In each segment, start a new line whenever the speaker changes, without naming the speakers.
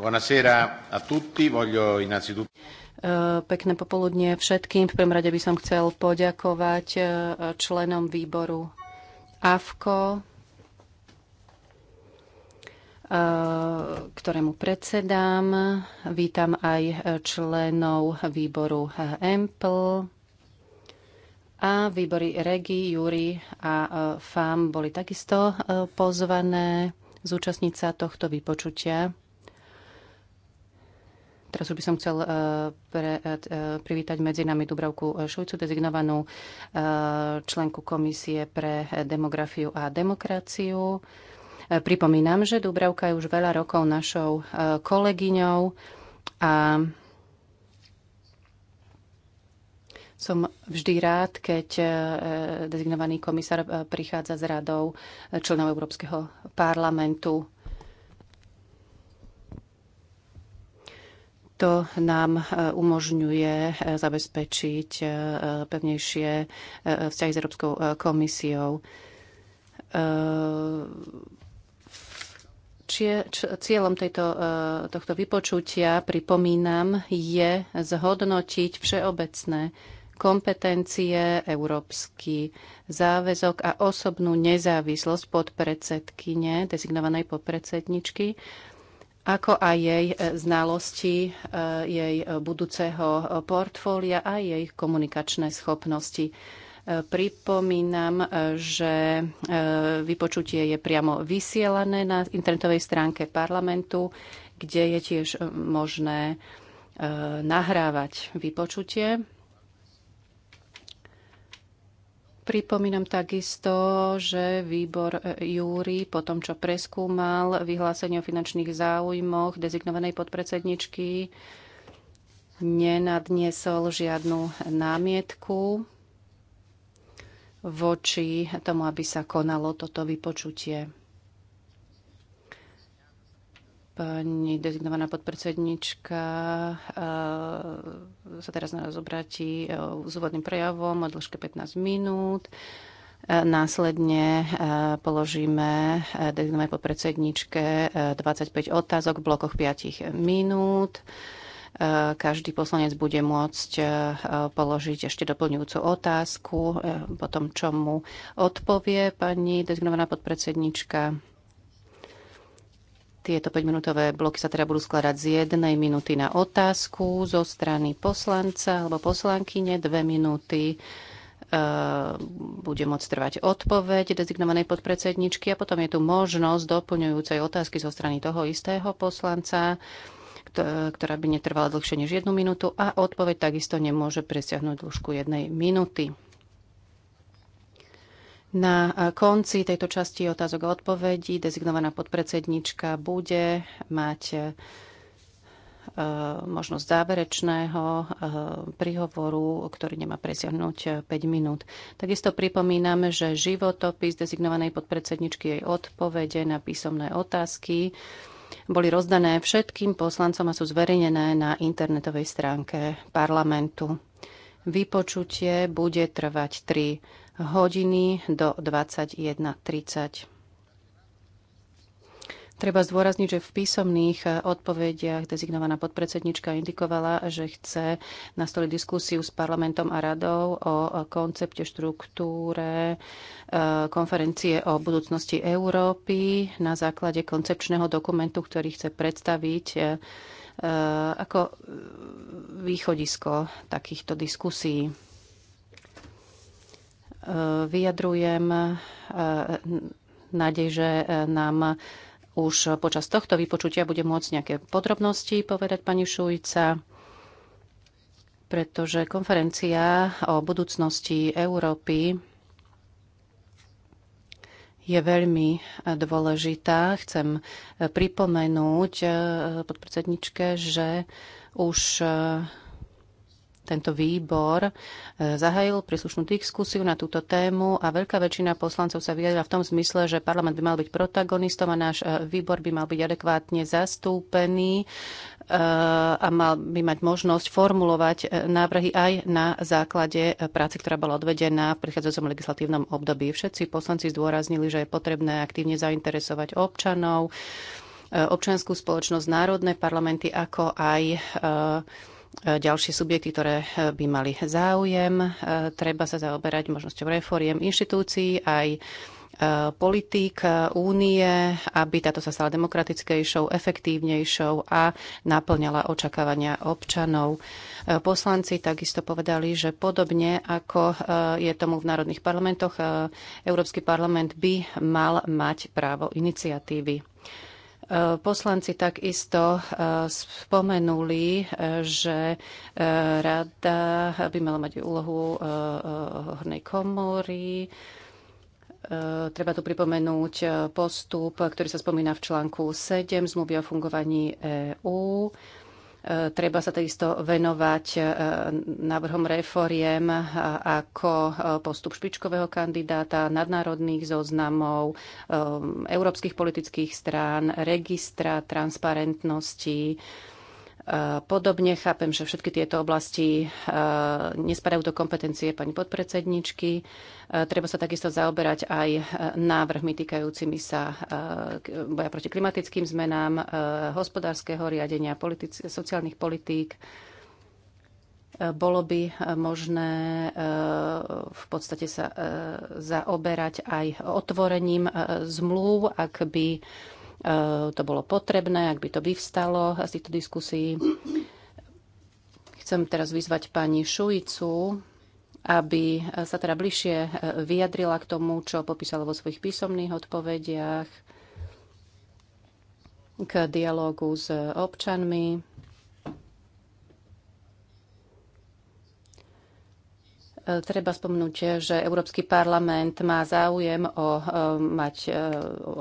Eh,
pekné popoludnie všetkým. V prvom rade by som chcel poďakovať eh, členom výboru AFKO, eh, ktorému predsedám. Vítam aj členov výboru EMPL a výbory REGI, JURI a FAM boli takisto pozvané zúčastniť sa tohto vypočutia. Teraz už by som chcel eh, pre, eh, eh, privítať medzi nami Dubravku Šujcu, dezignovanú členku Komisie pre demografiu a demokraciu. Pripomínam, že Dubravka je už veľa rokov našou kolegyňou a som vždy rád, keď dezignovaný komisár prichádza s radou členov Európskeho parlamentu To nám e, umožňuje e, zabezpečiť e, pevnejšie vzťahy s Európskou komisiou. Čie č, cieľom tejto, tohto vypočutia, pripomínam, je zhodnotiť všeobecné kompetencie, európsky záväzok a osobnú nezávislosť podpredsedkyne, dezignovanej podpredsedničky ako aj jej e, znalosti, e, jej e, budúceho portfólia a jej komunikačné schopnosti. Pripomínam, že vypočutie je priamo vysielané na internetovej stránke parlamentu, kde je tiež možné nahrávať vypočutie. Pripomínam takisto, že výbor e, Júri po tom, čo preskúmal vyhlásenie o finančných záujmoch dezignovanej podpredsedničky, nenadniesol žiadnu námietku voči tomu, aby sa konalo toto vypočutie. Pani dezignovaná podpredsednička eh, sa teraz na nás obráti eh, s úvodným prejavom o dĺžke 15 minút. Eh, následne položíme dezignovanej podpredsedničke 25 otázok v blokoch 5 minút každý poslanec bude môcť položiť ešte doplňujúcu otázku, tom, čo mu odpovie pani dezignovaná podpredsednička. Tieto 5-minútové bloky sa teda budú skladať z jednej minúty na otázku zo strany poslanca alebo poslankyne, dve minúty e, bude môcť trvať odpoveď dezignovanej podpredsedničky a potom je tu možnosť doplňujúcej otázky zo strany toho istého poslanca, ktorá by netrvala dlhšie než jednu minútu a odpoveď takisto nemôže presiahnuť dĺžku jednej minúty. Na konci tejto časti otázok a odpovedí dezignovaná podpredsednička bude mať e, možnosť záverečného e, prihovoru, ktorý nemá presiahnuť 5 e, minút. Takisto pripomíname, že životopis dezignovanej podpredsedničky jej odpovede na písomné otázky boli rozdané všetkým poslancom a sú zverejnené na internetovej stránke parlamentu. Vypočutie bude trvať 3 hodiny do 21.30. Treba zdôrazniť, že v písomných eh, odpovediach dezignovaná podpredsednička indikovala, že chce nastoliť diskusiu s parlamentom a radou o koncepte štruktúre eh, konferencie o budúcnosti Európy na základe koncepčného dokumentu, ktorý chce predstaviť eh, ako východisko takýchto diskusí vyjadrujem e, nádej, že e, nám už počas tohto vypočutia bude môcť nejaké podrobnosti povedať pani Šujca, pretože konferencia o budúcnosti Európy je veľmi dôležitá. Chcem pripomenúť e, podpredsedničke, že už tento výbor e, zahajil príslušnú diskusiu na túto tému a veľká väčšina poslancov sa vyjadrila v tom zmysle, že parlament by mal byť protagonistom a náš e, výbor by mal byť adekvátne zastúpený e, a mal by mať možnosť formulovať návrhy aj na základe práce, ktorá bola odvedená v prichádzajúcom legislatívnom období. Všetci poslanci zdôraznili, že je potrebné aktívne zainteresovať občanov, občianskú spoločnosť, národné parlamenty, ako aj E, ďalšie subjekty, ktoré e, by mali záujem. E, treba sa zaoberať možnosťou reforiem inštitúcií, aj politík únie, aby táto sa stala demokratickejšou, efektívnejšou a naplňala očakávania občanov. Poslanci takisto povedali, že podobne ako je tomu v národných parlamentoch, Európsky parlament by mal mať právo iniciatívy. Poslanci takisto e, spomenuli, e, že e, rada by mala mať úlohu hornej komory. Treba tu pripomenúť postup, ktorý sa spomína v článku 7 zmluvy o fungovaní EÚ. E, treba sa takisto venovať e, návrhom reforiem e, ako postup špičkového kandidáta, nadnárodných zoznamov, európskych politických strán, registra transparentnosti, Podobne chápem, že všetky tieto oblasti e, nespadajú do kompetencie pani podpredsedničky. E, treba sa takisto zaoberať aj e, návrhmi týkajúcimi sa boja proti klimatickým zmenám, hospodárskeho riadenia, sociálnych politík. Bolo by možné v podstate sa zaoberať aj otvorením zmluv, ak by Eh, to bolo potrebné, ak by to vyvstalo z týchto diskusí. Chcem teraz vyzvať pani Šujicu, aby sa teda bližšie eh, vyjadrila k tomu, čo popísala vo svojich písomných odpovediach k dialogu s občanmi Treba spomnúť, že Európsky parlament má záujem o, e, mať, e,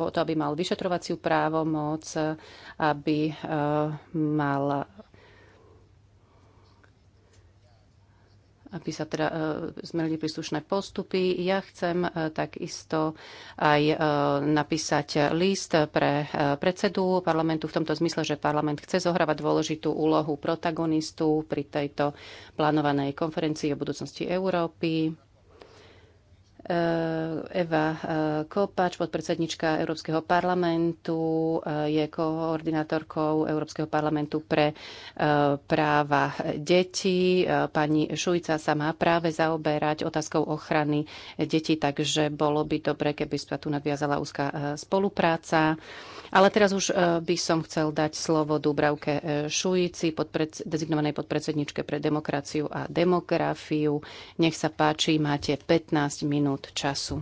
o to, aby mal vyšetrovaciu právomoc, aby e, mal aby sa teda e, zmerili príslušné postupy. Ja chcem e, takisto aj e, napísať list pre predsedu parlamentu v tomto zmysle, že parlament chce zohrávať dôležitú úlohu protagonistu pri tejto plánovanej konferencii o budúcnosti Európy. Eh, Eva eh, Kopač, podpredsednička Európskeho parlamentu, eh, je koordinátorkou Európskeho parlamentu pre práva detí. Pani Šujca sa má práve zaoberať otázkou ochrany detí, takže bolo by dobre, keby sa tu nadviazala úzka spolupráca. Ale teraz už by som chcel dať slovo Dubravke Šujici, podpred, dezignovanej podpredsedničke pre demokraciu a demografiu. Nech sa páči, máte 15 minút minút času.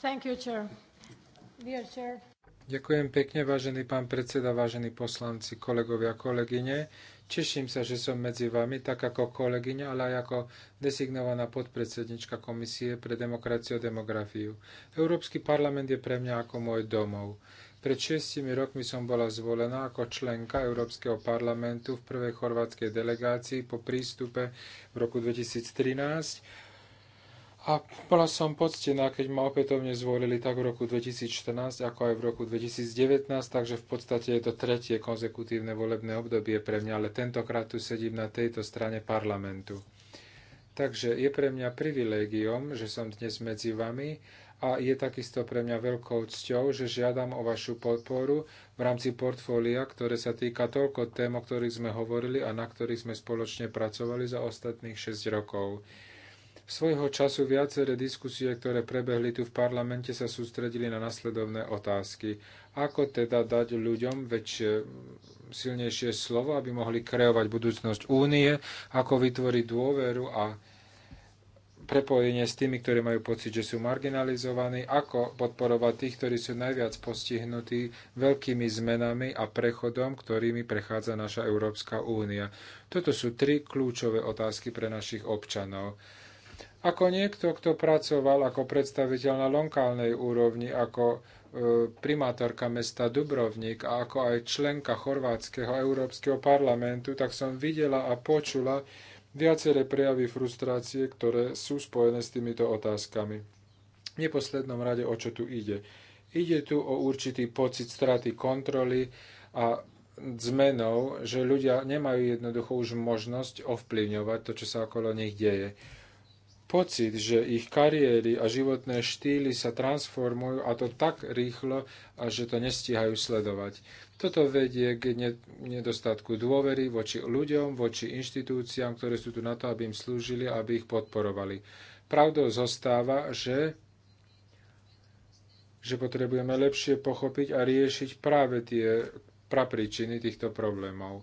Thank you, chair. Dear chair.
Ďakujem pekne, vážený pán predseda, vážení poslanci, kolegovia, kolegyne. Teším sa, že som medzi vami, tak ako kolegyňa, ale aj ako designovaná podpredsednička Komisie pre demokraciu a demografiu. Európsky parlament je pre mňa ako môj domov. Pred šestimi rokmi som bola zvolená ako členka Európskeho parlamentu v prvej chorvátskej delegácii po prístupe v roku 2013 a bola som poctená, keď ma opätovne zvolili tak v roku 2014, ako aj v roku 2019, takže v podstate je to tretie konzekutívne volebné obdobie pre mňa, ale tentokrát tu sedím na tejto strane parlamentu. Takže je pre mňa privilégiom, že som dnes medzi vami a je takisto pre mňa veľkou cťou, že žiadam o vašu podporu v rámci portfólia, ktoré sa týka toľko tém, o ktorých sme hovorili a na ktorých sme spoločne pracovali za ostatných 6 rokov. Svojho času viaceré diskusie, ktoré prebehli tu v parlamente, sa sústredili na nasledovné otázky. Ako teda dať ľuďom väčšie, silnejšie slovo, aby mohli kreovať budúcnosť únie, ako vytvoriť dôveru a prepojenie s tými, ktorí majú pocit, že sú marginalizovaní, ako podporovať tých, ktorí sú najviac postihnutí veľkými zmenami a prechodom, ktorými prechádza naša Európska únia. Toto sú tri kľúčové otázky pre našich občanov. Ako niekto, kto pracoval ako predstaviteľ na lokálnej úrovni, ako e, primátorka mesta Dubrovnik a ako aj členka chorvátskeho Európskeho parlamentu, tak som videla a počula, viaceré prejavy frustrácie, ktoré sú spojené s týmito otázkami. V neposlednom rade, o čo tu ide? Ide tu o určitý pocit straty kontroly a zmenou, že ľudia nemajú jednoducho už možnosť ovplyvňovať to, čo sa okolo nich deje pocit, že ich kariéry a životné štýly sa transformujú a to tak rýchlo, a že to nestíhajú sledovať. Toto vedie k nedostatku dôvery voči ľuďom, voči inštitúciám, ktoré sú tu na to, aby im slúžili, aby ich podporovali. Pravdou zostáva, že že potrebujeme lepšie pochopiť a riešiť práve tie prapríčiny týchto problémov.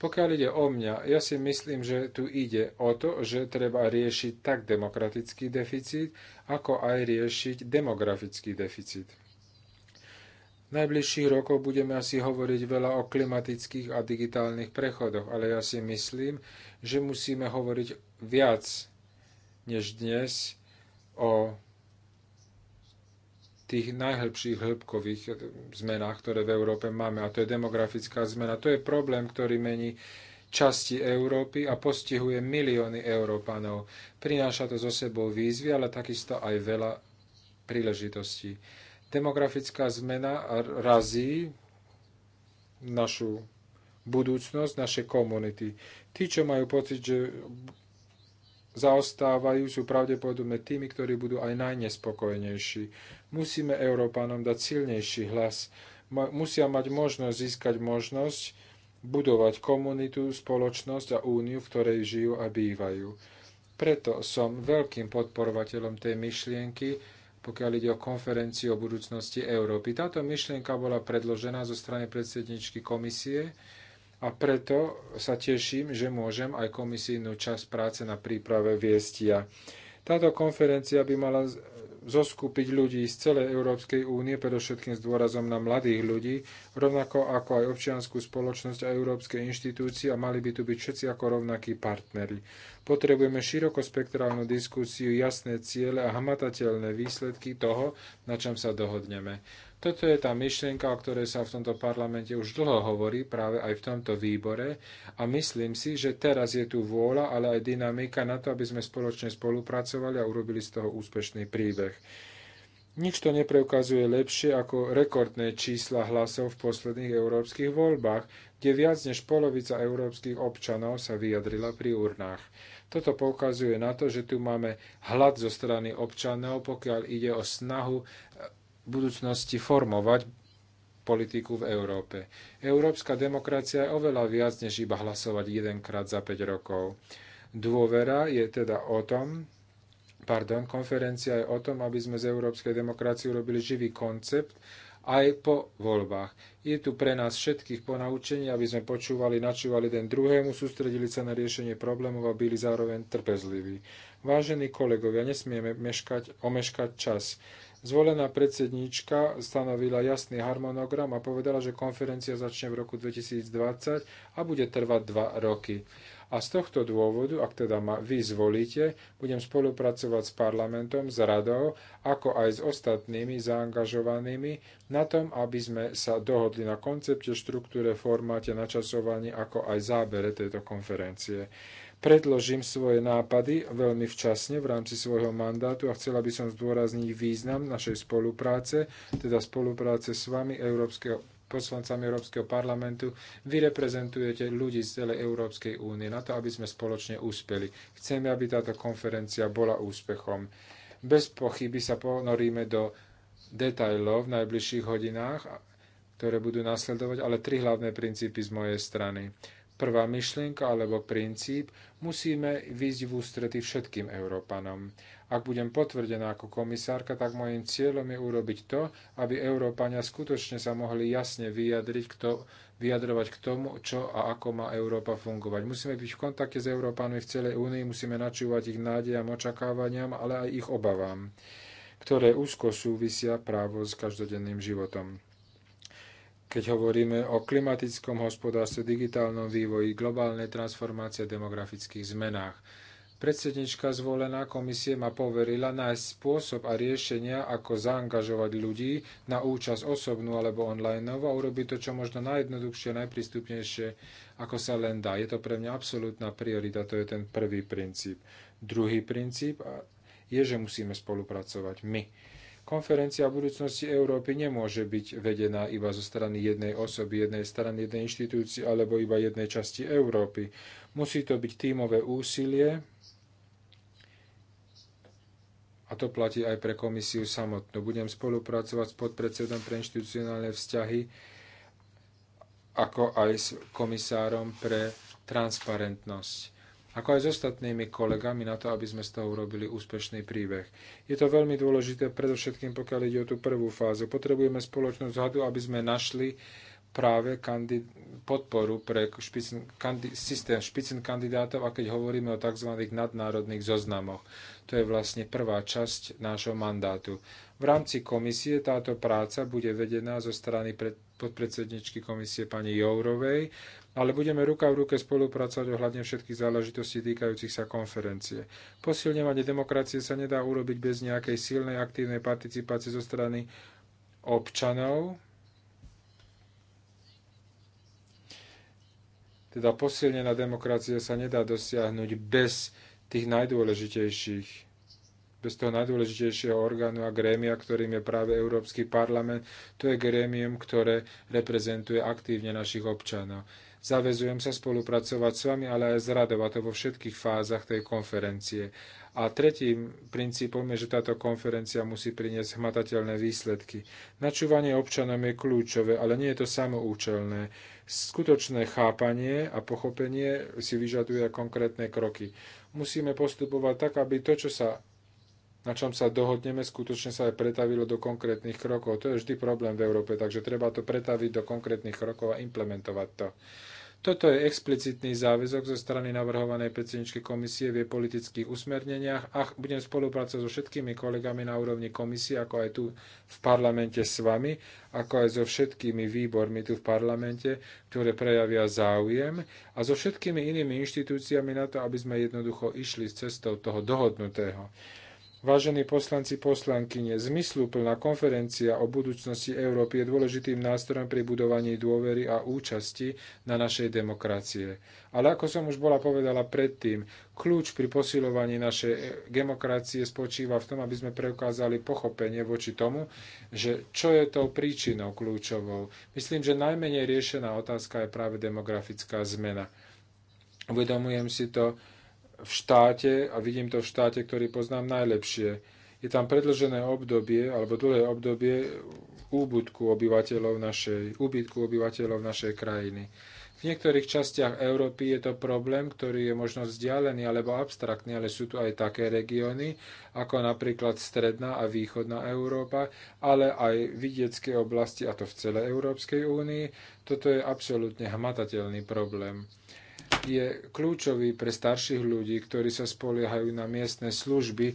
Pokiaľ ide o mňa, ja si myslím, že tu ide o to, že treba riešiť tak demokratický deficit, ako aj riešiť demografický deficit. V najbližších rokoch budeme asi hovoriť veľa o klimatických a digitálnych prechodoch, ale ja si myslím, že musíme hovoriť viac než dnes o tých najhlbších hĺbkových zmenách, ktoré v Európe máme, a to je demografická zmena. To je problém, ktorý mení časti Európy a postihuje milióny Európanov. Prináša to zo sebou výzvy, ale takisto aj veľa príležitostí. Demografická zmena razí našu budúcnosť, naše komunity. Tí, čo majú pocit, že zaostávajú, sú pravdepodobne tými, ktorí budú aj najnespokojnejší. Musíme Európanom dať silnejší hlas. Musia mať možnosť získať možnosť budovať komunitu, spoločnosť a úniu, v ktorej žijú a bývajú. Preto som veľkým podporovateľom tej myšlienky, pokiaľ ide o konferenciu o budúcnosti Európy. Táto myšlienka bola predložená zo strany predsedničky komisie a preto sa teším, že môžem aj komisijnú časť práce na príprave viesť ja. Táto konferencia by mala zoskupiť ľudí z celej Európskej únie, predovšetkým s dôrazom na mladých ľudí, rovnako ako aj občianskú spoločnosť a európske inštitúcie a mali by tu byť všetci ako rovnakí partneri. Potrebujeme širokospektrálnu diskusiu, jasné ciele a hmatateľné výsledky toho, na čom sa dohodneme. Toto je tá myšlienka, o ktorej sa v tomto parlamente už dlho hovorí, práve aj v tomto výbore. A myslím si, že teraz je tu vôľa, ale aj dynamika na to, aby sme spoločne spolupracovali a urobili z toho úspešný príbeh. Nič to nepreukazuje lepšie ako rekordné čísla hlasov v posledných európskych voľbách, kde viac než polovica európskych občanov sa vyjadrila pri urnách. Toto poukazuje na to, že tu máme hlad zo strany občanov, pokiaľ ide o snahu budúcnosti formovať politiku v Európe. Európska demokracia je oveľa viac, než iba hlasovať jedenkrát za 5 rokov. Dôvera je teda o tom, pardon, konferencia je o tom, aby sme z európskej demokracie urobili živý koncept aj po voľbách. Je tu pre nás všetkých ponaučenie, aby sme počúvali, načúvali jeden druhému, sústredili sa na riešenie problémov a byli zároveň trpezliví. Vážení kolegovia, nesmieme meškať, omeškať čas. Zvolená predsednička stanovila jasný harmonogram a povedala, že konferencia začne v roku 2020 a bude trvať dva roky. A z tohto dôvodu, ak teda ma vy zvolíte, budem spolupracovať s parlamentom, s radou, ako aj s ostatnými zaangažovanými na tom, aby sme sa dohodli na koncepte, štruktúre, formáte, načasovaní, ako aj zábere tejto konferencie predložím svoje nápady veľmi včasne v rámci svojho mandátu a chcela by som zdôrazniť význam našej spolupráce, teda spolupráce s vami, Európskeho poslancami Európskeho parlamentu. Vy reprezentujete ľudí z celej Európskej únie na to, aby sme spoločne úspeli. Chceme, aby táto konferencia bola úspechom. Bez pochyby sa ponoríme do detajlov v najbližších hodinách, ktoré budú nasledovať, ale tri hlavné princípy z mojej strany prvá myšlienka alebo princíp, musíme výjsť v ústrety všetkým Európanom. Ak budem potvrdená ako komisárka, tak môjim cieľom je urobiť to, aby Európania skutočne sa mohli jasne vyjadriť, kto, vyjadrovať k tomu, čo a ako má Európa fungovať. Musíme byť v kontakte s Európanmi v celej únii, musíme načúvať ich nádejam, očakávaniam, ale aj ich obavám, ktoré úzko súvisia právo s každodenným životom. Keď hovoríme o klimatickom hospodárstve, digitálnom vývoji, globálnej transformácii a demografických zmenách. Predsednička zvolená komisie ma poverila nájsť spôsob a riešenia, ako zaangažovať ľudí na účasť osobnú alebo online a urobiť to, čo možno najjednoduchšie, najprístupnejšie, ako sa len dá. Je to pre mňa absolútna priorita, to je ten prvý princíp. Druhý princíp je, že musíme spolupracovať my Konferencia o budúcnosti Európy nemôže byť vedená iba zo strany jednej osoby, jednej strany, jednej inštitúcie alebo iba jednej časti Európy. Musí to byť tímové úsilie a to platí aj pre komisiu samotnú. Budem spolupracovať s podpredsedom pre inštitucionálne vzťahy ako aj s komisárom pre transparentnosť ako aj s ostatnými kolegami na to, aby sme z toho urobili úspešný príbeh. Je to veľmi dôležité, predovšetkým pokiaľ ide o tú prvú fázu. Potrebujeme spoločnú zhadu, aby sme našli práve kandid- podporu pre špicn- kandi- systém špicen kandidátov a keď hovoríme o tzv. nadnárodných zoznamoch. To je vlastne prvá časť nášho mandátu. V rámci komisie táto práca bude vedená zo strany pred- podpredsedničky komisie pani Jourovej ale budeme ruka v ruke spolupracovať ohľadne všetkých záležitostí týkajúcich sa konferencie. Posilňovanie demokracie sa nedá urobiť bez nejakej silnej aktívnej participácie zo strany občanov, Teda posilnená demokracia sa nedá dosiahnuť bez tých najdôležitejších, bez toho najdôležitejšieho orgánu a grémia, ktorým je práve Európsky parlament. To je grémium, ktoré reprezentuje aktívne našich občanov. Zavezujem sa spolupracovať s vami, ale aj s radou, a to vo všetkých fázach tej konferencie. A tretím princípom je, že táto konferencia musí priniesť hmatateľné výsledky. Načúvanie občanom je kľúčové, ale nie je to samoučelné. Skutočné chápanie a pochopenie si vyžaduje konkrétne kroky. Musíme postupovať tak, aby to, čo sa na čom sa dohodneme, skutočne sa aj pretavilo do konkrétnych krokov. To je vždy problém v Európe, takže treba to pretaviť do konkrétnych krokov a implementovať to. Toto je explicitný záväzok zo strany navrhovanej predsedničky komisie v jej politických usmerneniach a budem spolupracovať so všetkými kolegami na úrovni komisie, ako aj tu v parlamente s vami, ako aj so všetkými výbormi tu v parlamente, ktoré prejavia záujem a so všetkými inými inštitúciami na to, aby sme jednoducho išli s cestou toho dohodnutého. Vážení poslanci, poslankyne, zmysluplná konferencia o budúcnosti Európy je dôležitým nástrojom pri budovaní dôvery a účasti na našej demokracie. Ale ako som už bola povedala predtým, kľúč pri posilovaní našej demokracie spočíva v tom, aby sme preukázali pochopenie voči tomu, že čo je tou príčinou kľúčovou. Myslím, že najmenej riešená otázka je práve demografická zmena. Uvedomujem si to, v štáte, a vidím to v štáte, ktorý poznám najlepšie. Je tam predlžené obdobie, alebo dlhé obdobie úbytku obyvateľov našej, úbytku obyvateľov našej krajiny. V niektorých častiach Európy je to problém, ktorý je možno vzdialený alebo abstraktný, ale sú tu aj také regióny, ako napríklad stredná a východná Európa, ale aj vidiecké oblasti, a to v celej Európskej únii. Toto je absolútne hmatateľný problém je kľúčový pre starších ľudí, ktorí sa spoliehajú na miestne služby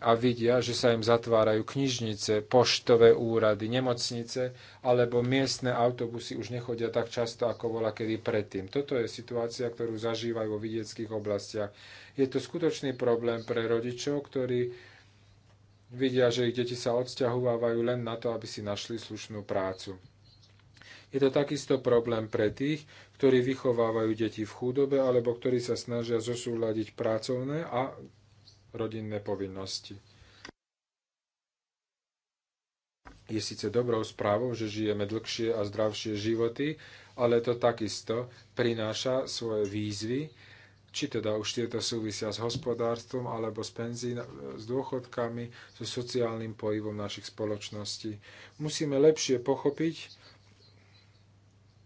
a vidia, že sa im zatvárajú knižnice, poštové úrady, nemocnice alebo miestne autobusy už nechodia tak často, ako bola kedy predtým. Toto je situácia, ktorú zažívajú vo vidieckých oblastiach. Je to skutočný problém pre rodičov, ktorí vidia, že ich deti sa odsťahovávajú len na to, aby si našli slušnú prácu. Je to takisto problém pre tých, ktorí vychovávajú deti v chudobe alebo ktorí sa snažia zosúľadiť pracovné a rodinné povinnosti. Je síce dobrou správou, že žijeme dlhšie a zdravšie životy, ale to takisto prináša svoje výzvy, či teda už tieto súvisia s hospodárstvom alebo s penzín, s dôchodkami, so sociálnym pohybom našich spoločností. Musíme lepšie pochopiť,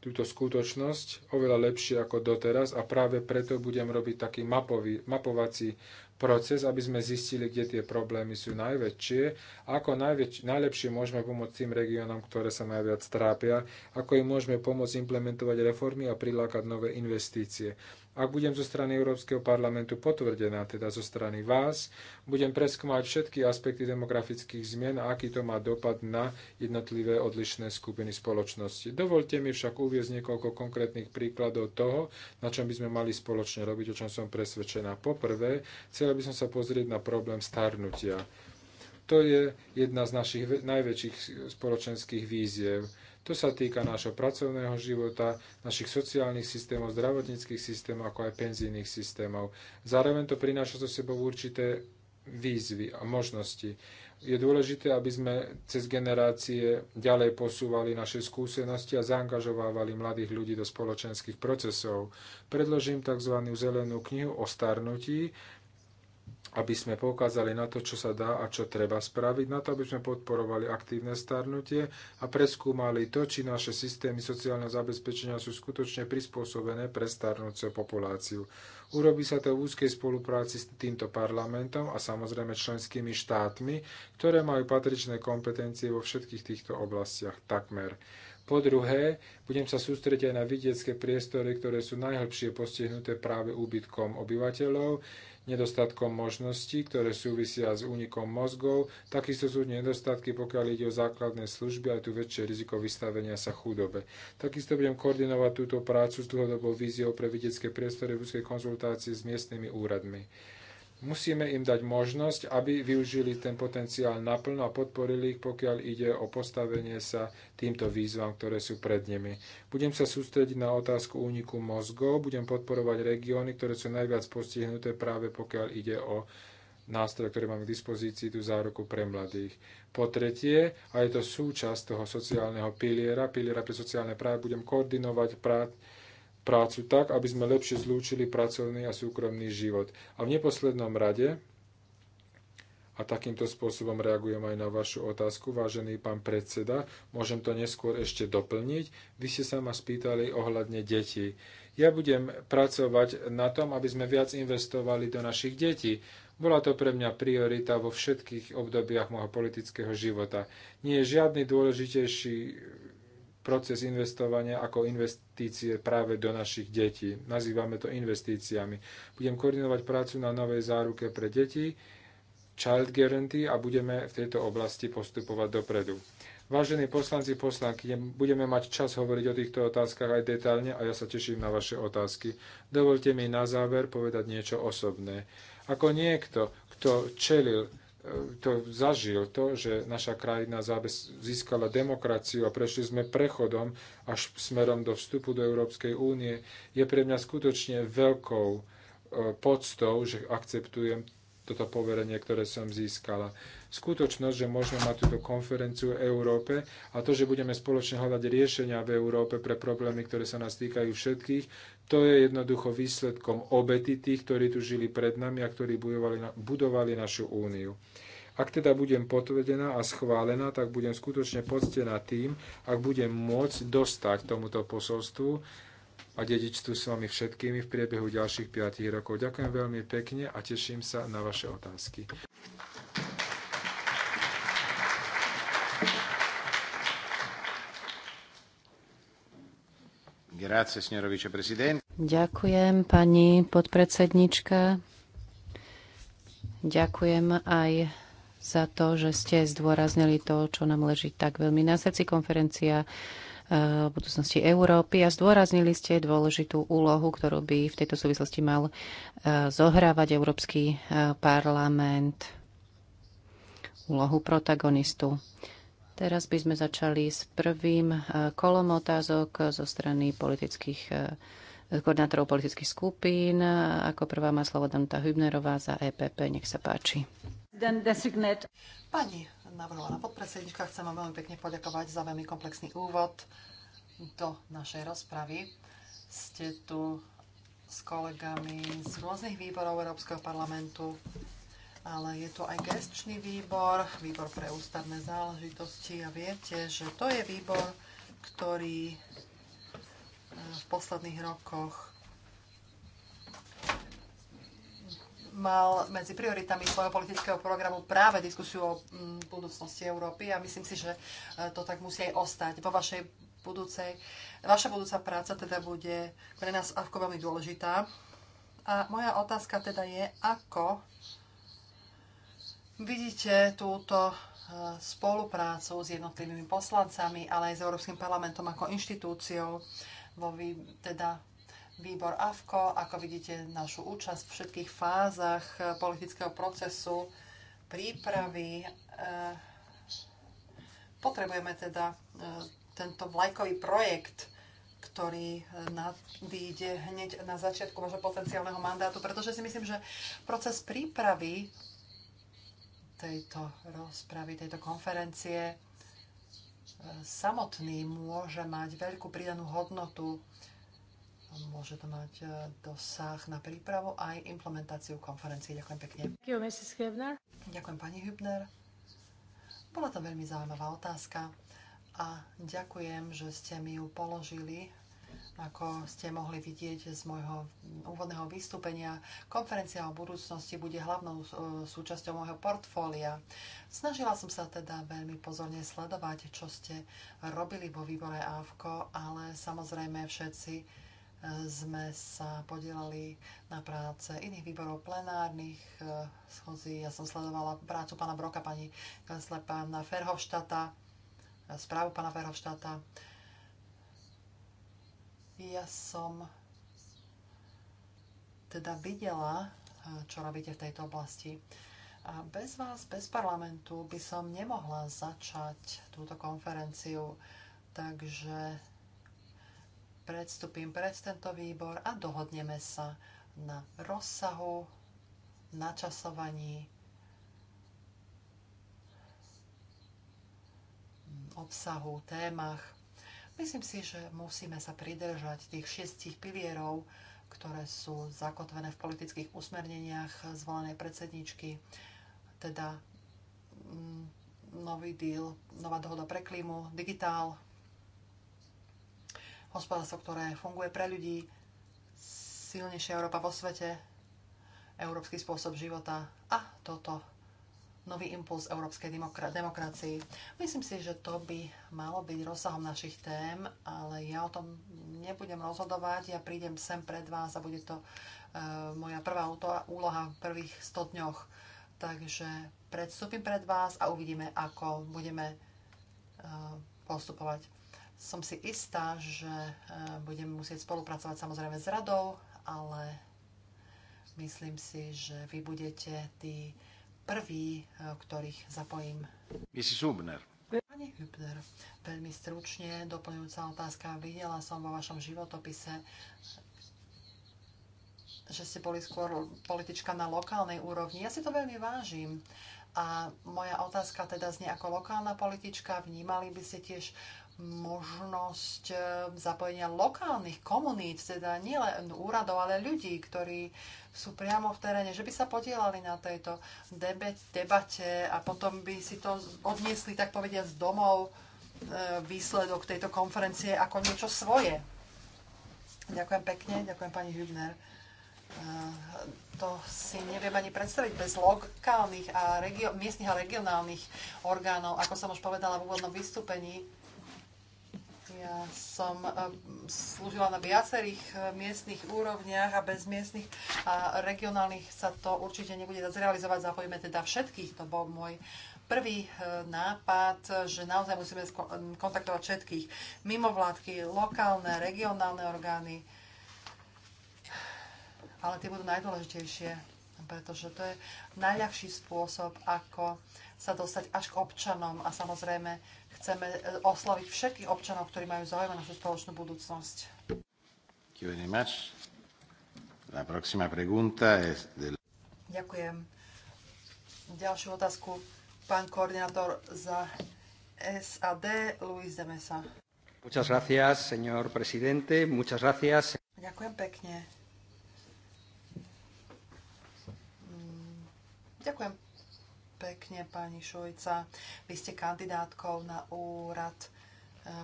túto skutočnosť oveľa lepšie ako doteraz a práve preto budem robiť taký mapový, mapovací proces, aby sme zistili, kde tie problémy sú najväčšie, ako najväč- najlepšie môžeme pomôcť tým regiónom, ktoré sa najviac trápia, ako im môžeme pomôcť implementovať reformy a prilákať nové investície. Ak budem zo strany Európskeho parlamentu potvrdená, teda zo strany vás, budem preskúmať všetky aspekty demografických zmien a aký to má dopad na jednotlivé odlišné skupiny spoločnosti. Dovolte mi však uviezť niekoľko konkrétnych príkladov toho, na čom by sme mali spoločne robiť, o čom som presvedčená. Poprvé, chcel chcel by som sa pozrieť na problém starnutia. To je jedna z našich najväčších spoločenských víziev. To sa týka nášho pracovného života, našich sociálnych systémov, zdravotníckých systémov, ako aj penzijných systémov. Zároveň to prináša so sebou určité výzvy a možnosti. Je dôležité, aby sme cez generácie ďalej posúvali naše skúsenosti a zaangažovávali mladých ľudí do spoločenských procesov. Predložím tzv. zelenú knihu o starnutí, aby sme poukázali na to, čo sa dá a čo treba spraviť, na to, aby sme podporovali aktívne starnutie a preskúmali to, či naše systémy sociálneho zabezpečenia sú skutočne prispôsobené pre starnúcu populáciu. Urobí sa to v úzkej spolupráci s týmto parlamentom a samozrejme členskými štátmi, ktoré majú patričné kompetencie vo všetkých týchto oblastiach takmer. Po druhé, budem sa sústrediť aj na vidiecké priestory, ktoré sú najhlbšie postihnuté práve úbytkom obyvateľov nedostatkom možností, ktoré súvisia s únikom mozgov. Takisto sú nedostatky, pokiaľ ide o základné služby, aj tu väčšie riziko vystavenia sa chudobe. Takisto budem koordinovať túto prácu s dlhodobou víziou pre vidiecké priestory v úzkej konzultácii s miestnymi úradmi. Musíme im dať možnosť, aby využili ten potenciál naplno a podporili ich, pokiaľ ide o postavenie sa týmto výzvam, ktoré sú pred nimi. Budem sa sústrediť na otázku úniku mozgov, budem podporovať regióny, ktoré sú najviac postihnuté práve pokiaľ ide o nástroj, ktorý mám k dispozícii, tú záruku pre mladých. Po tretie, a je to súčasť toho sociálneho piliera, piliera pre sociálne práve, budem koordinovať prác prácu tak, aby sme lepšie zlúčili pracovný a súkromný život. A v neposlednom rade, a takýmto spôsobom reagujem aj na vašu otázku, vážený pán predseda, môžem to neskôr ešte doplniť. Vy ste sa ma spýtali ohľadne detí. Ja budem pracovať na tom, aby sme viac investovali do našich detí. Bola to pre mňa priorita vo všetkých obdobiach môjho politického života. Nie je žiadny dôležitejší proces investovania ako investície práve do našich detí. Nazývame to investíciami. Budem koordinovať prácu na novej záruke pre deti, Child Guarantee a budeme v tejto oblasti postupovať dopredu. Vážení poslanci, poslanky, budeme mať čas hovoriť o týchto otázkach aj detálne a ja sa teším na vaše otázky. Dovolte mi na záver povedať niečo osobné. Ako niekto, kto čelil to zažil, to, že naša krajina získala demokraciu a prešli sme prechodom až smerom do vstupu do Európskej únie, je pre mňa skutočne veľkou e, podstou, že akceptujem toto poverenie, ktoré som získala. Skutočnosť, že môžeme mať túto konferenciu v Európe a to, že budeme spoločne hľadať riešenia v Európe pre problémy, ktoré sa nás týkajú všetkých, to je jednoducho výsledkom obety tých, ktorí tu žili pred nami a ktorí budovali, budovali našu úniu. Ak teda budem potvrdená a schválená, tak budem skutočne poctená tým, ak budem môcť dostať tomuto posolstvu a dedičstvu s vami všetkými v priebehu ďalších 5 rokov. Ďakujem veľmi pekne a teším sa na vaše otázky. Ďakujem,
pani podpredsednička. Ďakujem aj za to, že ste zdôraznili to, čo nám leží tak veľmi na srdci konferencia eh, o budúcnosti Európy a zdôraznili ste dôležitú úlohu, ktorú by v tejto súvislosti mal eh, zohrávať Európsky eh, parlament, úlohu protagonistu. Teraz by sme začali s prvým eh, kolom otázok zo strany politických eh, koordinátorov politických skupín. Ako prvá má slovo Danuta Hübnerová za EPP. Nech sa páči.
Pani navrhovaná podpredsednička, chcem vám veľmi pekne poďakovať za veľmi komplexný úvod do našej rozpravy. Ste tu s kolegami z rôznych výborov Európskeho parlamentu ale je to aj gestčný výbor, výbor pre ústavné záležitosti a viete, že to je výbor, ktorý e, v posledných rokoch mal medzi prioritami svojho politického programu práve diskusiu o mm, budúcnosti Európy a myslím si, že e, to tak musí aj ostať. Vo vašej budúcej, vaša budúca práca teda bude pre nás ako veľmi dôležitá. A moja otázka teda je, ako Vidíte túto e, spoluprácu s jednotlivými poslancami, ale aj s Európskym parlamentom ako inštitúciou, vo vý, teda výbor AFKO, ako vidíte našu účasť v všetkých fázach e, politického procesu, prípravy. E, potrebujeme teda tento vlajkový projekt, ktorý nadíde hneď na začiatku vášho potenciálneho mandátu, pretože si myslím, že proces prípravy tejto rozpravy, tejto konferencie e, samotný môže mať veľkú pridanú hodnotu. Môže to mať e, dosah na prípravu aj implementáciu konferencie. Ďakujem pekne.
Ďakujem pani Hübner.
Bola to veľmi zaujímavá otázka a ďakujem, že ste mi ju položili ako ste mohli vidieť z môjho úvodného vystúpenia, konferencia o budúcnosti bude hlavnou e, súčasťou môjho portfólia. Snažila som sa teda veľmi pozorne sledovať, čo ste robili vo výbore AVKO, ale samozrejme všetci e, sme sa podielali na práce iných výborov plenárnych e, schozí. Ja som sledovala prácu pána Broka, pani Gensle, pána Ferhovštata, správu pána Ferhovštata ja som teda videla, eh, čo robíte v tejto oblasti. A bez vás, bez parlamentu by som nemohla začať túto konferenciu, takže predstupím pred tento výbor a dohodneme sa na rozsahu, načasovaní, obsahu, témach Myslím si, že musíme sa pridržať tých šiestich pilierov, ktoré sú zakotvené v politických usmerneniach zvolenej predsedničky, teda mm, nový deal, nová dohoda pre klímu, digitál, hospodárstvo, ktoré funguje pre ľudí, silnejšia Európa vo svete, európsky spôsob života a toto nový impuls európskej demokra- demokracii. Myslím si, že to by malo byť rozsahom našich tém, ale ja o tom nebudem rozhodovať. Ja prídem sem pred vás a bude to uh, moja prvá úloha v prvých 100 dňoch. Takže predstúpim pred vás a uvidíme, ako budeme uh, postupovať. Som si istá, že uh, e, budeme musieť spolupracovať samozrejme s radou, ale myslím si, že vy budete tí prvý, eh, ktorých zapojím. Mrs. Hubner. Pani Hübner, veľmi stručne doplňujúca otázka. Videla som vo vašom životopise, že ste boli skôr politička na lokálnej úrovni. Ja si to veľmi vážim. A moja otázka teda znie ako lokálna politička. Vnímali by ste tiež možnosť eh, zapojenia lokálnych komunít, teda nielen úradov, ale ľudí, ktorí sú priamo v teréne, že by sa podielali na tejto debate a potom by si to odniesli, tak povediať, z domov eh, výsledok tejto konferencie ako niečo svoje. Ďakujem pekne, ďakujem pani Hübner. Eh, to si neviem ani predstaviť bez lokálnych a regio- miestnych a regionálnych orgánov. Ako som už povedala v úvodnom vystúpení, ja som eh, slúžila na viacerých eh, miestnych úrovniach a bez miestnych a regionálnych sa to určite nebude dať zrealizovať. Zapojíme teda všetkých. To bol môj prvý eh, nápad, že naozaj musíme mm, kontaktovať všetkých. Mimovládky, lokálne, regionálne orgány. Ale tie budú najdôležitejšie pretože to je najľahší spôsob, ako sa dostať až k občanom a samozrejme chceme e, osloviť všetkých občanov, ktorí majú záujem na našu spoločnú budúcnosť. Ďakujem. Ďalšiu otázku pán koordinátor za SAD, Luis de Mesa. Muchas gracias, señor presidente. Muchas gracias. Ďakujem pekne. Mm, ďakujem pekne, pani Šojca. Vy ste kandidátkou na úrad e,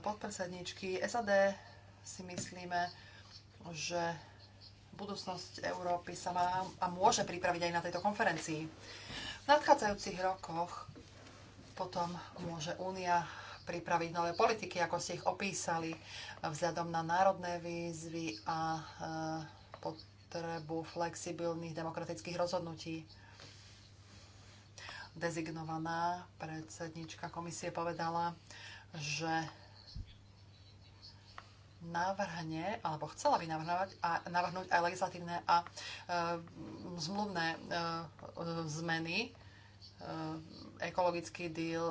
podpredsedničky SAD. Si myslíme, že budúcnosť Európy sa má a môže pripraviť aj na tejto konferencii. V nadchádzajúcich rokoch potom môže Únia pripraviť nové politiky, ako ste ich opísali, vzhľadom na národné výzvy a e, potrebu flexibilných demokratických rozhodnutí dezignovaná predsednička komisie povedala, že navrhne, alebo chcela by navrhnúť, a, navrhnúť aj legislatívne a e, zmluvné e, e zmeny, e, ekologický díl,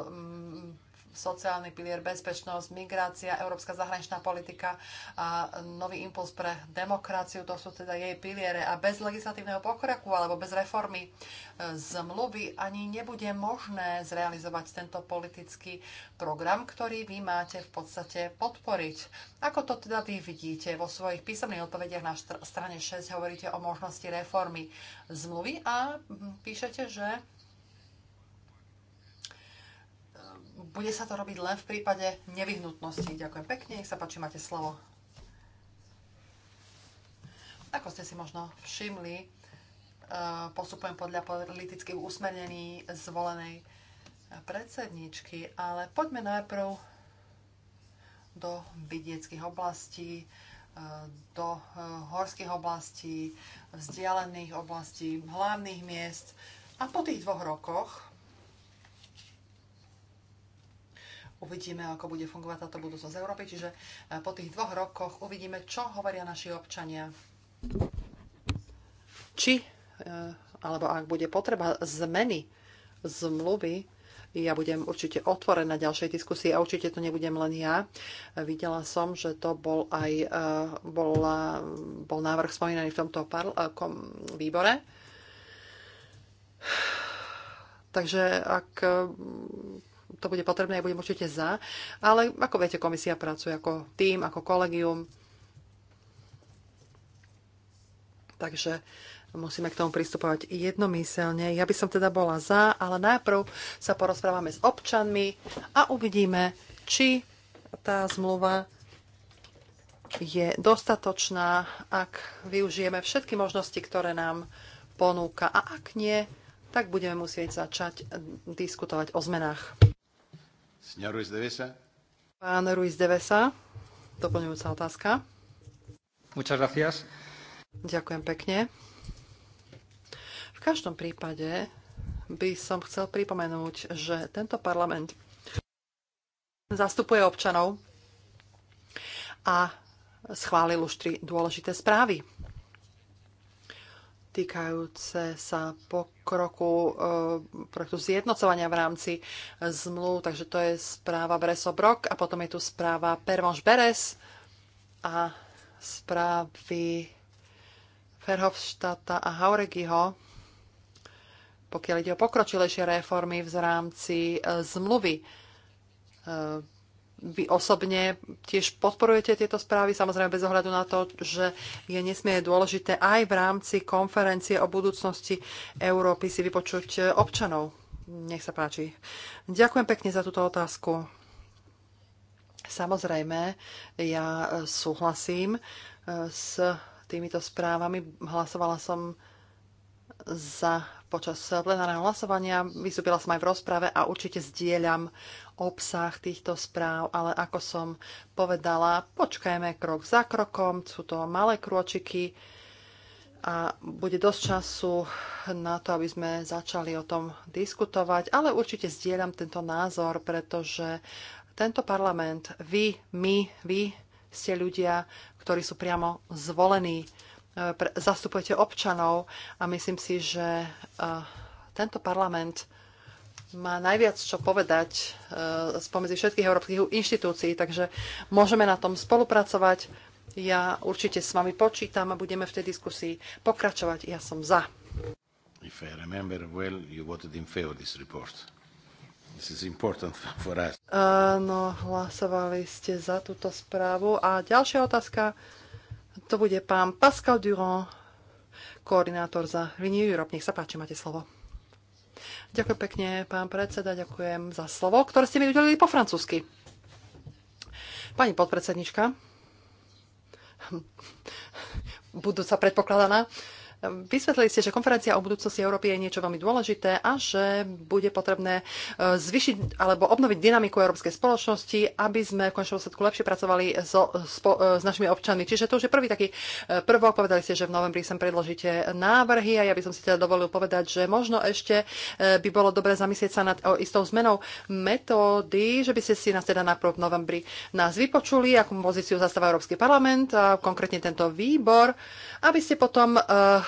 sociálny pilier, bezpečnosť, migrácia, európska zahraničná politika a nový impuls pre demokraciu, to sú teda jej piliere. A bez legislatívneho pokroku alebo bez reformy e, zmluvy ani nebude možné zrealizovať tento politický program, ktorý vy máte v podstate podporiť. Ako to teda vy vidíte? Vo svojich písomných odpovediach na strane 6 hovoríte o možnosti reformy zmluvy a píšete, že Bude sa to robiť len v prípade nevyhnutnosti. Ďakujem pekne, nech sa páči, máte slovo. Ako ste si možno všimli, e, postupujem podľa politických usmernení zvolenej predsedničky, ale poďme najprv do vidieckých oblastí, e, do e, horských oblastí, vzdialených oblastí, hlavných miest. A po tých dvoch rokoch uvidíme, ako bude fungovať táto budúcnosť Európy. Čiže e, po tých dvoch rokoch uvidíme, čo hovoria naši občania. Či, e, alebo ak bude potreba zmeny zmluvy, ja budem určite otvorená ďalšej diskusii a určite to nebudem len ja. Videla som, že to bol aj e, bol, bol návrh spomínaný v tomto parl- kom- výbore. Takže ak to bude potrebné, ja budem určite za. Ale ako viete, komisia pracuje ako tým, ako kolegium. Takže musíme k tomu pristupovať jednomyselne. Ja by som teda bola za, ale najprv sa porozprávame s občanmi a uvidíme, či tá zmluva je dostatočná, ak využijeme všetky možnosti, ktoré nám ponúka. A ak nie, tak budeme musieť začať diskutovať o zmenách. Ruiz de Pán Ruiz de doplňujúca otázka. Muchas gracias. Ďakujem pekne. V každom prípade by som chcel pripomenúť, že tento parlament zastupuje občanov a schválil už tri dôležité správy týkajúce sa pokračovania pokroku eh, projektu zjednocovania v rámci eh, zmluv. Takže to je správa Breso Brok a potom je tu správa Pervonš Beres a správy Ferhofštata a Hauregiho, pokiaľ ide o pokročilejšie reformy v rámci eh, zmluvy vy osobne tiež podporujete tieto správy, samozrejme bez ohľadu na to, že je nesmierne dôležité aj v rámci konferencie o budúcnosti Európy si vypočuť občanov. Nech sa páči. Ďakujem pekne za túto otázku. Samozrejme, ja súhlasím eh, s týmito správami. Hlasovala som za počas plenárneho hlasovania, vystúpila som aj v rozprave a určite zdieľam obsah týchto správ, ale ako som povedala, počkajme krok za krokom, sú to malé krôčiky a bude dosť času na to, aby sme začali o tom diskutovať, ale určite zdieľam tento názor, pretože tento parlament, vy, my, vy ste ľudia, ktorí sú priamo zvolení, e, zastupujete občanov a myslím si, že e, tento parlament má najviac čo povedať e, spomedzi všetkých európskych inštitúcií, takže môžeme na tom spolupracovať. Ja určite s vami počítam a budeme v tej diskusii pokračovať. Ja som za. If I remember well, you voted in favor this report. This is important for us. Áno, e, hlasovali ste za túto správu. A ďalšia otázka, to bude pán Pascal Durand, koordinátor za Renew Europe. Nech sa páči, máte slovo. Ďakujem pekne, pán predseda, ďakujem za slovo, ktoré ste mi udelili po francúzsky. Pani podpredsednička, budúca predpokladaná, Vysvetlili ste, že konferencia o budúcnosti Európy je niečo veľmi dôležité a že bude potrebné e, zvyšiť alebo obnoviť dynamiku európskej spoločnosti, aby sme v končnom dôsledku lepšie pracovali so, spo, e, s našimi občanmi. Čiže to už je prvý taký e, prvok. Povedali ste, že v novembri sem predložíte návrhy a ja by som si teda dovolil povedať, že možno ešte by bolo dobre zamyslieť sa nad istou zmenou metódy, že by ste si nás teda najprv v novembri nás vypočuli, akú pozíciu zastáva Európsky parlament a konkrétne tento výbor, aby ste potom uh,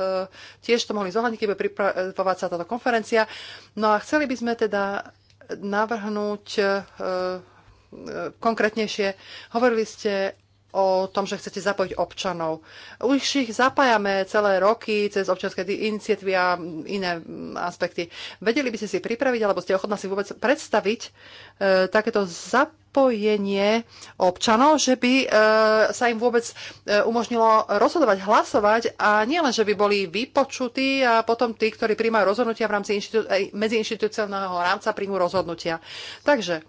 Eh, tiež to mohli zohľadniť, keď pripravovať sa táto konferencia. No a chceli by sme teda navrhnúť eh, eh, konkrétnejšie. Hovorili ste o tom, že chcete zapojiť občanov. Už ich zapájame celé roky cez občianské iniciatívy a iné mm, aspekty. Vedeli by ste si pripraviť, alebo ste ochotná si vôbec predstaviť e, takéto zapojenie občanov, že by e, sa im vôbec e, umožnilo rozhodovať, hlasovať a nielen, že by boli vypočutí a potom tí, ktorí príjmajú rozhodnutia v rámci inštitú- e, rámca, príjmu rozhodnutia. Takže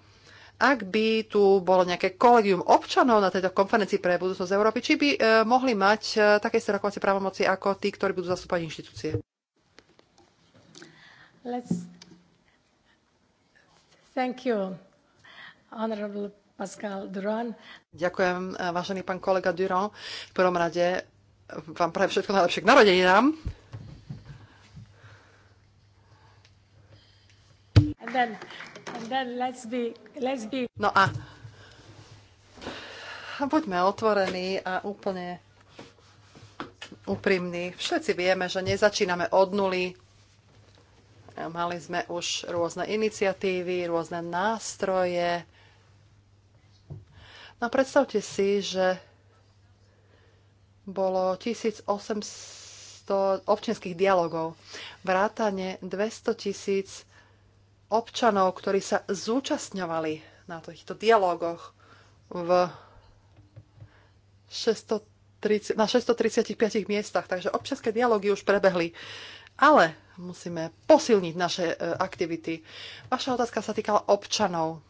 ak by tu bolo nejaké kolegium občanov na tejto konferencii pre budúcnosť Európy, či by e, mohli mať e, také isté rokovacie právomoci ako tí, ktorí budú zastúpať inštitúcie.
Let's... Thank you, honorable Pascal Durand.
Ďakujem, e, vážený pán kolega Durand. V prvom rade vám prajem všetko najlepšie k narodeninám.
And then No a
buďme otvorení a úplne úprimní. Všetci vieme, že nezačíname od nuly. Mali sme už rôzne iniciatívy, rôzne nástroje. No predstavte si, že bolo 1800 občianských dialogov, vrátane 200 tisíc občanov, ktorí sa zúčastňovali na týchto dialógoch v 630, na 635 miestach, takže občanské dialógy už prebehli. Ale musíme posilniť naše e, aktivity. Vaša otázka sa týkala občanov.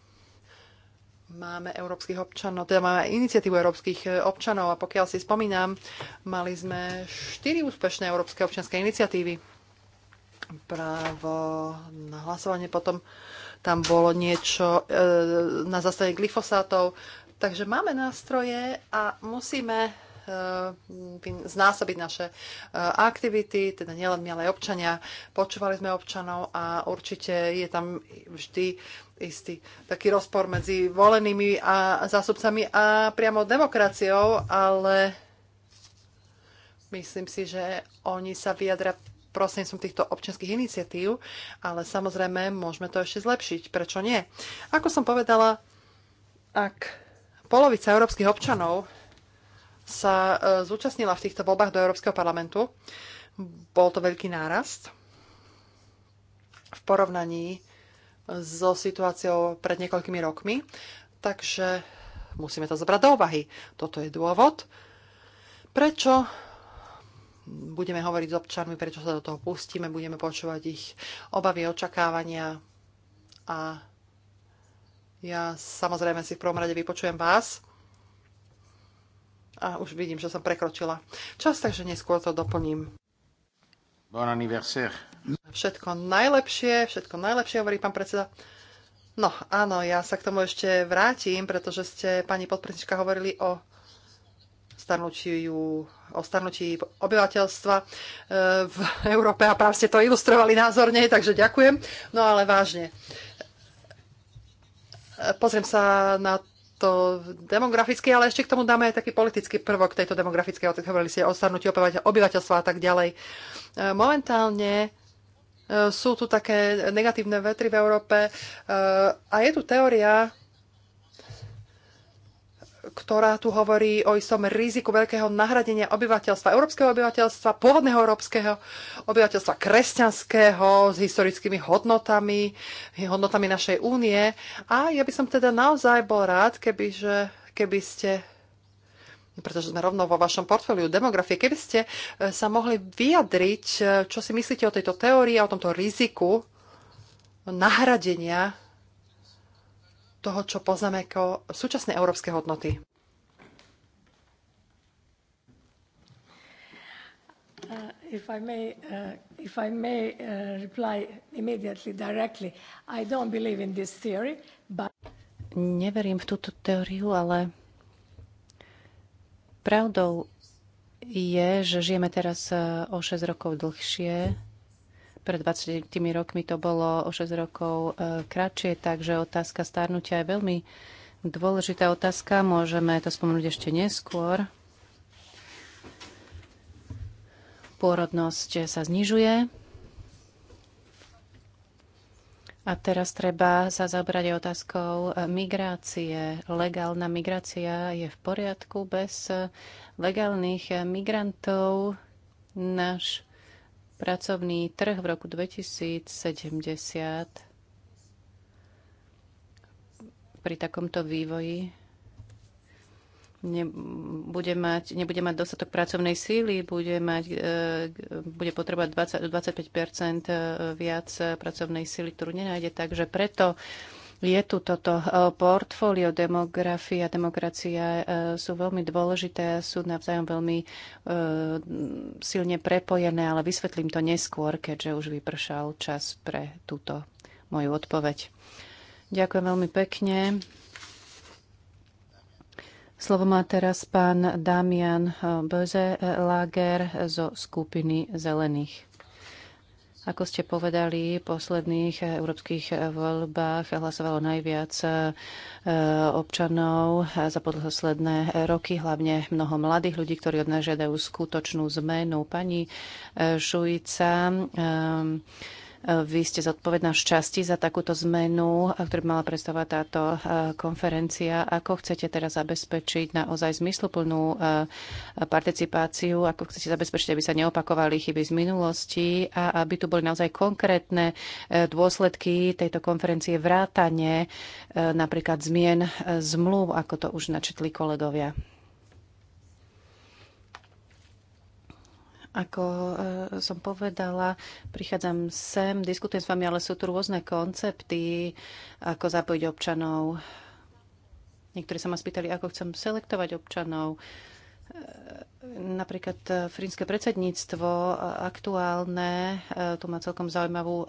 Máme európskych občanov, teda máme iniciatívu európskych e, občanov a pokiaľ si spomínam, mali sme štyri úspešné európske občianske iniciatívy právo na hlasovanie. Potom tam bolo niečo e, na zastane glyfosátov. Takže máme nástroje a musíme e, znásobiť naše e, aktivity, teda nielen my, ale aj občania. Počúvali sme občanov a určite je tam vždy istý taký rozpor medzi volenými a zásobcami a priamo demokraciou, ale myslím si, že oni sa vyjadra prosím som týchto občianských iniciatív, ale samozrejme môžeme to ešte zlepšiť. Prečo nie? Ako som povedala, ak polovica európskych občanov sa e, zúčastnila v týchto voľbách do Európskeho parlamentu, bol to veľký nárast v porovnaní so situáciou pred niekoľkými rokmi. Takže musíme to zobrať do úvahy. Toto je dôvod, prečo budeme hovoriť s občanmi, prečo sa do toho pustíme, budeme počúvať ich obavy, očakávania a ja samozrejme si v prvom rade vypočujem vás a už vidím, že som prekročila čas, takže neskôr to doplním.
Bon anniversaire.
Všetko najlepšie, všetko najlepšie, hovorí pán predseda. No áno, ja sa k tomu ešte vrátim, pretože ste, pani podpredníčka hovorili o starnutiu, o starnutí obyvateľstva e, v Európe a práve ste to ilustrovali názorne, takže ďakujem. No ale vážne. E, pozriem sa na to demograficky, ale ešte k tomu dáme aj taký politický prvok tejto demografickej, hovorili ste o starnutí obyvateľstva a tak ďalej. E, momentálne sú tu také negatívne vetry v Európe a je tu teória, ktorá tu hovorí o istom riziku veľkého nahradenia obyvateľstva, európskeho obyvateľstva, pôvodného európskeho obyvateľstva, kresťanského, s historickými hodnotami, hodnotami našej únie. A ja by som teda naozaj bol rád, keby, že, keby ste pretože sme rovno vo vašom portfóliu demografie, keby ste e, sa mohli vyjadriť, e, čo si myslíte o tejto teórii a o tomto riziku nahradenia toho, čo poznáme ako súčasné európske hodnoty.
Uh, if I may, uh, if I may uh, reply immediately, directly, I don't believe
in this theory, but... Neverím v túto teóriu, ale pravdou je, že žijeme teraz uh, o 6 rokov dlhšie pred 20 rokmi to bolo o 6 rokov e, kratšie, takže otázka starnutia je veľmi dôležitá otázka. Môžeme to spomenúť ešte neskôr. Pôrodnosť sa znižuje. A teraz treba sa zabrať otázkou e, migrácie. Legálna migrácia je v poriadku. Bez e, legálnych migrantov náš pracovný trh v roku 2070 pri takomto vývoji nebude mať, nebude mať dostatok pracovnej síly, bude, mať, e, bude potrebať 20, 25 e, viac pracovnej síly, ktorú nenájde. Takže preto je tu toto eh, portfólio demografia a demokracia eh, sú veľmi dôležité a sú navzájom veľmi eh, silne prepojené, ale vysvetlím to neskôr, keďže už vypršal čas pre túto moju odpoveď. Ďakujem veľmi pekne. Slovo má teraz pán Damian Böze Lager zo skupiny Zelených. Ako ste povedali, v posledných eh, európskych eh, voľbách hlasovalo najviac eh, občanov za posledné roky, hlavne mnoho mladých ľudí, ktorí od nás žiadajú skutočnú zmenu. Pani Šujica, ehm, vy ste zodpovedná v časti za takúto zmenu, ktorú mala predstavovať táto eh, konferencia. Ako chcete teraz zabezpečiť naozaj zmysluplnú eh, participáciu? Ako chcete zabezpečiť, aby sa neopakovali chyby z minulosti a aby tu boli naozaj konkrétne eh, dôsledky tejto konferencie vrátane napríklad zmien zmluv, ako to už načetli kolegovia? Ako e, som povedala, prichádzam sem, diskutujem s vami, ale sú tu rôzne koncepty, ako zapojiť občanov. Niektorí sa ma spýtali, ako chcem selektovať občanov. E, napríklad e, frínske predsedníctvo aktuálne tu má celkom zaujímavú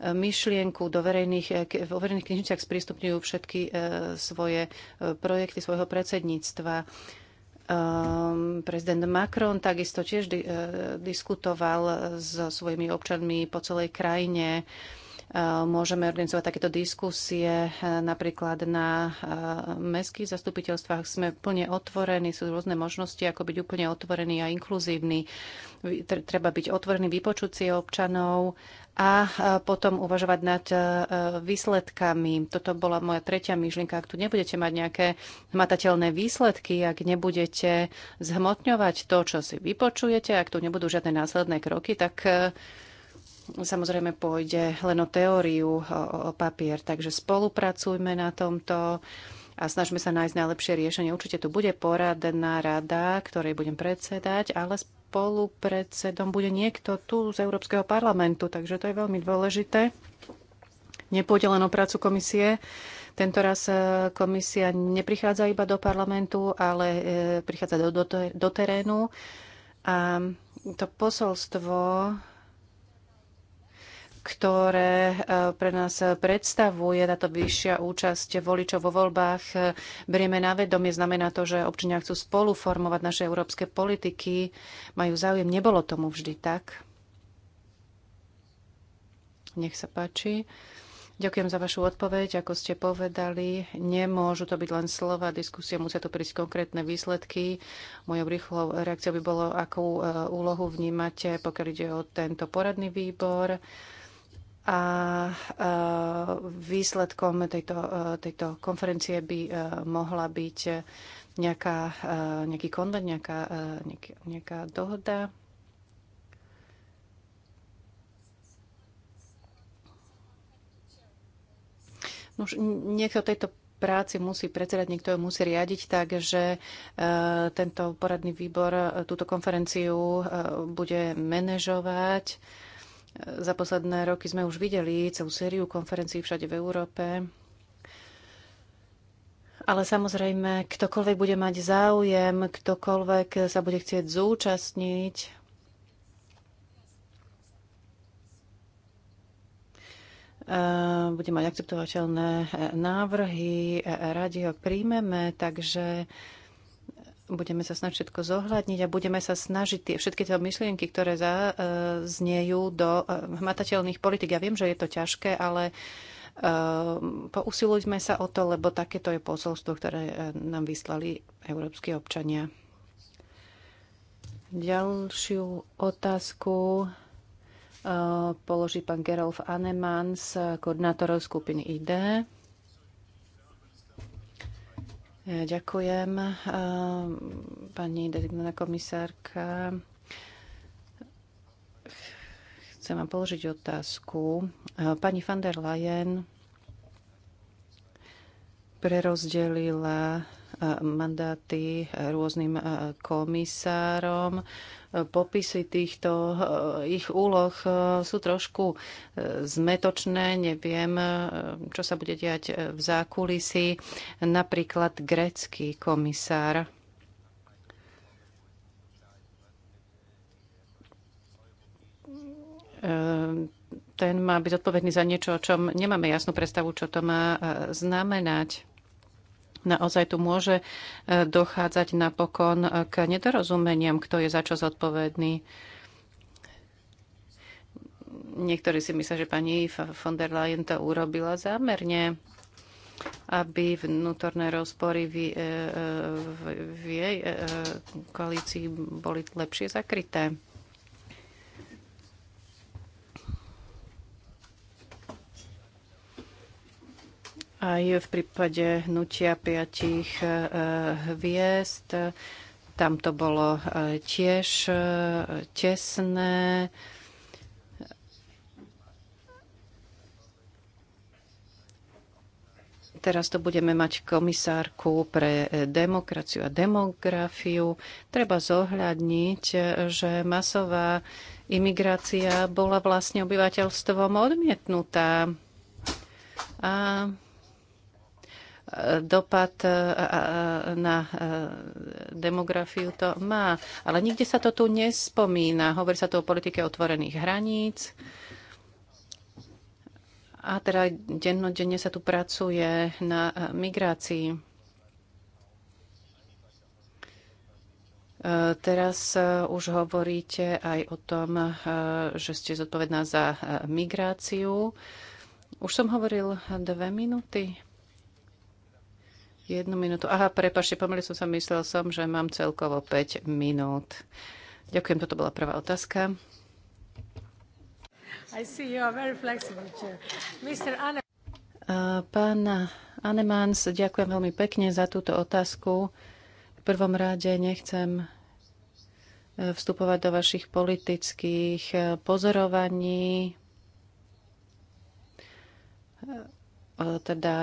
myšlienku do verejných, vo verejných knižniciach sprístupňujú všetky svoje projekty svojho predsedníctva. Um, prezident Macron takisto tiež di- eh, diskutoval eh, so svojimi občanmi po celej krajine. Uh, Eh, môžeme organizovať takéto diskusie eh, napríklad na eh, mestských zastupiteľstvách. Sme plne otvorení, sú rôzne možnosti, ako byť úplne otvorený a inkluzívny. Treba byť otvorený, vypočuť si občanov a potom uvažovať nad výsledkami. Toto bola moja tretia myšlienka. Ak tu nebudete mať nejaké hmatateľné výsledky, ak nebudete zhmotňovať to, čo si vypočujete, ak tu nebudú žiadne následné kroky, tak Samozrejme pôjde len o teóriu, o, o papier, takže spolupracujme na tomto a snažme sa nájsť najlepšie riešenie. Určite tu bude poradná rada, ktorej budem predsedať, ale spolupredsedom bude niekto tu z Európskeho parlamentu, takže to je veľmi dôležité. Nepôjde len o prácu komisie. Tento raz e, komisia neprichádza iba do parlamentu, ale e, prichádza do, do, do terénu. A to posolstvo ktoré eh, pre nás predstavuje táto vyššia účasť voličov vo voľbách, eh, berieme na vedomie. Znamená to, že občania chcú spoluformovať naše európske politiky, majú záujem. Nebolo tomu vždy tak. Nech sa páči. Ďakujem za vašu odpoveď. Ako ste povedali, nemôžu to byť len slova diskusie, musia to prísť konkrétne výsledky. Mojou rýchlou reakciou by bolo, akú eh, úlohu vnímate, pokiaľ ide o tento poradný výbor a e, výsledkom tejto, e, tejto konferencie by e, mohla byť nejaká, nejaký konvent, nejaká, nejaká, nejaká dohoda. Už niekto tejto práci musí predsedať, niekto ju musí riadiť, takže tento poradný výbor túto konferenciu bude manažovať za posledné roky sme už videli celú sériu konferencií všade v Európe, ale samozrejme, ktokoľvek bude mať záujem, ktokoľvek sa bude chcieť zúčastniť, e, bude mať akceptovateľné návrhy, e, e, radi ho príjmeme, takže budeme sa snažiť všetko zohľadniť a budeme sa snažiť tie, všetky tie myšlienky, ktoré za, e, zniejú do e, hmatateľných politik. Ja viem, že je to ťažké, ale e, pousilujme sa o to, lebo takéto je posolstvo, ktoré e, nám vyslali európsky občania. Ďalšiu otázku e, položí pán Gerolf Anemans, koordinátorov skupiny ID. Ďakujem. Eh, pani dezignovaná komisárka, chcem vám položiť otázku. Eh, pani van der Leyen prerozdelila mandáty rôznym e, komisárom. E, popisy týchto e, ich úloh sú trošku zmetočné, neviem, čo sa bude diať v zákulisí. Napríklad grécky komisár ten má byť odpovedný za niečo, o čom nemáme jasnú predstavu, čo to má znamenať naozaj tu môže e, dochádzať napokon e, k nedorozumeniam, kto je za čo zodpovedný. Niektorí si myslia, že pani von der Leyen to urobila zámerne aby vnútorné rozpory v, e, v, v jej koalícii boli lepšie zakryté. Aj v prípade hnutia piatich eh, hviezd tam to bolo eh, tiež eh, tesné. Teraz to budeme mať komisárku pre demokraciu a demografiu. Treba zohľadniť, že masová imigrácia bola vlastne obyvateľstvom odmietnutá. A dopad e, na e, demografiu to má. Ale nikde sa to tu nespomína. Hovorí sa tu o politike otvorených hraníc. A teda dennodenne sa tu pracuje na e, migrácii. Teraz už hovoríte aj o tom, že ste zodpovedná za migráciu. Už som hovoril dve minúty. Jednu minútu. Aha, prepašte, pomaly som sa myslel som, že mám celkovo 5 minút. Ďakujem, toto bola prvá otázka.
I see you are very flexible, Mr. Anne...
Pán Anemans, ďakujem veľmi pekne za túto otázku. V prvom rade nechcem e, vstupovať do vašich politických e, pozorovaní E, teda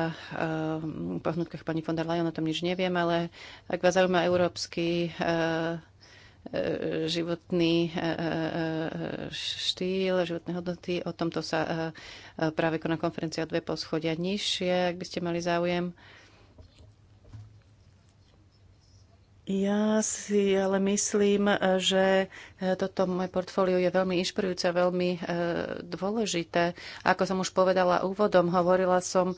v e, hnutkách pani von der Leyen, o tom nič neviem, ale ak vás zaujíma európsky e, životný štýl, životné hodnoty. O tomto sa práve koná konferencia o dve poschodia nižšie, ak by ste mali záujem. Ja si ale myslím, že e, toto moje portfólio je veľmi inšpirujúce, veľmi e, dôležité. Ako som už povedala úvodom, hovorila som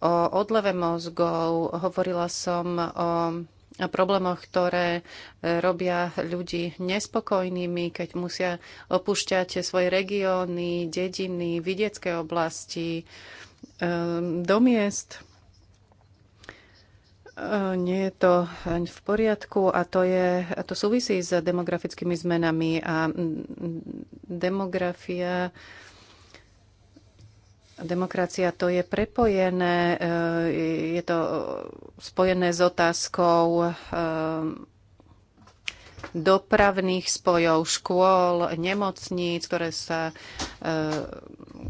o odleve mozgov, hovorila som o problémoch, ktoré e, robia ľudí nespokojnými, keď musia opúšťať svoje regióny, dediny, vidiecké oblasti, do miest. Eh, nie je to v poriadku a to, je, a to súvisí s demografickými zmenami a mm, demografia Demokracia to je prepojené, eh, je to spojené s otázkou eh, dopravných spojov, škôl, nemocníc, ktoré, sa,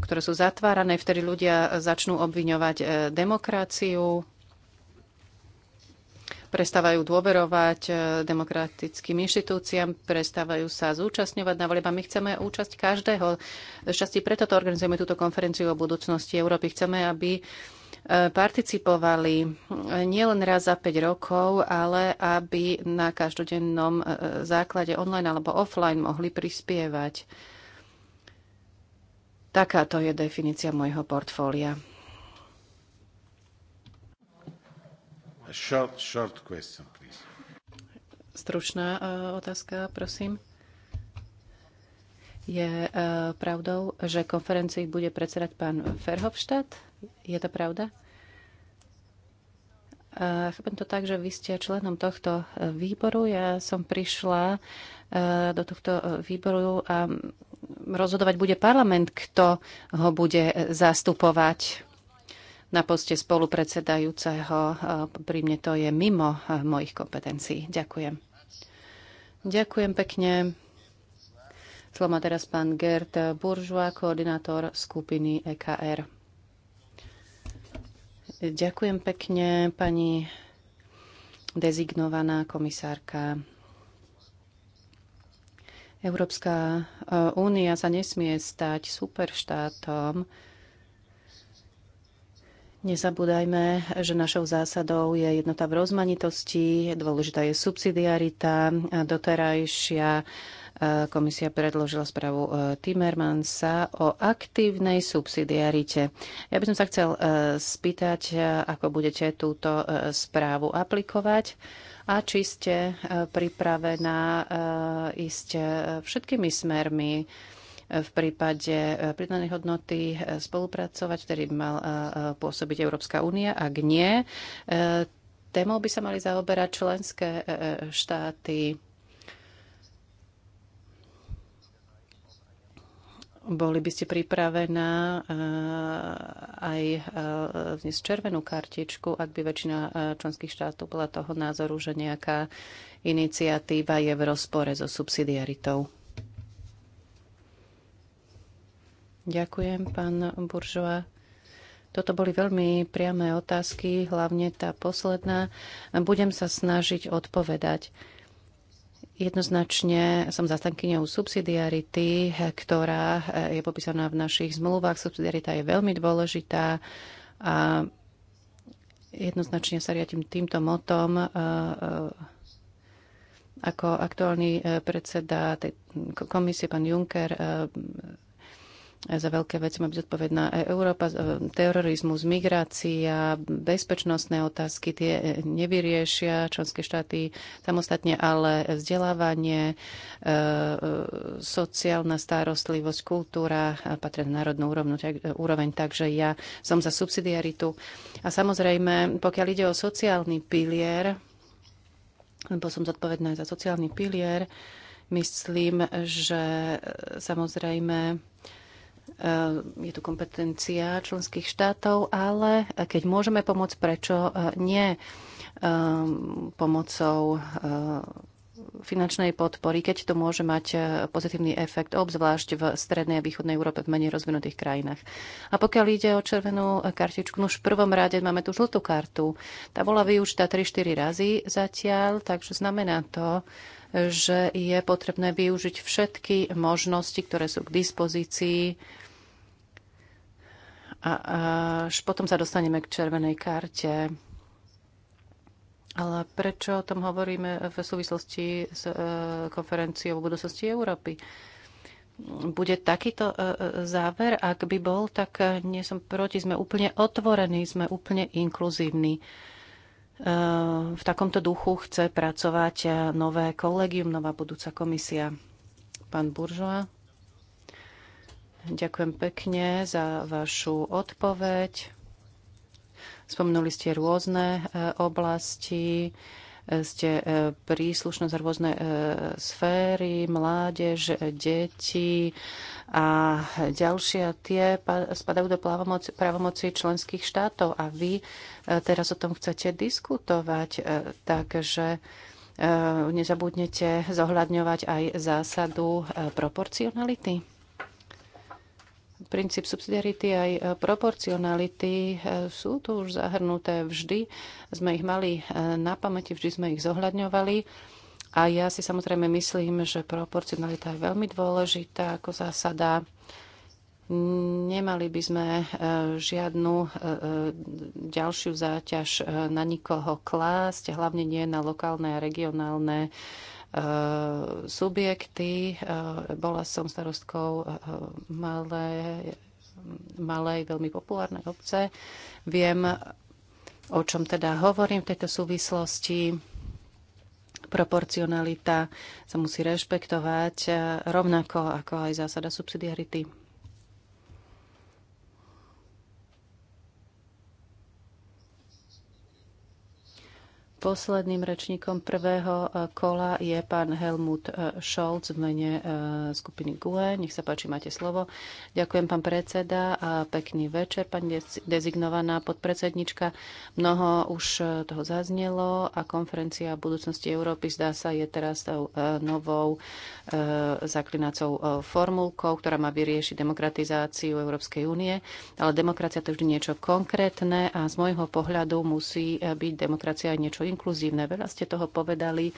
ktoré sú zatvárané, vtedy ľudia začnú obviňovať demokraciu prestávajú dôverovať e, demokratickým inštitúciám, prestávajú sa zúčastňovať na voľbách. My chceme účasť každého. Šťastí preto to organizujeme túto konferenciu o budúcnosti Európy. Chceme, aby e, participovali e, nielen raz za 5 rokov, ale aby na každodennom základe online alebo offline mohli prispievať. Takáto je definícia môjho portfólia.
Short, short question, please.
Stručná e, otázka, prosím. Je e, pravdou, že konferencii bude predsedať pán Ferhofštát? Je to pravda? E, chápem to tak, že vy ste členom tohto výboru. Ja som prišla do tohto výboru a rozhodovať bude parlament, kto ho bude zastupovať na poste spolupredsedajúceho. Pri mne to je mimo eh, mojich kompetencií. Ďakujem. Ďakujem pekne. Slovo má teraz pán Gert Buržua, koordinátor skupiny EKR. Ďakujem pekne, pani dezignovaná komisárka. Európska eh, únia sa nesmie stať superštátom, Nezabúdajme, že našou zásadou je jednota v rozmanitosti, dôležitá je subsidiarita, doterajšia e, komisia predložila správu e, Timmermansa o aktívnej subsidiarite. Ja by som sa chcel e, spýtať, ako budete túto správu aplikovať a či ste pripravená ísť všetkými smermi v prípade e, pridanej hodnoty e, spolupracovať, ktorý by mal e, pôsobiť Európska únia. Ak nie, témou by sa mali zaoberať členské štáty. Boli by ste pripravená aj dnes červenú kartičku, ak by väčšina členských štátov bola toho názoru, že nejaká iniciatíva je v rozpore so subsidiaritou. Ďakujem, pán Buržová. Toto boli veľmi priame otázky, hlavne tá posledná. Budem sa snažiť odpovedať. Jednoznačne som zastankyňou subsidiarity, ktorá je popísaná v našich zmluvách. Subsidiarita je veľmi dôležitá a jednoznačne sa riadím týmto motom e, e, ako aktuálny e, predseda tej komisie, pán Juncker, za veľké veci má byť zodpovedná e, Európa, e, terorizmus, migrácia, bezpečnostné otázky, tie e, nevyriešia členské štáty samostatne, ale vzdelávanie, sociálna starostlivosť, kultúra patria na národnú úroveň, takže ja som za subsidiaritu. A samozrejme, pokiaľ ide o sociálny pilier, lebo som zodpovedná za sociálny pilier, myslím, že samozrejme Eh, je tu kompetencia členských štátov, ale keď môžeme pomôcť, prečo eh, nie eh, pomocou finančnej podpory, keď to môže mať pozitívny efekt, obzvlášť v strednej a východnej Európe, v menej rozvinutých krajinách. A pokiaľ ide o červenú kartičku, no už v prvom rade máme tú žltú kartu. Tá bola využitá 3-4 razy zatiaľ, takže znamená to, že je potrebné využiť všetky možnosti, ktoré sú k dispozícii. A až potom sa dostaneme k červenej karte. Ale prečo o tom hovoríme v súvislosti s e, konferenciou o budúcnosti Európy? bude takýto e, e, záver? Ak by bol, tak nie som proti. Sme úplne otvorení, sme úplne inkluzívni. E, v takomto duchu chce pracovať e, nové kolegium, nová budúca komisia. Pán Buržoa, ďakujem pekne za vašu odpoveď. Spomnuli ste rôzne e, oblasti ste e, príslušnosť za rôzne e, sféry, mládež, e, deti a ďalšia tie spadajú do právomoci, právomoci členských štátov a vy teraz o tom chcete diskutovať, takže nezabudnete zohľadňovať aj zásadu proporcionality princíp subsidiarity aj e, proporcionality e, sú tu už zahrnuté vždy. Sme ich mali e, na pamäti, vždy sme ich zohľadňovali. A ja si samozrejme myslím, že proporcionalita je veľmi dôležitá ako zásada. Nemali by sme žiadnu ďalšiu záťaž na nikoho klásť, hlavne nie na lokálne a regionálne Eh, subjekty. Eh, bola som starostkou eh, malej, malej veľmi populárnej obce. Viem, o čom teda hovorím v tejto súvislosti. Proporcionalita sa musí rešpektovať rovnako ako aj zásada subsidiarity. Posledným rečníkom prvého e, kola je pán Helmut e, Scholz v mene e, skupiny GUE. Nech sa páči, máte slovo. Ďakujem, pán predseda, a pekný večer, pani dezignovaná podpredsednička. Mnoho už toho zaznelo a konferencia budúcnosti Európy zdá sa je teraz tou novou zaklinacou formulkou, ktorá má vyriešiť demokratizáciu Európskej únie. Ale demokracia to je vždy niečo konkrétne a z môjho pohľadu musí byť demokracia aj niečo iné inkluzívne. Veľa ste toho povedali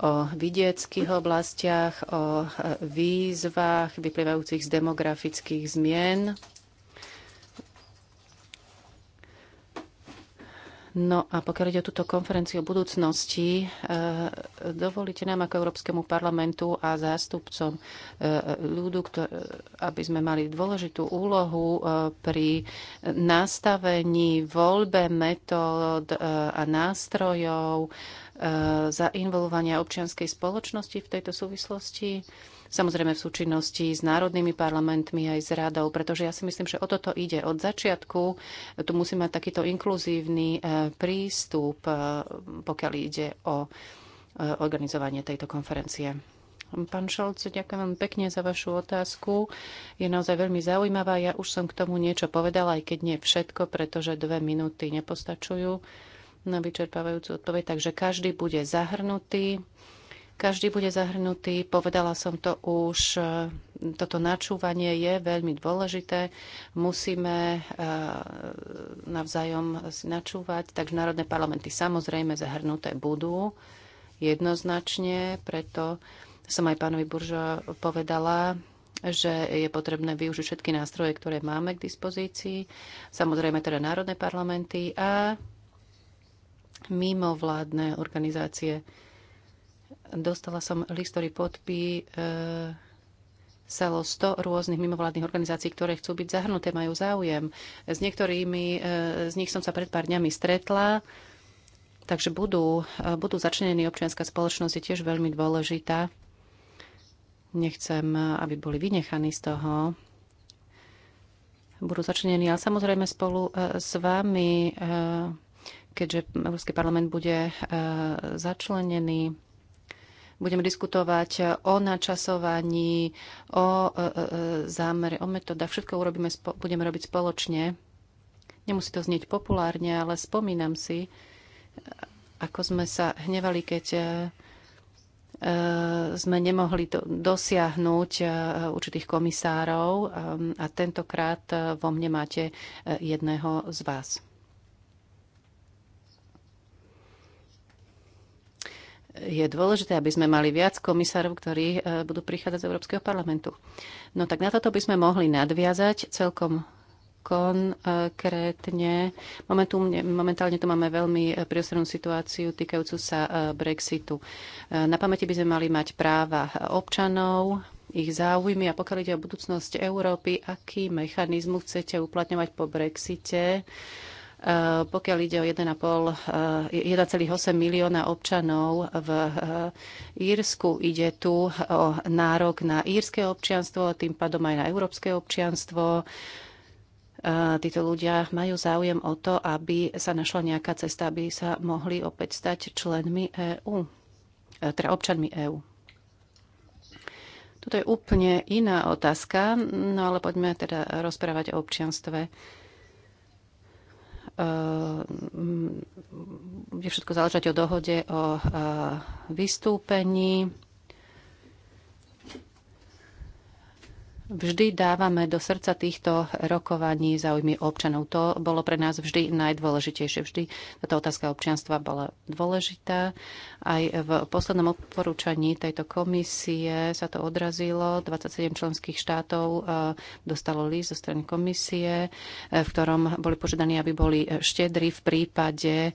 o vidieckých oblastiach, o e, výzvach vyplývajúcich z demografických zmien No a pokiaľ ide o túto konferenciu o budúcnosti, eh, dovolite nám ako Európskemu parlamentu a zástupcom eh, ľudu, aby sme mali dôležitú úlohu eh, pri nastavení, voľbe metód a nástrojov za involvovanie občianskej spoločnosti v tejto súvislosti samozrejme v súčinnosti s národnými parlamentmi aj s radou, pretože ja si myslím, že o toto ide. Od začiatku tu musí mať takýto inkluzívny e, prístup, e, pokiaľ ide o e, organizovanie tejto konferencie. Pán Šolc, ďakujem vám pekne za vašu otázku. Je naozaj veľmi zaujímavá. Ja už som k tomu niečo povedala, aj keď nie všetko, pretože dve minúty nepostačujú na vyčerpávajúcu odpoveď. Takže každý bude zahrnutý. Každý bude zahrnutý, povedala som to už, e, toto načúvanie je veľmi dôležité. Musíme e, navzájom si načúvať, takže národné parlamenty samozrejme zahrnuté budú jednoznačne, preto som aj pánovi Buržo povedala, že je potrebné využiť všetky nástroje, ktoré máme k dispozícii, samozrejme teda národné parlamenty a mimovládne organizácie. Dostala som list, ktorý podpí celo 100 rôznych mimovládnych organizácií, ktoré chcú byť zahrnuté, majú záujem. S niektorými eh, z nich som sa pred pár dňami stretla, takže budú, eh, budú začlenení. Občianská spoločnosť je tiež veľmi dôležitá. Nechcem, eh, aby boli vynechaní z toho. Budú začlenení, ale samozrejme spolu s vami, keďže Európsky parlament bude začlenený Budeme diskutovať o načasovaní, o e, e, e, zámere, o metodách. Všetko urobíme, budeme robiť spoločne. Nemusí to znieť populárne, ale spomínam si, ako sme sa hnevali, keď sme nemohli dosiahnuť určitých komisárov a tentokrát vo mne máte jedného z vás. je dôležité, aby sme mali viac komisárov, ktorí e, budú prichádzať z Európskeho parlamentu. No tak na toto by sme mohli nadviazať celkom konkrétne. Momentum, momentálne tu máme veľmi e, priestornú situáciu týkajúcu sa e, Brexitu. Na pamäti by sme mali mať práva občanov, ich záujmy a pokiaľ ide o budúcnosť Európy, aký mechanizmus chcete uplatňovať po Brexite, Eh, pokiaľ ide o 1,8 eh, milióna občanov v eh, Írsku, ide tu o nárok na írske občianstvo, tým pádom aj na európske občianstvo. Títo ľudia majú záujem o to, aby sa našla nejaká cesta, aby sa mohli opäť stať členmi EÚ, teda občanmi EÚ. Toto je úplne iná otázka, no ale poďme teda rozprávať o občianstve bude ehm, všetko záležať o dohode o ehm, vystúpení. vždy dávame do srdca týchto rokovaní záujmy občanov. To bolo pre nás vždy najdôležitejšie. Vždy táto otázka občianstva bola dôležitá. Aj v poslednom odporúčaní tejto komisie sa to odrazilo. 27 členských štátov e, dostalo líst zo strany komisie, e, v ktorom boli požiadaní, aby boli štedri v prípade e,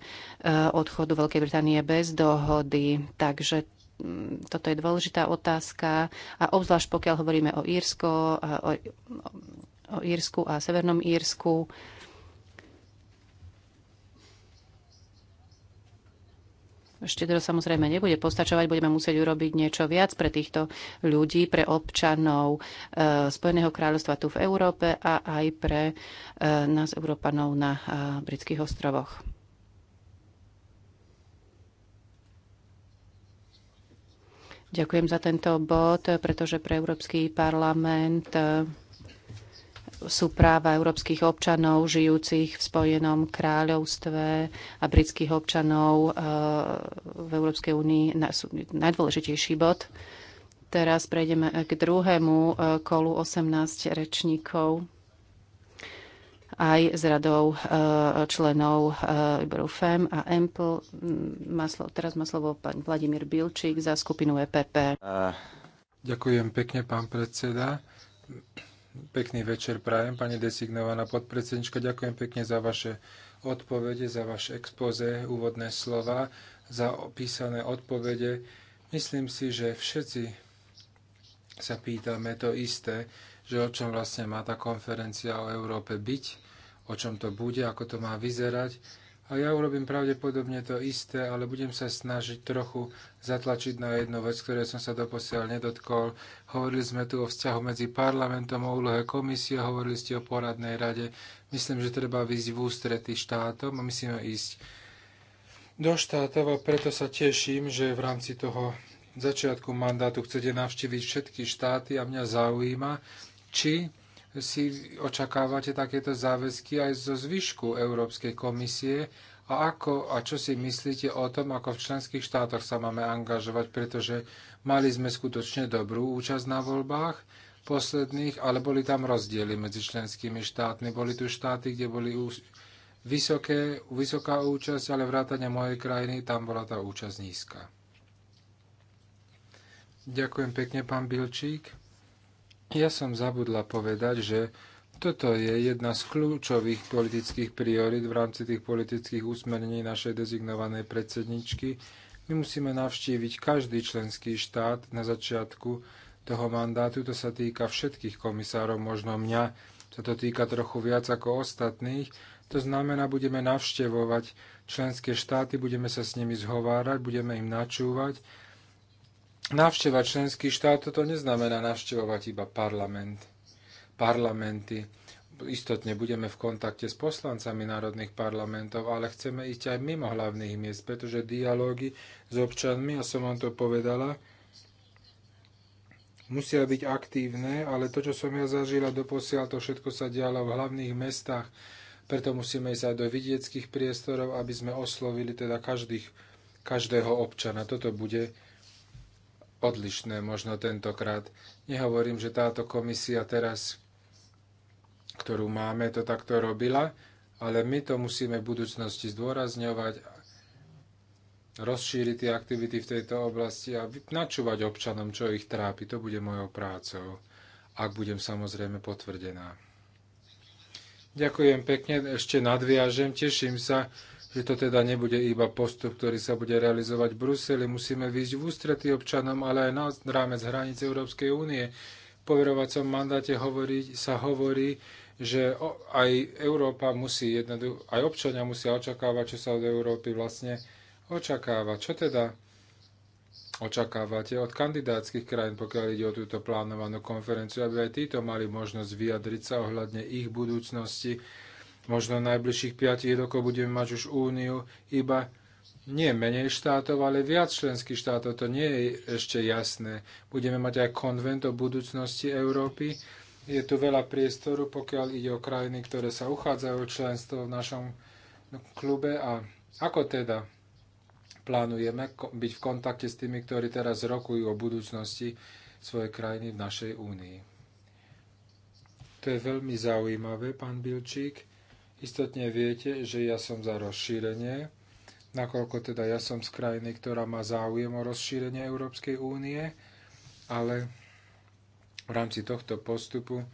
odchodu Veľkej Británie bez dohody. Takže Mm, toto je dôležitá otázka a obzvlášť pokiaľ hovoríme o Írsko, o, o Írsku a Severnom Írsku. Ešte to samozrejme nebude postačovať, budeme musieť urobiť niečo viac pre týchto ľudí, pre občanov e, Spojeného kráľovstva tu v Európe a aj pre e, nás, Európanov, na e, britských ostrovoch. Ďakujem za tento bod, pretože pre Európsky parlament e, sú práva európskych občanov žijúcich v Spojenom kráľovstve a britských občanov e, v Európskej únii najdôležitejší bod. Teraz prejdeme k druhému e, kolu 18 rečníkov aj s radou e, členov e, výboru FEM a EMPL. Mm, teraz má slovo pán Vladimír
Bilčík za skupinu EPP. Ďakujem pekne, pán predseda. Pekný večer prajem, pani designovaná podpredsednička. Ďakujem pekne za vaše odpovede, za vaše expoze, úvodné slova, za opísané odpovede. Myslím si, že všetci sa pýtame to isté že o čom vlastne má tá konferencia o Európe byť, o čom to bude, ako to má vyzerať. A ja urobím pravdepodobne to isté, ale budem sa snažiť trochu zatlačiť na jednu vec, ktoré som sa doposiaľ nedotkol. Hovorili sme tu o vzťahu medzi parlamentom, o úlohe komisie, hovorili ste o poradnej rade. Myslím, že treba vyjsť v ústrety štátom a musíme ísť do štátov a preto sa teším, že v rámci toho začiatku mandátu chcete navštíviť všetky štáty a mňa zaujíma, či si očakávate takéto záväzky aj zo zvyšku Európskej komisie a, ako, a čo si myslíte o tom, ako v členských štátoch sa máme angažovať, pretože mali sme skutočne dobrú účasť na voľbách posledných, ale boli tam rozdiely medzi členskými štátmi. Boli tu štáty, kde boli vysoké, vysoká účasť, ale vrátane mojej krajiny tam bola tá účasť nízka. Ďakujem pekne, pán Bilčík. Ja som zabudla povedať, že toto je jedna z kľúčových politických priorit v rámci tých politických úsmernení našej dezignovanej predsedničky. My musíme navštíviť každý členský štát na začiatku toho mandátu. To sa týka všetkých komisárov, možno mňa sa to týka trochu viac ako ostatných. To znamená, budeme navštevovať členské štáty, budeme sa s nimi zhovárať, budeme im načúvať Navšteva členských štátov to neznamená navštevovať iba parlament, parlamenty. Istotne budeme v kontakte s poslancami národných parlamentov, ale chceme ísť aj mimo hlavných miest, pretože dialógy s občanmi, a som vám to povedala, musia byť aktívne, ale to, čo som ja zažila doposiaľ, to všetko sa dialo v hlavných mestách, preto musíme ísť aj do vidieckých priestorov, aby sme oslovili teda každých, každého občana. Toto bude odlišné možno tentokrát. Nehovorím, že táto komisia teraz, ktorú máme, to takto robila, ale my to musíme v budúcnosti zdôrazňovať, rozšíriť tie aktivity v tejto oblasti a načúvať občanom, čo ich trápi. To bude mojou prácou, ak budem samozrejme potvrdená. Ďakujem pekne, ešte nadviažem, teším sa, že to teda nebude iba postup, ktorý sa bude realizovať v Bruseli. Musíme výjsť v ústretí občanom, ale aj na rámec hranic Európskej únie. V poverovacom mandáte hovorí, sa hovorí, že aj Európa musí, jednodu, aj občania musia očakávať, čo sa od Európy vlastne očakáva. Čo teda očakávate od kandidátskych krajín, pokiaľ ide o túto plánovanú konferenciu, aby aj títo mali možnosť vyjadriť sa ohľadne ich budúcnosti, Možno najbližších 5 rokov budeme mať už úniu iba nie menej štátov, ale viac členských štátov. To nie je ešte jasné. Budeme mať aj konvent o budúcnosti Európy. Je tu veľa priestoru, pokiaľ ide o krajiny, ktoré sa uchádzajú o členstvo v našom klube. A ako teda plánujeme byť v kontakte s tými, ktorí teraz rokujú o budúcnosti svojej krajiny v našej únii? To je veľmi zaujímavé, pán Bilčík. Istotne viete, že ja som za rozšírenie, nakoľko teda ja som z krajiny, ktorá má záujem o rozšírenie Európskej únie, ale v rámci tohto postupu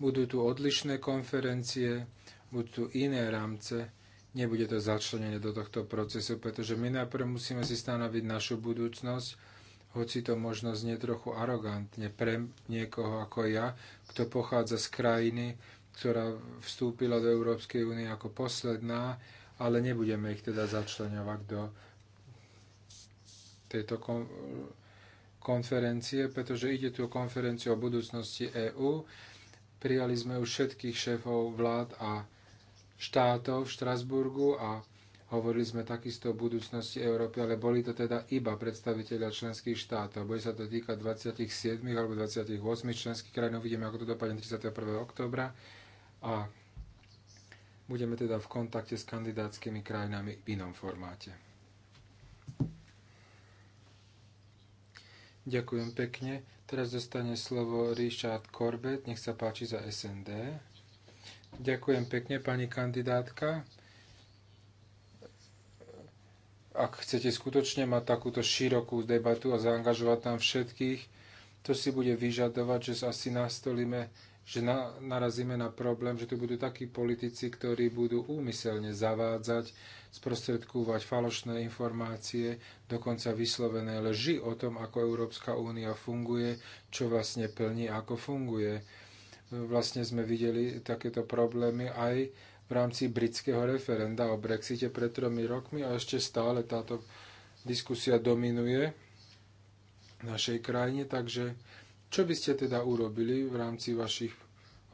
budú tu odlišné konferencie, budú tu iné rámce, nebude to začlenenie do tohto procesu, pretože my najprv musíme si stanoviť našu budúcnosť, hoci to možno znie trochu arogantne pre niekoho ako ja, kto pochádza z krajiny, ktorá vstúpila do Európskej únie ako posledná, ale nebudeme ich teda začlenovať do tejto konferencie, pretože ide tu o konferenciu o budúcnosti EÚ. Prijali sme už všetkých šéfov vlád a štátov v Štrasburgu a Hovorili sme takisto o budúcnosti Európy, ale boli to teda iba predstaviteľia členských štátov. Bude sa to týkať 27 alebo 28 členských krajín. Uvidíme, ako to dopadne 31. oktobra. A budeme teda v kontakte s kandidátskymi krajinami v inom formáte. Ďakujem pekne. Teraz dostane slovo Richard Corbett. Nech sa páči za SND. Ďakujem pekne, pani kandidátka ak chcete skutočne mať takúto širokú debatu a zaangažovať tam všetkých, to si bude vyžadovať, že asi nastolíme, že na, narazíme na problém, že tu budú takí politici, ktorí budú úmyselne zavádzať, sprostredkúvať falošné informácie, dokonca vyslovené lži o tom, ako Európska únia funguje, čo vlastne plní, ako funguje. Vlastne sme videli takéto problémy aj v rámci britského referenda o Brexite pred tromi rokmi a ešte stále táto diskusia dominuje v našej krajine, takže čo by ste teda urobili v rámci vašich,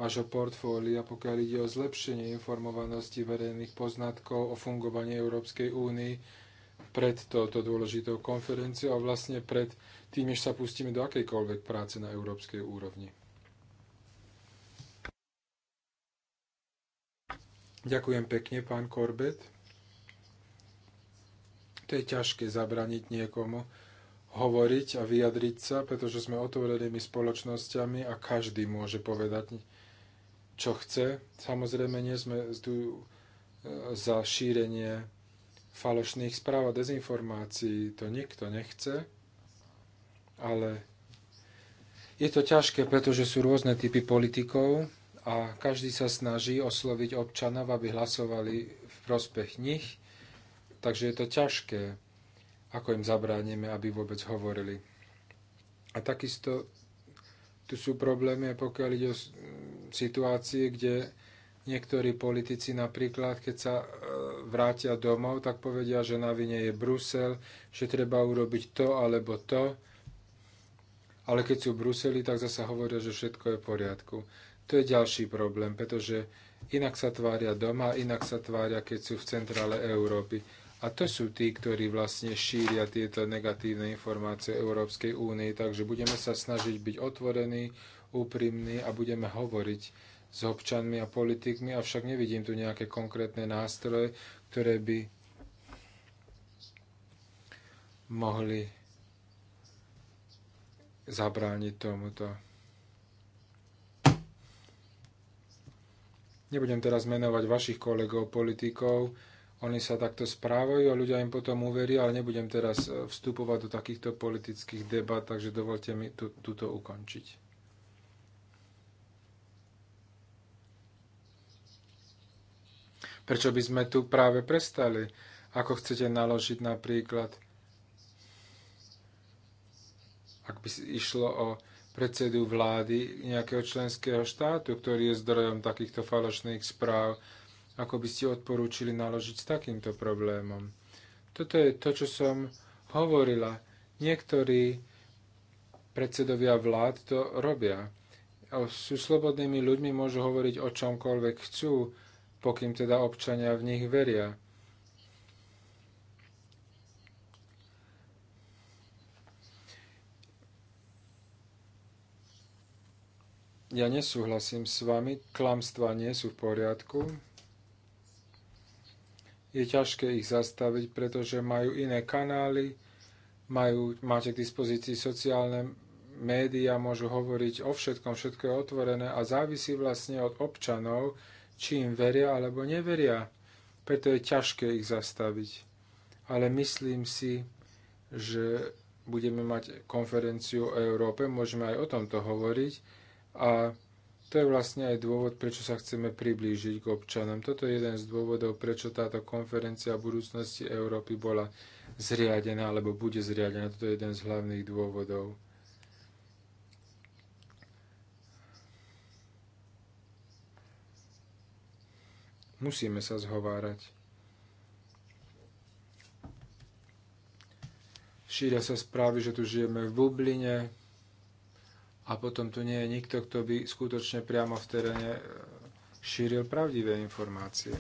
vašho portfólia, pokiaľ ide o zlepšenie informovanosti verejných poznatkov o fungovaní Európskej únii pred touto dôležitou konferenciou a vlastne pred tým, než sa pustíme do akejkoľvek práce na európskej úrovni? Ďakujem pekne, pán Korbet. To je ťažké zabraniť niekomu hovoriť a vyjadriť sa, pretože sme otvorenými spoločnosťami a každý môže povedať, čo chce. Samozrejme, nie sme tu e, za šírenie falošných správ a dezinformácií. To nikto nechce, ale je to ťažké, pretože sú rôzne typy politikov a každý sa snaží osloviť občanov, aby hlasovali v prospech nich, takže je to ťažké, ako im zabránime, aby vôbec hovorili. A takisto tu sú problémy, pokiaľ ide o situácie, kde niektorí politici napríklad, keď sa e, vrátia domov, tak povedia, že na vine je Brusel, že treba urobiť to alebo to. Ale keď sú v Bruseli, tak zase hovoria, že všetko je v poriadku. To je ďalší problém, pretože inak sa tvária doma, inak sa tvária, keď sú v centrále Európy. A to sú tí, ktorí vlastne šíria tieto negatívne informácie Európskej únie. Takže budeme sa snažiť byť otvorení, úprimní a budeme hovoriť s občanmi a politikmi, avšak nevidím tu nejaké konkrétne nástroje, ktoré by mohli zabrániť tomuto. Nebudem teraz menovať vašich kolegov, politikov, oni sa takto správajú a ľudia im potom uveria, ale nebudem teraz e, vstupovať do takýchto politických debat, takže dovolte mi tu, túto ukončiť. Prečo by sme tu práve prestali? Ako chcete naložiť napríklad, ak by išlo o predsedu vlády nejakého členského štátu, ktorý je zdrojom takýchto falošných správ, ako by ste odporúčili naložiť s takýmto problémom. Toto je to, čo som hovorila. Niektorí predsedovia vlád to robia. Sú slobodnými ľuďmi, môžu hovoriť o čomkoľvek chcú, pokým teda občania v nich veria. Ja nesúhlasím s vami, klamstvá nie sú v poriadku. Je ťažké ich zastaviť, pretože majú iné kanály, majú, máte k dispozícii sociálne médiá, môžu hovoriť o všetkom, všetko je otvorené a závisí vlastne od občanov, či im veria alebo neveria. Preto je ťažké ich zastaviť. Ale myslím si, že budeme mať konferenciu o Európe, môžeme aj o tomto hovoriť a to je vlastne aj dôvod, prečo sa chceme priblížiť k občanom. Toto je jeden z dôvodov, prečo táto konferencia budúcnosti Európy bola zriadená, alebo bude zriadená. Toto je jeden z hlavných dôvodov. Musíme sa zhovárať. Šíria sa správy, že tu žijeme v bubline, a potom tu nie je nikto, kto by skutočne priamo v teréne e, šíril pravdivé informácie.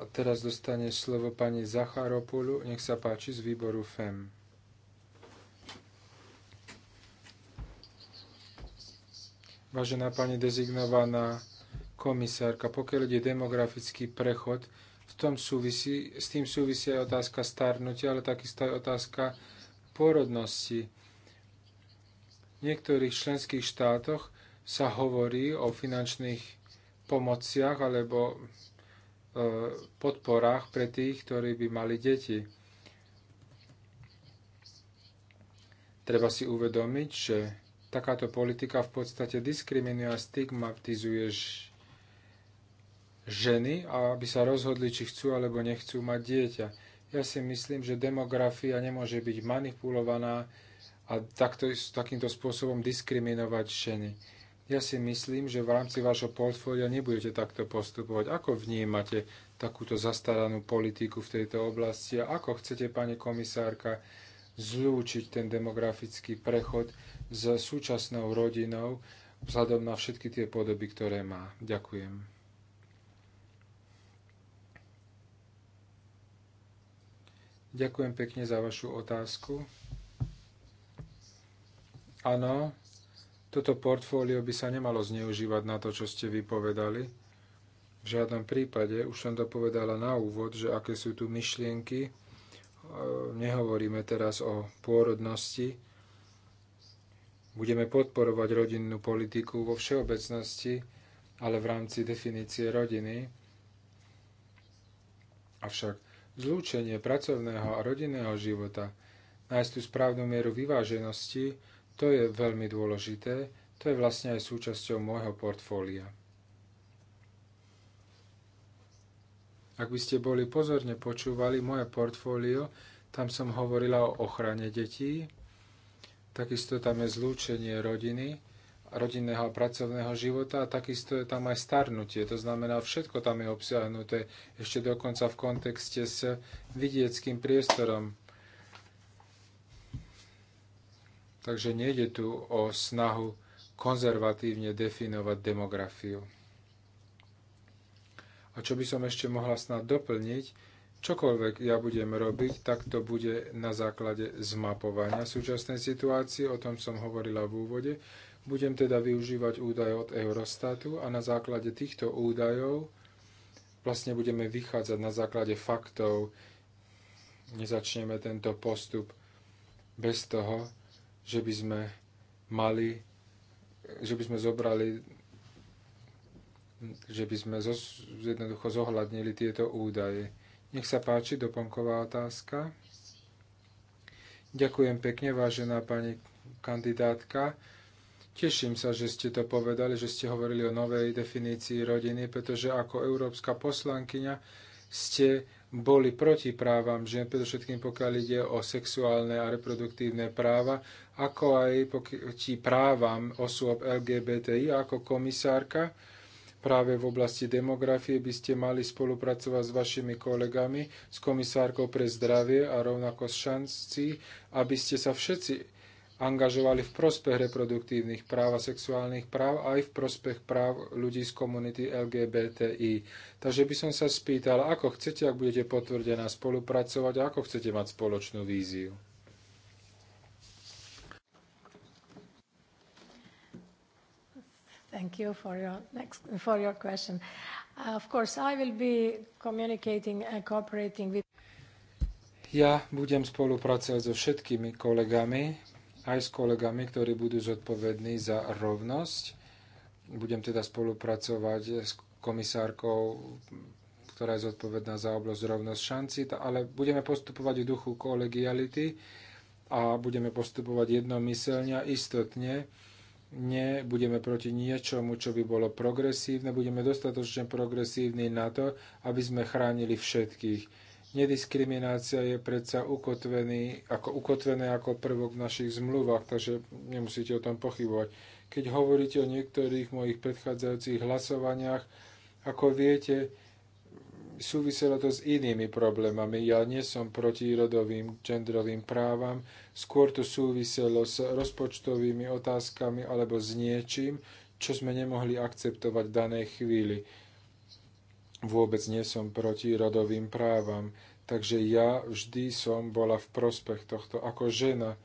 A teraz dostane slovo pani Zacharopulu, nech sa páči, z výboru FEM. Vážená pani dezignovaná komisárka, pokiaľ ide demografický prechod, tom súvisí, s tým súvisí aj otázka starnutia, ale takisto aj otázka porodnosti. V niektorých členských štátoch sa hovorí o finančných pomociach alebo e, podporách pre tých, ktorí by mali deti. Treba si uvedomiť, že takáto politika v podstate diskriminuje a stigmatizuje ženy a aby sa rozhodli, či chcú alebo nechcú mať dieťa. Ja si myslím, že demografia nemôže byť manipulovaná a takto, takýmto spôsobom diskriminovať ženy. Ja si myslím, že v rámci vášho portfólia nebudete takto postupovať. Ako vnímate takúto zastaranú politiku v tejto oblasti a ako chcete, pani komisárka, zlúčiť ten demografický prechod s súčasnou rodinou vzhľadom na všetky tie podoby, ktoré má? Ďakujem. Ďakujem pekne za vašu otázku. Áno, toto portfólio by sa nemalo zneužívať na to, čo ste vypovedali. V žiadnom prípade, už som to povedala na úvod, že aké sú tu myšlienky. E, nehovoríme teraz o pôrodnosti. Budeme podporovať rodinnú politiku vo všeobecnosti, ale v rámci definície rodiny. Avšak zlúčenie pracovného a rodinného života, nájsť tú správnu mieru vyváženosti, to je veľmi dôležité, to je vlastne aj súčasťou môjho portfólia. Ak by ste boli pozorne počúvali moje portfólio, tam som hovorila o ochrane detí, takisto tam je zlúčenie rodiny, rodinného a pracovného života a takisto je tam aj starnutie. To znamená, všetko tam je obsiahnuté ešte dokonca v kontexte s vidieckým priestorom. Takže nejde tu o snahu konzervatívne definovať demografiu. A čo by som ešte mohla snad doplniť, čokoľvek ja budem robiť, tak to bude na základe zmapovania súčasnej situácie, o tom som hovorila v úvode, budem teda využívať údaje od Eurostatu a na základe týchto údajov vlastne budeme vychádzať na základe faktov. Nezačneme tento postup bez toho, že by sme mali, že by sme zobrali, že by sme zo, jednoducho zohľadnili tieto údaje. Nech sa páči, doplnková otázka. Ďakujem pekne, vážená pani kandidátka. Teším sa, že ste to povedali, že ste hovorili o novej definícii rodiny, pretože ako európska poslankyňa ste boli proti právam žien, predovšetkým pokiaľ ide o sexuálne a reproduktívne práva, ako aj proti právam osôb LGBTI, ako komisárka práve v oblasti demografie by ste mali spolupracovať s vašimi kolegami, s komisárkou pre zdravie a rovnako s šancí, aby ste sa všetci angažovali v prospech reproduktívnych práv a sexuálnych práv aj v prospech práv ľudí z komunity LGBTI. Takže by som sa spýtal, ako chcete, ak budete potvrdená, spolupracovať a ako chcete mať spoločnú víziu.
Thank you for your, next, for your question. Uh, of course, I will be communicating and cooperating with...
Ja budem spolupracovať so všetkými kolegami, aj s kolegami, ktorí budú zodpovední za rovnosť. Budem teda spolupracovať s komisárkou, ktorá je zodpovedná za oblasť rovnosť šanci, ale budeme postupovať v duchu kolegiality a budeme postupovať jednomyselne a istotne. Nebudeme proti niečomu, čo by bolo progresívne, budeme dostatočne progresívni na to, aby sme chránili všetkých Nediskriminácia je predsa ukotvený, ako ukotvené ako prvok v našich zmluvách, takže nemusíte o tom pochybovať. Keď hovoríte o niektorých mojich predchádzajúcich hlasovaniach, ako viete, súviselo to s inými problémami. Ja nie som proti rodovým, genderovým právam, skôr to súviselo s rozpočtovými otázkami alebo s niečím, čo sme nemohli akceptovať v danej chvíli vôbec nie som proti rodovým právam, takže ja vždy som bola v prospech tohto ako žena,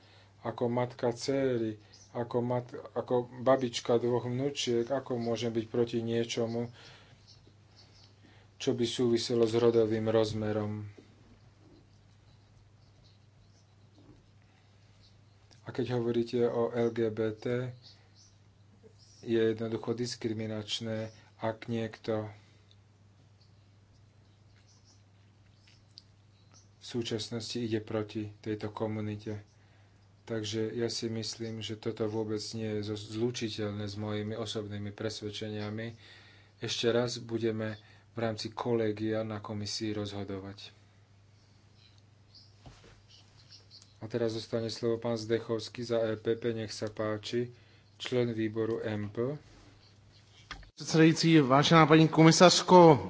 ako matka céry, ako, mat, ako babička dvoch vnúčiek, ako môžem byť proti niečomu, čo by súviselo s rodovým rozmerom. A keď hovoríte o LGBT, je jednoducho diskriminačné, ak niekto v súčasnosti ide proti tejto komunite. Takže ja si myslím, že toto vôbec nie je zlučiteľné s mojimi osobnými presvedčeniami. Ešte raz budeme v rámci kolegia na komisii rozhodovať. A teraz zostane slovo pán Zdechovský za EPP, nech sa páči, člen výboru MP. Predsedajúci, vážená pani komisárko.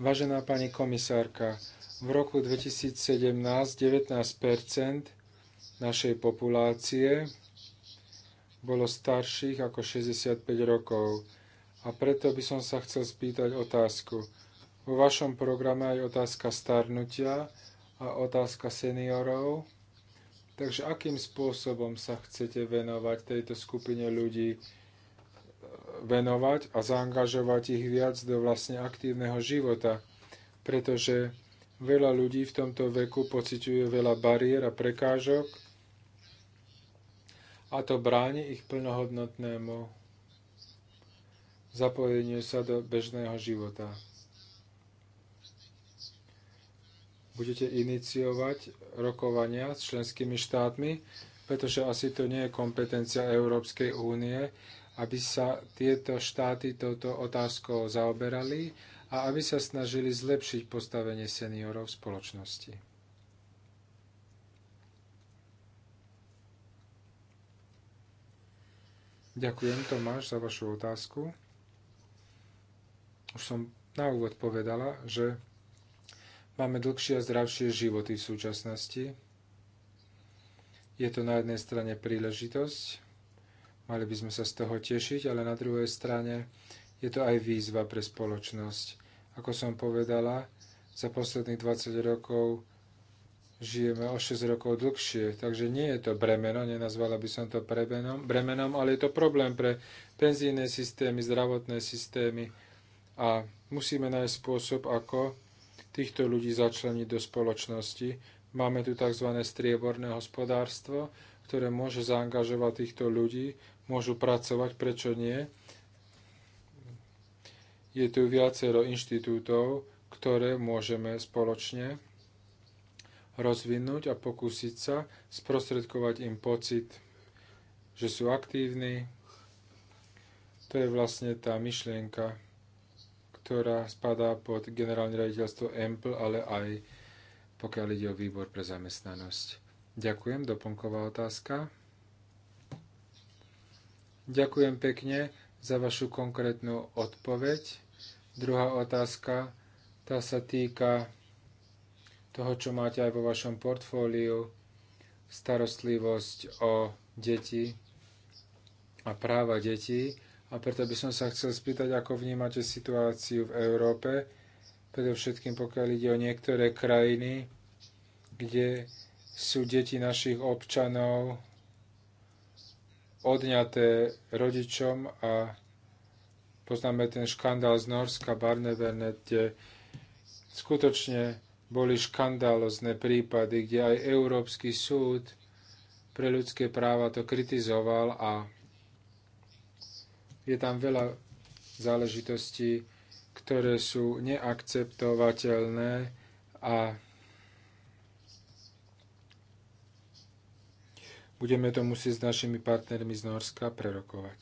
Vážená pani komisárka, v roku 2017 19 našej populácie bolo starších ako 65 rokov. A preto by som sa chcel spýtať otázku. Vo vašom programe je otázka starnutia a otázka seniorov. Takže akým spôsobom sa chcete venovať tejto skupine ľudí, venovať a zaangažovať ich viac do vlastne aktívneho života, pretože Veľa ľudí v tomto veku pociťuje veľa bariér a prekážok a to bráni ich plnohodnotnému zapojeniu sa do bežného života. Budete iniciovať rokovania s členskými štátmi, pretože asi to nie je kompetencia Európskej únie, aby sa tieto štáty touto otázkou zaoberali a aby sa snažili zlepšiť postavenie seniorov v spoločnosti. Ďakujem Tomáš za vašu otázku. Už som na úvod povedala, že máme dlhšie a zdravšie životy v súčasnosti. Je to na jednej strane príležitosť, mali by sme sa z toho tešiť, ale na druhej strane je to aj výzva pre spoločnosť. Ako som povedala, za posledných 20 rokov žijeme o 6 rokov dlhšie, takže nie je to bremeno, nenazvala by som to bremenom, bremenom ale je to problém pre penzijné systémy, zdravotné systémy a musíme nájsť spôsob, ako týchto ľudí začleniť do spoločnosti. Máme tu tzv. strieborné hospodárstvo, ktoré môže zaangažovať týchto ľudí, môžu pracovať, prečo nie, je tu viacero inštitútov, ktoré môžeme spoločne rozvinúť a pokúsiť sa sprostredkovať im pocit, že sú aktívni. To je vlastne tá myšlienka, ktorá spadá pod generálne raditeľstvo EMPL, ale aj pokiaľ ide o výbor pre zamestnanosť. Ďakujem, doplnková otázka. Ďakujem pekne za vašu konkrétnu odpoveď. Druhá otázka, tá sa týka toho, čo máte aj vo vašom portfóliu, starostlivosť o deti a práva detí. A preto by som sa chcel spýtať, ako vnímate situáciu v Európe, predovšetkým pokiaľ ide o niektoré krajiny, kde sú deti našich občanov odňaté rodičom a poznáme ten škandál z Norska, Barnevernet, kde skutočne boli škandálozne prípady, kde aj Európsky súd pre ľudské práva to kritizoval a je tam veľa záležitostí, ktoré sú neakceptovateľné a Budeme to musieť s našimi partnermi z Norska prerokovať.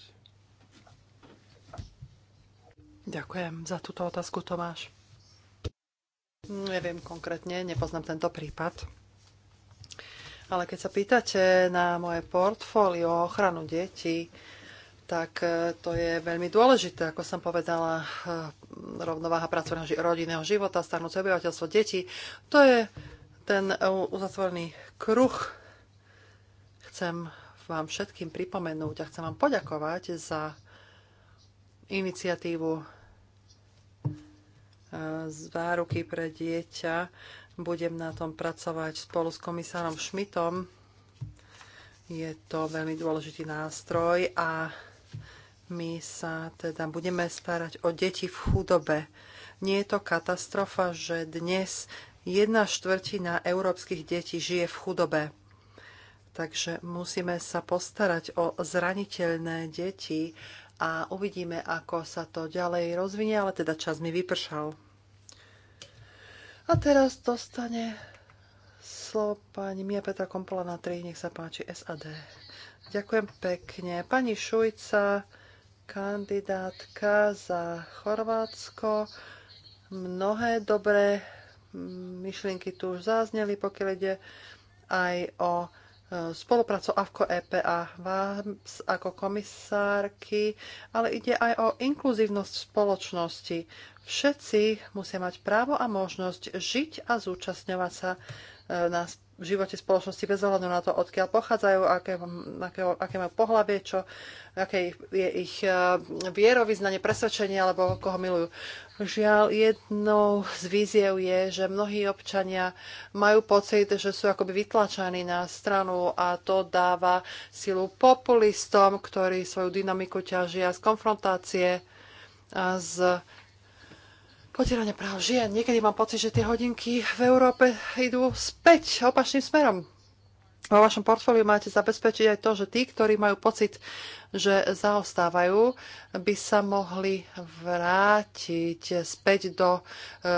Ďakujem za túto otázku, Tomáš. Neviem konkrétne, nepoznám tento prípad. Ale keď sa pýtate na moje portfólio ochranu detí, tak e, to je veľmi dôležité, ako som povedala, e, rovnováha pracovného rodinného života, starnúce obyvateľstvo detí. To je ten e, uzatvorený kruh, chcem vám všetkým pripomenúť a chcem vám poďakovať za iniciatívu e, záruky pre dieťa. Budem na tom pracovať spolu s komisárom Šmitom. Je to veľmi dôležitý nástroj a my sa teda budeme starať o deti v chudobe. Nie je to katastrofa, že dnes jedna štvrtina európskych detí žije v chudobe Takže musíme sa postarať o zraniteľné deti a uvidíme, ako sa to ďalej rozvinie, ale teda čas mi vypršal. A teraz dostane slovo pani Mia Petra Kompola na 3, nech sa páči SAD. Ďakujem pekne. Pani Šujca, kandidátka za Chorvátsko. Mnohé dobré myšlienky tu už zazneli, pokiaľ ide aj o spoluprácu AVKO EP a VAMS ako komisárky, ale ide aj o inkluzívnosť spoločnosti. Všetci musia mať právo a možnosť žiť a zúčastňovať sa e, na v živote spoločnosti bez ohľadu na to, odkiaľ pochádzajú, aké, aké, aké majú pohľavie, čo, aké je ich eh, vierovýznanie, presvedčenie alebo koho milujú. Žiaľ, jednou z víziev je, že mnohí občania majú pocit, že sú akoby vytlačení na stranu a to dáva silu populistom, ktorí svoju dynamiku ťažia z konfrontácie a z potieranie práv žien. Niekedy mám pocit, že tie hodinky v Európe idú späť opačným smerom. Vo vašom portfóliu máte zabezpečiť aj to, že tí, ktorí majú pocit, že zaostávajú, by sa mohli vrátiť späť do e, e,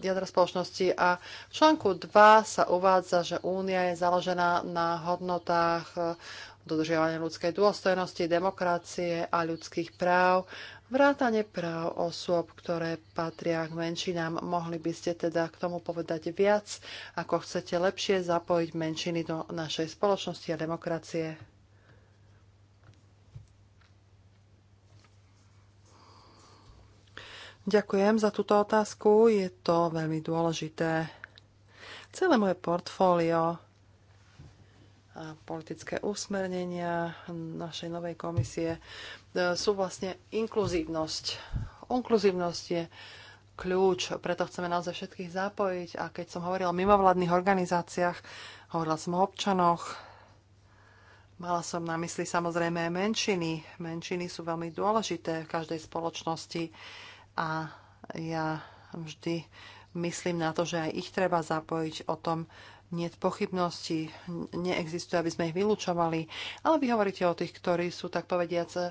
jadra spoločnosti. A v článku 2 sa uvádza, že únia je založená na hodnotách eh, dodržiavania ľudskej dôstojnosti, demokracie a ľudských práv Vrátane práv osôb, ktoré patria k menšinám, mohli by ste teda k tomu povedať viac, ako chcete lepšie zapojiť menšiny do našej spoločnosti a demokracie. Ďakujem za túto otázku, je to veľmi dôležité. Celé moje portfólio a politické usmernenia našej novej komisie E, sú vlastne inkluzívnosť. Inkluzívnosť je kľúč, preto chceme naozaj všetkých zapojiť. A keď som hovorila o mimovládnych organizáciách, hovorila som o občanoch, mala som na mysli samozrejme aj menšiny. Menšiny sú veľmi dôležité v každej spoločnosti a ja vždy myslím na to, že aj ich treba zapojiť o tom, nie pochybnosti, neexistuje, aby sme ich vylúčovali, ale vy hovoríte o tých, ktorí sú, tak povediac,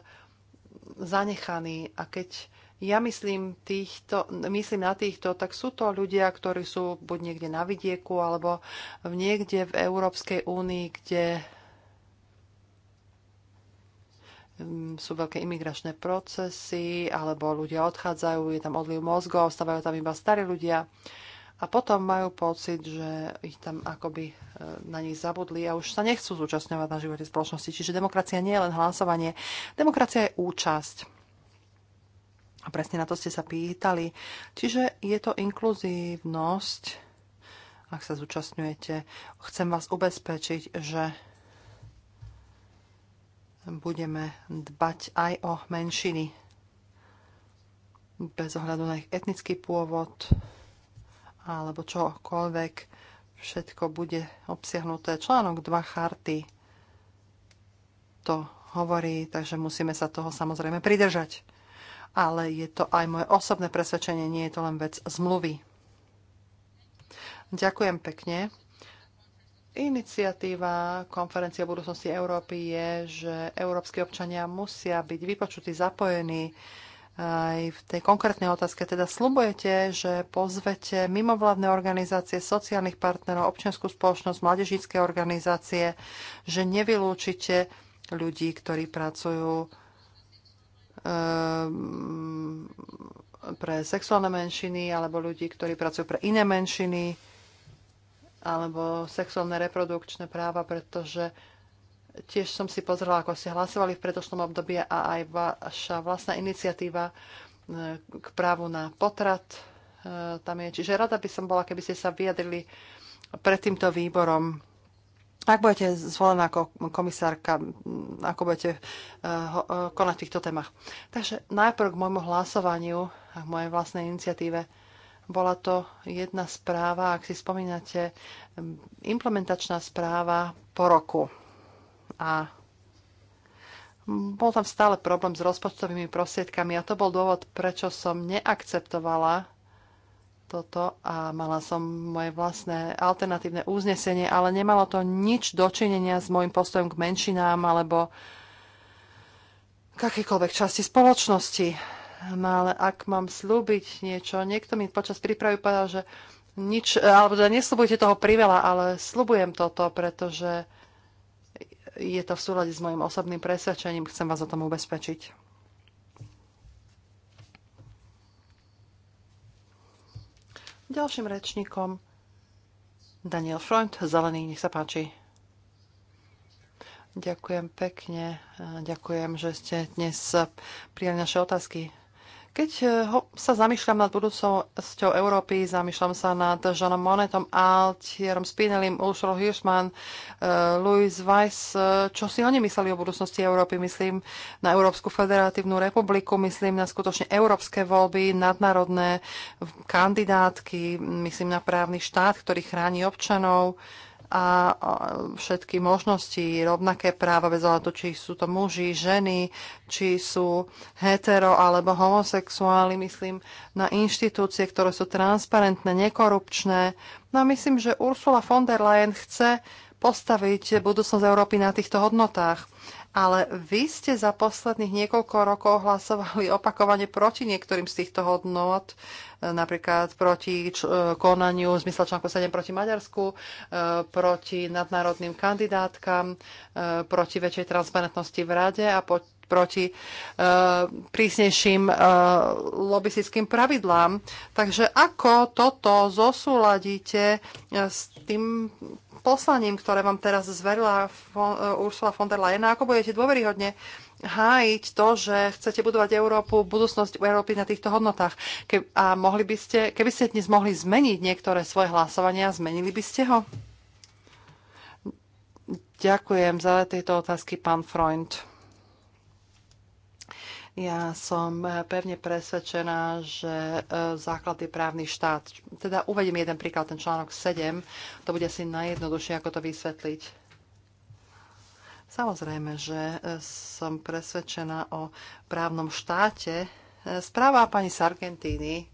zanechaní. A keď ja myslím, týchto, myslím na týchto, tak sú to ľudia, ktorí sú buď niekde na vidieku, alebo niekde v Európskej únii, kde mm, sú veľké imigračné procesy, alebo ľudia odchádzajú, je tam odliv mozgov, stávajú tam iba starí ľudia a potom majú pocit, že ich tam akoby e, na nich zabudli a už sa nechcú zúčastňovať na živote spoločnosti. Čiže demokracia nie je len hlasovanie, demokracia je účasť. A presne na to ste sa pýtali. Čiže je to inkluzívnosť, ak sa zúčastňujete. Chcem vás ubezpečiť, že budeme dbať aj o menšiny bez ohľadu na ich etnický pôvod, alebo čokoľvek, všetko bude obsiahnuté. Článok 2 charty to hovorí, takže musíme sa toho samozrejme pridržať. Ale je to aj moje osobné presvedčenie, nie je to len vec zmluvy. Ďakujem pekne. Iniciatíva konferencie budúcnosti Európy je, že európsky občania musia byť vypočutí, zapojení aj v tej konkrétnej otázke. Teda slubujete, že pozvete mimovládne organizácie, sociálnych partnerov, občianskú spoločnosť, mladežické organizácie, že nevylúčite ľudí, ktorí pracujú e, pre sexuálne menšiny alebo ľudí, ktorí pracujú pre iné menšiny alebo sexuálne reprodukčné práva, pretože Tiež som si pozrela, ako ste hlasovali v predošlom období a aj vaša vlastná iniciatíva e, k právu na potrat e, tam je. Čiže rada by som bola, keby ste sa vyjadrili pred týmto výborom. Ak budete zvolená ako komisárka, ako budete e, konať v týchto témach. Takže najprv k môjmu hlasovaniu a k mojej vlastnej iniciatíve. Bola to jedna správa, ak si spomínate, implementačná správa po roku a bol tam stále problém s rozpočtovými prostriedkami a to bol dôvod, prečo som neakceptovala toto a mala som moje vlastné alternatívne uznesenie, ale nemalo to nič dočinenia s môjim postojom k menšinám alebo k akýkoľvek časti spoločnosti. No ale ak mám slúbiť niečo, niekto mi počas prípravy povedal, že nič, alebo teda nesľubujte toho priveľa, ale slúbujem toto, pretože je to v súlade s mojim osobným presvedčením, chcem vás o tom ubezpečiť. Ďalším rečníkom Daniel Freund, zelený, nech sa páči. Ďakujem pekne. Ďakujem, že ste dnes prijali naše otázky. Keď e, ho, sa zamýšľam nad budúcnosťou Európy, zamýšľam sa nad Jeanom Monetom, Altierom Spinelim, Ulšrol Hirschman, e, Louis Weiss, e, čo si oni mysleli o budúcnosti Európy. Myslím na Európsku federatívnu republiku, myslím na skutočne európske voľby, nadnárodné kandidátky, myslím na právny štát, ktorý chráni občanov, a všetky možnosti, rovnaké práva bez ohľadu, či sú to muži, ženy, či sú hetero alebo homosexuáli, myslím, na inštitúcie, ktoré sú transparentné, nekorupčné. No a myslím, že Ursula von der Leyen chce postaviť budúcnosť Európy na týchto hodnotách. Ale vy ste za posledných niekoľko rokov hlasovali opakovane proti niektorým z týchto hodnot napríklad proti e, konaniu v zmysle článku 7 proti Maďarsku, e, proti nadnárodným kandidátkam, e, proti väčšej transparentnosti v rade a po proti e, prísnejším e, lobistickým pravidlám. Takže ako toto zosúladíte e, s tým poslaním, ktoré vám teraz zverila Ursula von der Leyen, ako budete dôveryhodne hájiť to, že chcete budovať Európu, budúcnosť Európy na týchto hodnotách. Ke, a mohli by ste, keby ste dnes mohli zmeniť niektoré svoje hlasovania, zmenili by ste ho? Ďakujem za tieto otázky, pán Freund. Ja som eh, pevne presvedčená, že eh, základ je právny štát. Teda uvedím jeden príklad, ten článok 7. To bude asi najjednoduchšie, ako to vysvetliť. Samozrejme, že eh, som presvedčená o právnom štáte. Správa pani Sargentini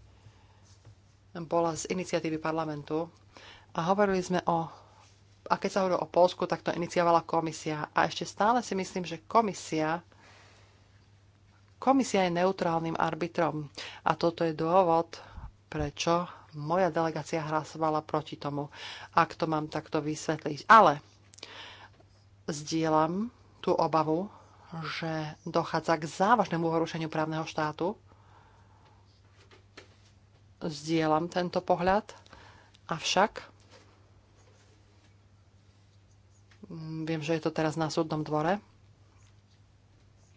bola z iniciatívy parlamentu a hovorili sme o a keď sa hovorilo o Polsku, tak to iniciovala komisia. A ešte stále si myslím, že komisia Komisia je neutrálnym arbitrom a toto je dôvod, prečo moja delegácia hlasovala proti tomu, ak to mám takto vysvetliť. Ale zdieľam tú obavu, že dochádza k závažnému porušeniu právneho štátu. Zdieľam tento pohľad, avšak viem, že je to teraz na súdnom dvore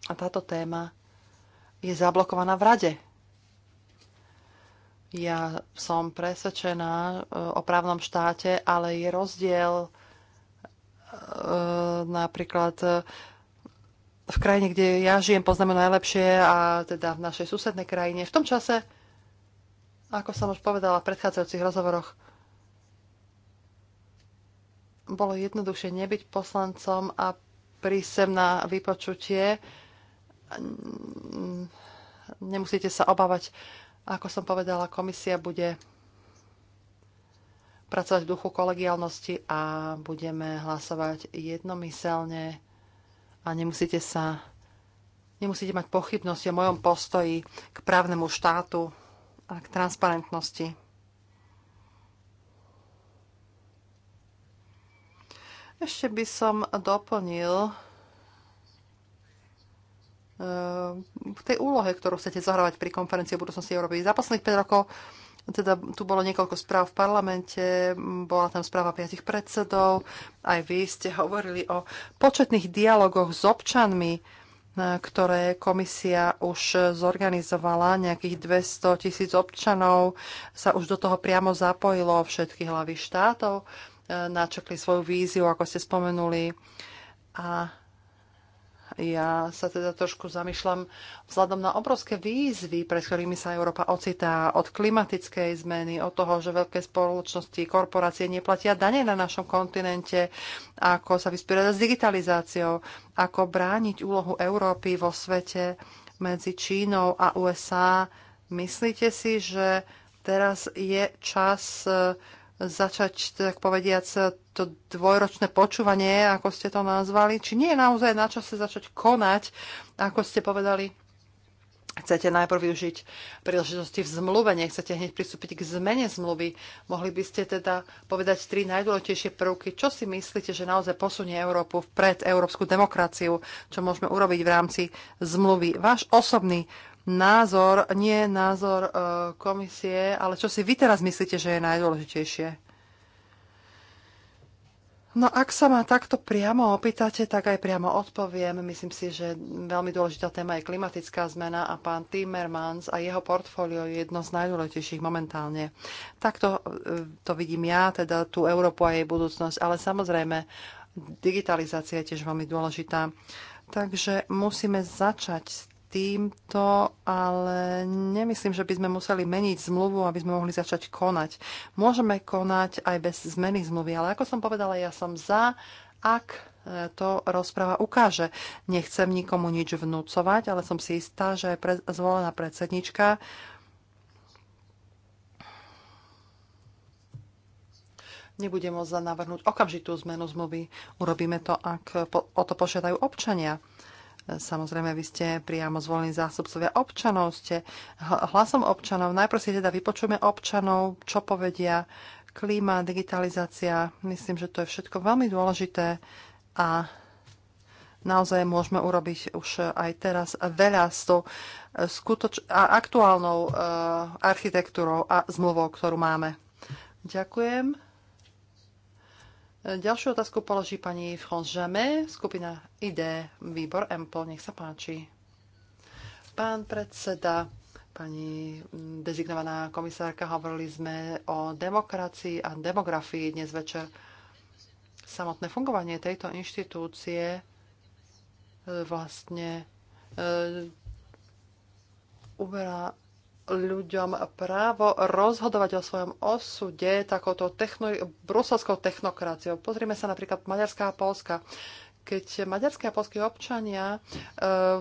a táto téma je zablokovaná v rade. Ja som presvedčená eh, o právnom štáte, ale je rozdiel eh, napríklad eh, v krajine, kde ja žijem, poznáme najlepšie a teda v našej susednej krajine. V tom čase, ako som už povedala v predchádzajúcich rozhovoroch, bolo jednoduchšie nebyť poslancom a prísem na vypočutie, nemusíte sa obávať. Ako som povedala, komisia bude pracovať v duchu kolegiálnosti a budeme hlasovať jednomyselne a nemusíte sa nemusíte mať pochybnosti o mojom postoji k právnemu štátu a k transparentnosti. Ešte by som doplnil, v tej úlohe, ktorú chcete zahrávať pri konferencii o budúcnosti Európy. Za posledných 5 rokov teda tu bolo niekoľko správ v parlamente, bola tam správa piatich predsedov, aj vy ste hovorili o početných dialogoch s občanmi, e, ktoré komisia už zorganizovala. Nejakých 200 tisíc občanov sa už do toho priamo zapojilo všetky hlavy štátov, e, načakli svoju víziu, ako ste spomenuli. A ja sa teda trošku zamýšľam vzhľadom na obrovské výzvy, pred ktorými sa Európa ocitá, od klimatickej zmeny, od toho, že veľké spoločnosti, korporácie neplatia dane na našom kontinente, ako sa vysporiadať s digitalizáciou, ako brániť úlohu Európy vo svete medzi Čínou a USA. Myslíte si, že teraz je čas eh, začať, tak povediac, to dvojročné počúvanie, ako ste to nazvali? Či nie je naozaj na čase začať konať, ako ste povedali? Chcete najprv využiť príležitosti v zmluve, nechcete hneď pristúpiť k zmene zmluvy. Mohli by ste teda povedať tri najdôležitejšie prvky. Čo si myslíte, že naozaj posunie Európu vpred, európsku demokraciu? Čo môžeme urobiť v rámci zmluvy? Váš osobný názor, nie názor e, komisie, ale čo si vy teraz myslíte, že je najdôležitejšie? No ak sa ma takto priamo opýtate, tak aj priamo odpoviem. Myslím si, že veľmi dôležitá téma je klimatická zmena a pán Timmermans a jeho portfólio je jedno z najdôležitejších momentálne. Takto e, to vidím ja, teda tú Európu a jej budúcnosť, ale samozrejme digitalizácia je tiež veľmi dôležitá. Takže musíme začať s týmto, ale nemyslím, že by sme museli meniť zmluvu, aby sme mohli začať konať. Môžeme konať aj bez zmeny zmluvy, ale ako som povedala, ja som za, ak e, to rozpráva ukáže. Nechcem nikomu nič vnúcovať, ale som si istá, že aj pre, zvolená predsednička nebude môcť navrhnúť okamžitú zmenu zmluvy. Urobíme to, ak o to požiadajú občania. Samozrejme, vy ste priamo zvolení zásobcovia. občanov, ste hlasom občanov. Najprv si teda vypočujeme občanov, čo povedia, klíma, digitalizácia. Myslím, že to je všetko veľmi dôležité a naozaj môžeme urobiť už aj teraz veľa s tou e, skutoč- a aktuálnou e, architektúrou a zmluvou, ktorú máme. Ďakujem. E, ďalšiu otázku položí pani France Jamé, skupina ID, výbor MPL. Nech sa páči. Pán predseda, pani dezignovaná komisárka, hovorili sme o demokracii a demografii dnes večer. Samotné fungovanie tejto inštitúcie e, vlastne e, uberá ľuďom právo rozhodovať o svojom osude takouto techno- bruselskou technokraciou. Pozrime sa napríklad Maďarská a Polska. Keď maďarské a polskí občania e,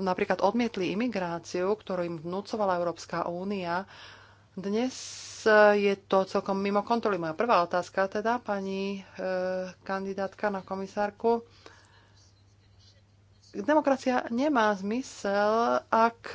napríklad odmietli imigráciu, ktorú im vnúcovala Európska únia, dnes je to celkom mimo kontroly. Moja prvá otázka teda, pani e, kandidátka na komisárku. Demokracia nemá zmysel, ak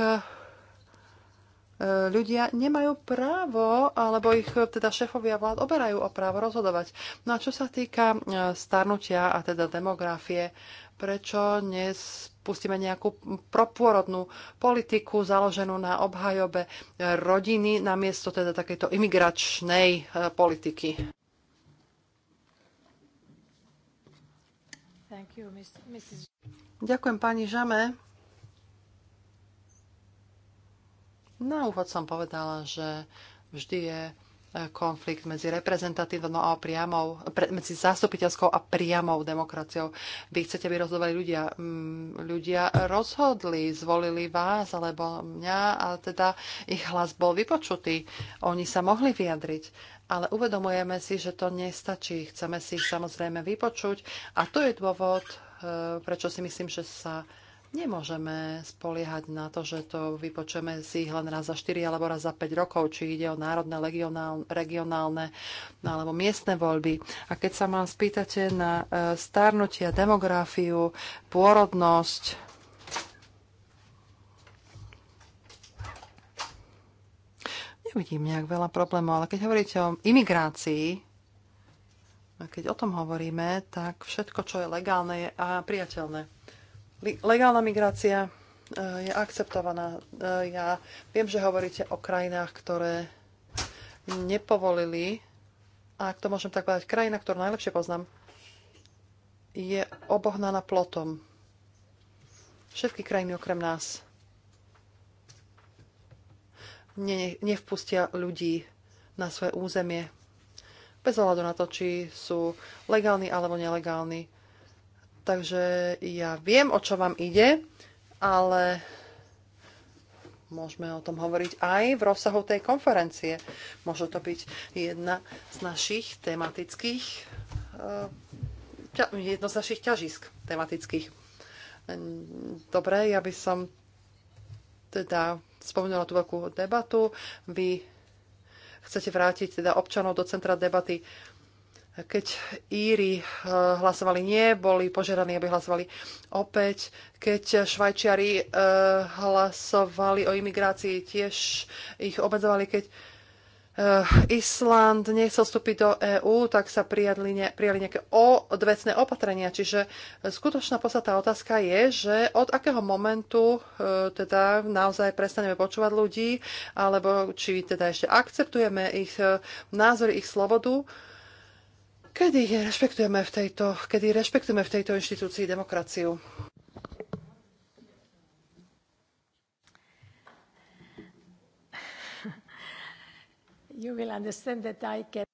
E, ľudia nemajú právo, alebo ich e, teda šéfovia vlád oberajú o právo rozhodovať. No a čo sa týka e, starnutia a teda demografie, prečo nespustíme nejakú propôrodnú politiku založenú na obhajobe rodiny namiesto teda takejto imigračnej politiky? You, Ďakujem pani Žame. Na úvod som povedala, že vždy je e, konflikt medzi reprezentatívnou a priamou, pre, medzi zastupiteľskou a priamou demokraciou. Vy chcete, aby rozhodovali ľudia. Mm, ľudia rozhodli, zvolili vás alebo mňa a teda ich hlas bol vypočutý. Oni sa mohli vyjadriť. Ale uvedomujeme si, že to nestačí. Chceme si ich samozrejme vypočuť a to je dôvod, e, prečo si myslím, že sa Nemôžeme spoliehať na to, že to vypočujeme si len raz za 4 alebo raz za 5 rokov, či ide o národné, regionálne no, alebo miestne voľby. A keď sa mám spýtate na e, starnutie, demografiu, pôrodnosť, nevidím nejak veľa problémov, ale keď hovoríte o imigrácii, a keď o tom hovoríme, tak všetko, čo je legálne, je a priateľné. Legálna migrácia e, je akceptovaná. E, ja viem, že hovoríte o krajinách, ktoré nepovolili, a ak to môžem tak povedať, krajina, ktorú najlepšie poznám, je obohnaná plotom. Všetky krajiny okrem nás nevpustia ľudí na svoje územie. Bez ohľadu na to, či sú legálni alebo nelegálni. Takže ja viem, o čo vám ide, ale môžeme o tom hovoriť aj v rozsahu tej konferencie. Môže to byť jedna z našich tematických eh, jedno z našich ťažisk tematických. Dobre, ja by som teda spomenula tú veľkú debatu. Vy chcete vrátiť teda občanov do centra debaty keď Íry eh, hlasovali nie, boli požiadaní, aby hlasovali opäť. Keď Švajčiari eh, hlasovali o imigrácii, tiež ich obmedzovali. Keď eh, Island nechcel vstúpiť do EÚ, tak sa prijali, ne, prijali nejaké odvecné opatrenia. Čiže skutočná posadná otázka je, že od akého momentu teda naozaj prestaneme počúvať ľudí, alebo či teda ešte akceptujeme ich názory, ich slobodu, Kedy rešpektujeme v tejto, kedy rešpektujeme v tejto inštitúcii demokraciu? You will understand that I can...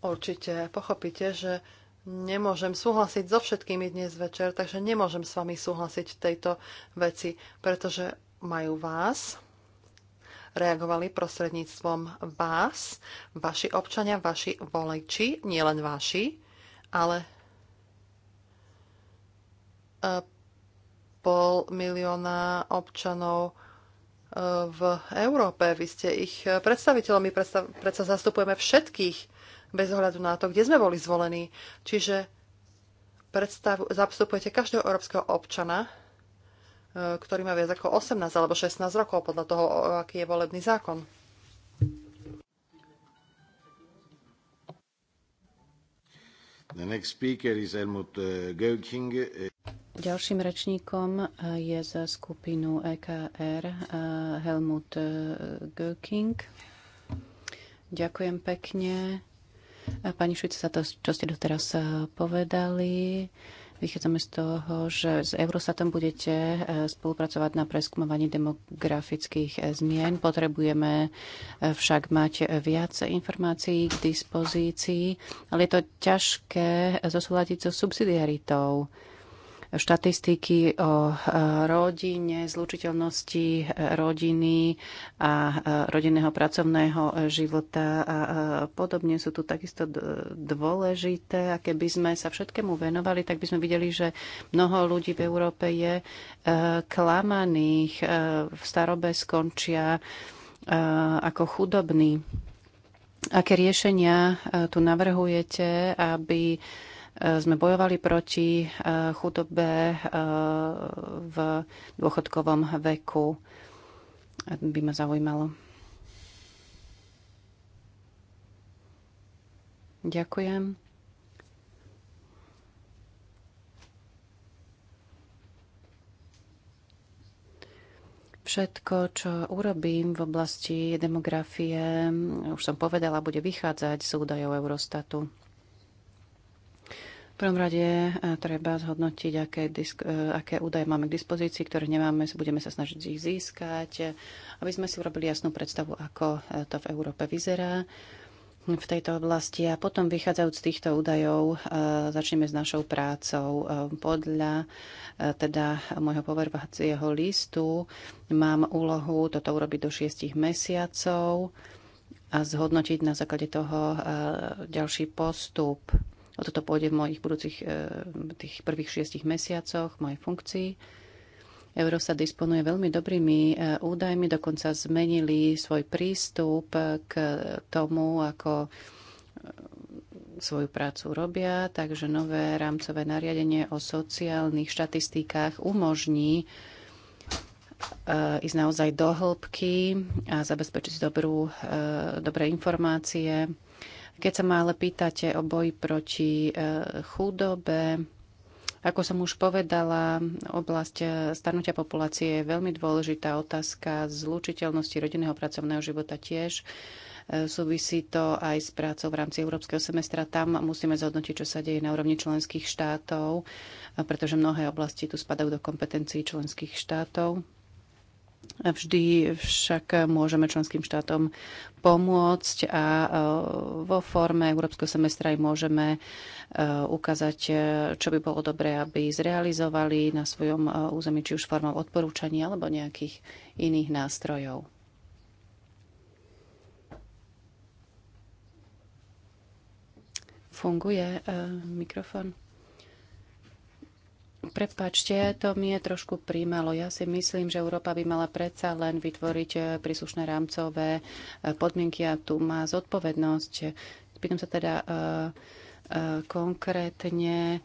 Určite pochopíte, že nemôžem súhlasiť so všetkými dnes večer, takže nemôžem s vami súhlasiť v tejto veci, pretože majú vás reagovali prostredníctvom vás, vaši občania, vaši voliči, nielen vaši, ale e, pol milióna občanov e, v Európe. Vy ste ich predstaviteľmi, predsa, predsa zastupujeme všetkých bez ohľadu na to, kde sme boli zvolení. Čiže predstav, zastupujete každého európskeho občana, E, ktorý má viac ako 18 alebo 16 rokov podľa toho, aký je volebný zákon.
E, e, Ďalším rečníkom je za skupinu EKR Helmut Göking. Ďakujem pekne. Pani Šujce, za to, čo ste doteraz povedali. Vychádzame z toho, že s Eurostatom budete e, spolupracovať na preskúmovaní demografických e, zmien. Potrebujeme e, však mať viac informácií k dispozícii, ale je to ťažké zosúľadiť so subsidiaritou štatistiky o e, rodine, zlučiteľnosti e, rodiny a e, rodinného pracovného života a podobne sú tu takisto dôležité. A keby sme sa všetkému venovali, tak by sme videli, že mnoho ľudí v Európe je klamaných, v starobe skončia ako chudobní. Aké riešenia tu navrhujete, aby Eh, sme bojovali proti eh, chudobe eh, v dôchodkovom veku. By ma zaujímalo. Ďakujem. Všetko, čo urobím v oblasti demografie, už som povedala, bude vychádzať z údajov Eurostatu. V prvom rade e, treba zhodnotiť, aké, disk, e, aké údaje máme k dispozícii, ktoré nemáme, budeme sa snažiť ich získať, e, aby sme si urobili jasnú predstavu, ako to v Európe vyzerá hm, v tejto oblasti. A potom vychádzajúc z týchto údajov, začneme s našou prácou. Podľa teda môjho poverbacieho listu mám úlohu toto urobiť do šiestich mesiacov a zhodnotiť na základe toho ďalší postup o toto pôjde v mojich budúcich e, tých prvých šiestich mesiacoch mojej funkcii. Eurostat disponuje veľmi dobrými e, údajmi, dokonca zmenili svoj prístup k tomu, ako e, svoju prácu robia, takže nové rámcové nariadenie o sociálnych štatistikách umožní ísť naozaj do hĺbky a zabezpečiť dobrú, dobré informácie keď sa ma ale pýtate o boji proti e, chudobe, ako som už povedala, oblasť e, starnutia populácie je veľmi dôležitá otázka zlučiteľnosti rodinného pracovného života tiež. E, súvisí to aj s prácou v rámci európskeho semestra. Tam musíme zhodnotiť, čo sa deje na úrovni členských štátov, pretože mnohé oblasti tu spadajú do kompetencií členských štátov. Vždy však môžeme členským štátom pomôcť a e, vo forme Európskeho semestra aj môžeme e, ukázať, e, čo by bolo dobré, aby zrealizovali na svojom území, či už formou odporúčaní alebo nejakých iných nástrojov. Funguje mikrofon. Prepačte, to mi je trošku prímalo. Ja si myslím, že Európa by mala predsa len vytvoriť e, príslušné rámcové e, podmienky a tu má zodpovednosť. Pýtam sa teda uh, uh, konkrétne,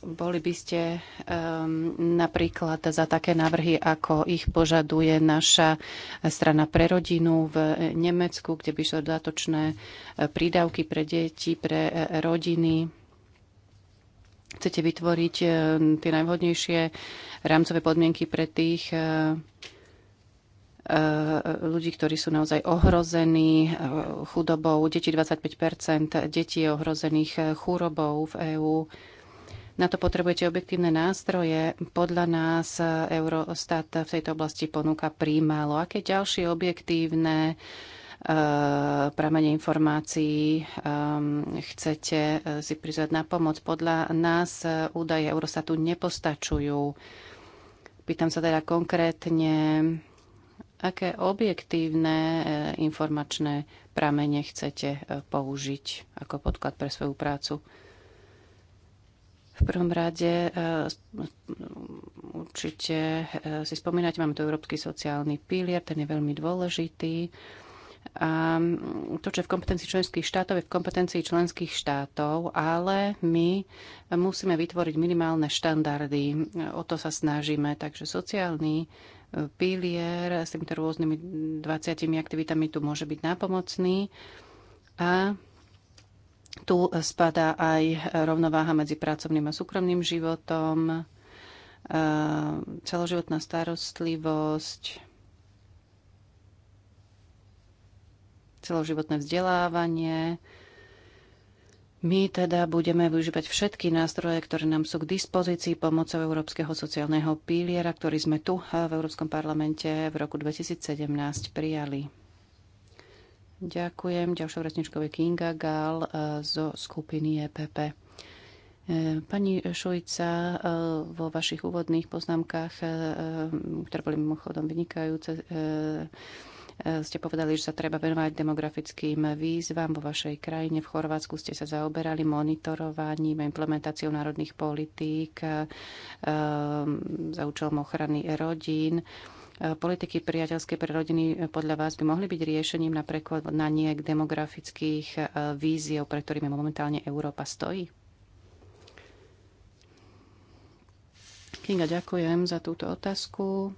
boli by ste um, napríklad za také návrhy, ako ich požaduje naša strana pre rodinu v Nemecku, kde by sú dodatočné prídavky pre deti, pre rodiny Chcete vytvoriť e, tie najvhodnejšie rámcové podmienky pre tých e, e, ľudí, ktorí sú naozaj ohrození chudobou. Deti 25 detí je ohrozených chorobou v EÚ. Na to potrebujete objektívne nástroje. Podľa nás Eurostat v tejto oblasti ponúka prímalo. Aké ďalšie objektívne uh, pramene informácií um, chcete si prizvať na pomoc. Podľa nás údaje Eurostatu nepostačujú. Pýtam sa teda konkrétne, aké objektívne e, informačné pramene chcete e, použiť ako podklad pre svoju prácu. V prvom rade e, určite si spomínate, máme tu Európsky sociálny pilier, ten je veľmi dôležitý a mm, to, čo je v kompetencii členských štátov, je v kompetencii členských štátov, ale my musíme vytvoriť minimálne štandardy. O to sa snažíme. Takže sociálny e, pilier s týmito rôznymi 20 aktivitami tu môže byť nápomocný. A tu spadá aj rovnováha medzi pracovným a súkromným životom, e, celoživotná starostlivosť, celoživotné vzdelávanie. My teda budeme využívať všetky nástroje, ktoré nám sú k dispozícii pomocou Európskeho sociálneho piliera, ktorý sme tu v Európskom parlamente v roku 2017 prijali. Ďakujem. Ďalšou rečničkou Kinga Gál eh, zo skupiny EPP. Eh, pani Šujca, eh, vo vašich úvodných poznámkach, ktoré boli mimochodom vynikajúce, ste povedali, že sa treba venovať demografickým výzvam vo vašej krajine. V Chorvátsku ste sa zaoberali monitorovaním a implementáciou národných politík eh, za účelom ochrany rodín eh, politiky priateľské pre rodiny eh, podľa vás by mohli byť riešením na prekonanie demografických víziev, pre ktorými momentálne Európa stojí? Kinga, ďakujem za túto otázku.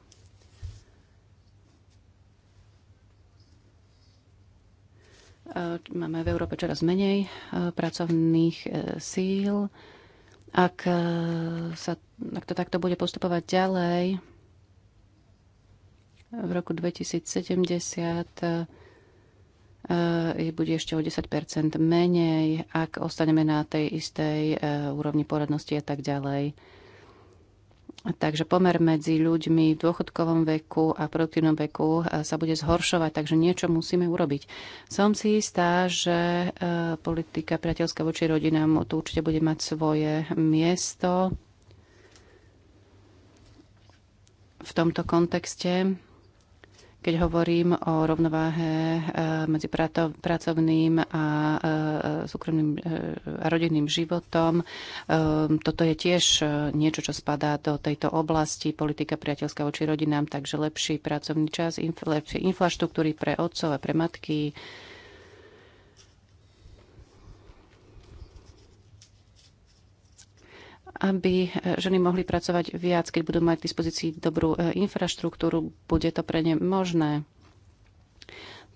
Eh, máme v Európe čoraz menej eh, pracovných eh, síl. Ak, sa, ak to takto bude postupovať ďalej, v roku 2070 bude ešte o 10 menej, ak ostaneme na tej istej úrovni poradnosti a tak ďalej. Takže pomer medzi ľuďmi v dôchodkovom veku a produktívnom veku e, sa bude zhoršovať, takže niečo musíme urobiť. Som si istá, že e, politika priateľská voči rodinám tu určite bude mať svoje miesto v tomto kontexte. Keď hovorím o rovnováhe e, medzi pracovným a e, súkromným e, a rodinným životom, toto je tiež niečo, čo spadá do tejto oblasti politika priateľská voči rodinám, takže lepší pracovný čas, lepšie infraštruktúry pre otcov a pre matky, aby e, ženy mohli pracovať viac, keď budú mať k dispozícii dobrú e, infraštruktúru, bude to pre ne možné.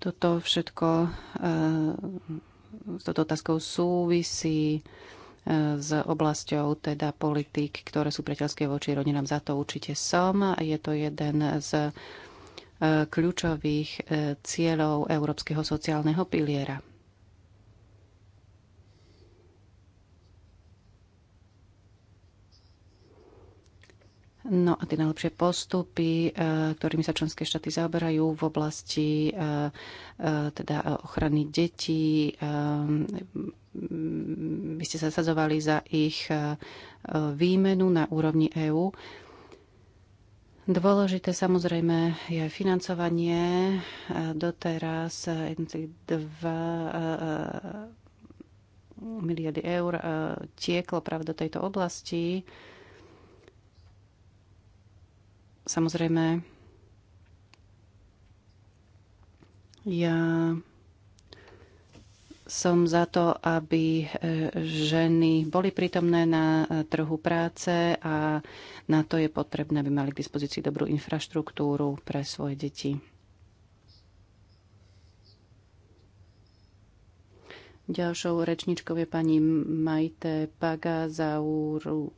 Toto všetko e, s touto otázkou súvisí s oblasťou teda politik, ktoré sú priateľské voči rodinám. Za to určite som. Je to jeden z kľúčových cieľov Európskeho sociálneho piliera. No a tie najlepšie postupy, e, ktorými sa členské štáty zaoberajú v oblasti e, e, teda ochrany detí, by ste sa sadzovali za ich výmenu na úrovni EÚ. Dôležité samozrejme je financovanie. Doteraz 1,2 miliardy eur tieklo práve do tejto oblasti. Samozrejme, ja som za to, aby e, ženy boli prítomné na e, trhu práce a na to je potrebné, aby mali k dispozícii dobrú infraštruktúru pre svoje deti. Ďalšou rečničkou je pani Majte Paga za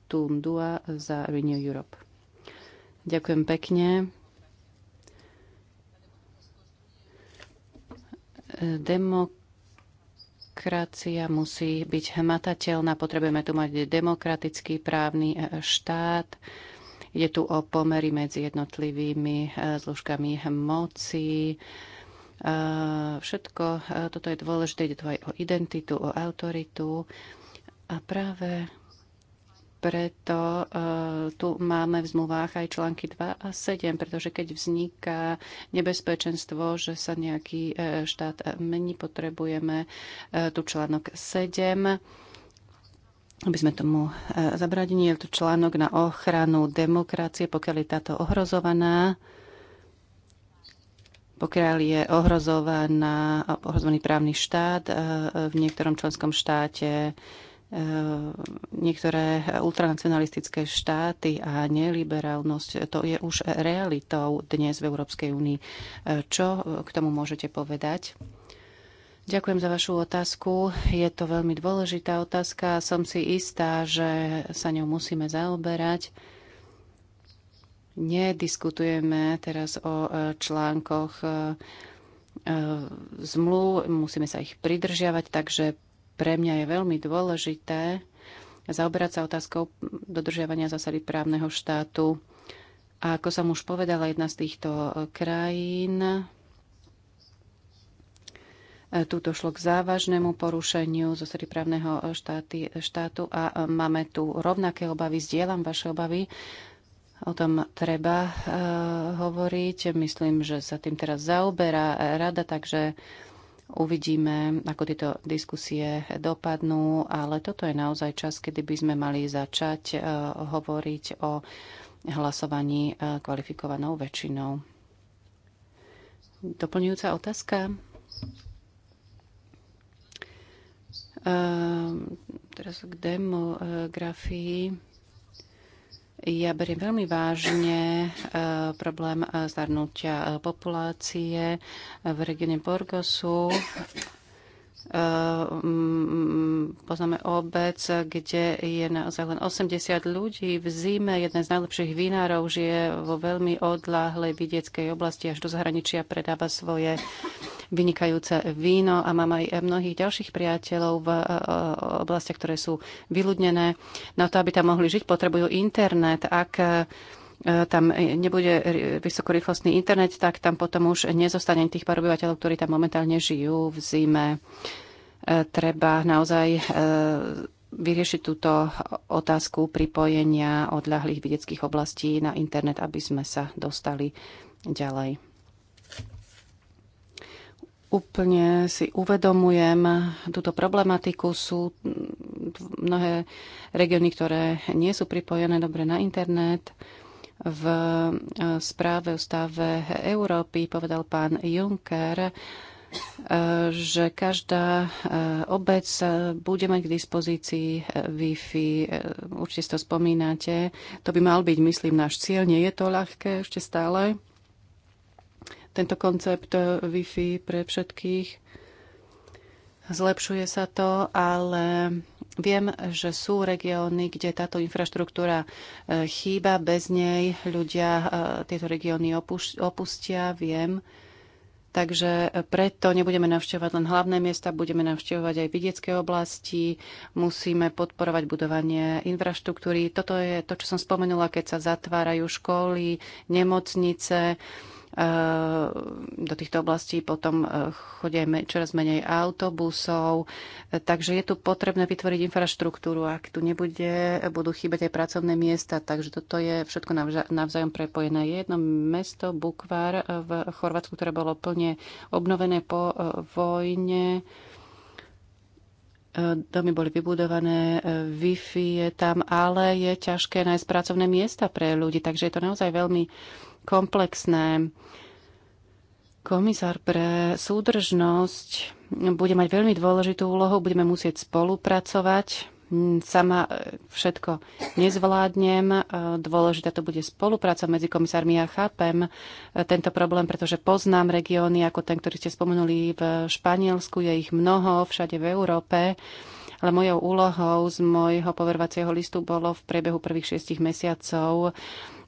Tundua za Renew Europe. Ďakujem pekne. Demokracia musí byť hmatateľná. Potrebujeme tu mať demokratický právny e, štát. Je tu o pomery medzi jednotlivými e, zložkami moci. E, všetko toto je dôležité. Ide tu aj o identitu, o autoritu. A práve preto eh, tu máme v zmluvách aj články 2 a 7, pretože keď vzniká nebezpečenstvo, že sa nejaký eh, štát mení, potrebujeme eh, tu článok 7 aby sme tomu zabradili, je tu článok na ochranu demokracie, pokiaľ je táto ohrozovaná, pokiaľ je ohrozovaná, ohrozovaný právny štát v niektorom členskom štáte, Eh, niektoré ultranacionalistické štáty a neliberálnosť, to je už realitou dnes v Európskej únii. Eh, čo k tomu môžete povedať? Ďakujem za vašu otázku. Je to veľmi dôležitá otázka som si istá, že sa ňou musíme zaoberať. Nediskutujeme teraz o eh, článkoch zmluv, musíme sa ich pridržiavať, takže pre mňa je veľmi dôležité zaoberať sa otázkou dodržiavania zásady právneho štátu. A ako som už povedala, jedna z týchto e, krajín e, tu došlo k závažnému porušeniu zo právneho e, štáty, štátu a máme tu rovnaké obavy, zdieľam vaše obavy. O tom treba uh, hovoriť. Myslím, že sa tým teraz zaoberá rada, takže Uvidíme, ako tieto diskusie dopadnú, ale toto je naozaj čas, kedy by sme mali začať eh, hovoriť o hlasovaní eh, kvalifikovanou väčšinou. Doplňujúca otázka? Uh, teraz k demografii ja beriem veľmi vážne e, problém e, starnutia e, populácie v regióne Borgosu Eh, poznáme obec, kde je naozaj len 80 ľudí. V zime jeden z najlepších vinárov žije vo veľmi odláhlej vidieckej oblasti až do zahraničia predáva svoje vynikajúce víno a mám aj mnohých ďalších priateľov v eh, eh, oblastiach, ktoré sú vyľudnené. Na to, aby tam mohli žiť, potrebujú internet. Ak E, tam e, nebude e, vysokorýchlostný internet, tak tam potom už nezostane tých pár obyvateľov, ktorí tam momentálne žijú v zime. Treba naozaj vyriešiť túto otázku pripojenia odľahlých vedeckých oblastí na internet, aby sme sa dostali ďalej. Úplne si uvedomujem túto problematiku. Sú mnohé regióny, ktoré nie sú pripojené dobre na internet v e, správe o stave Európy povedal pán Juncker, e, že každá e, obec bude mať k dispozícii Wi-Fi. Určite si to spomínate. To by mal byť, myslím, náš cieľ. Nie je to ľahké ešte stále. Tento koncept Wi-Fi pre všetkých. Zlepšuje sa to, ale Viem, že sú regióny, kde táto infraštruktúra e, chýba, bez nej ľudia e, tieto regióny opustia, viem. Takže e, preto nebudeme navštevovať len hlavné miesta, budeme navštevovať aj vidiecké oblasti, musíme podporovať budovanie infraštruktúry. Toto je to, čo som spomenula, keď sa zatvárajú školy, nemocnice, Eh, do týchto oblastí, potom eh, chodia čoraz menej autobusov, takže je tu potrebné vytvoriť infraštruktúru, ak tu nebude, budú chýbať aj pracovné miesta, takže toto je všetko navzájom prepojené. Je jedno mesto, Bukvar eh, v Chorvátsku, ktoré bolo plne obnovené po vojne, domy boli vybudované, Wi-Fi je tam, ale je ťažké nájsť pracovné miesta pre ľudí, takže je to naozaj veľmi komplexné. Komisár pre súdržnosť bude mať veľmi dôležitú úlohu, budeme musieť spolupracovať. Sama všetko nezvládnem. Dôležitá to bude spolupráca medzi komisármi. Ja chápem tento problém, pretože poznám regióny ako ten, ktorý ste spomenuli v Španielsku. Je ich mnoho všade v Európe ale mojou úlohou z môjho poverovacieho listu bolo v priebehu prvých šiestich mesiacov e,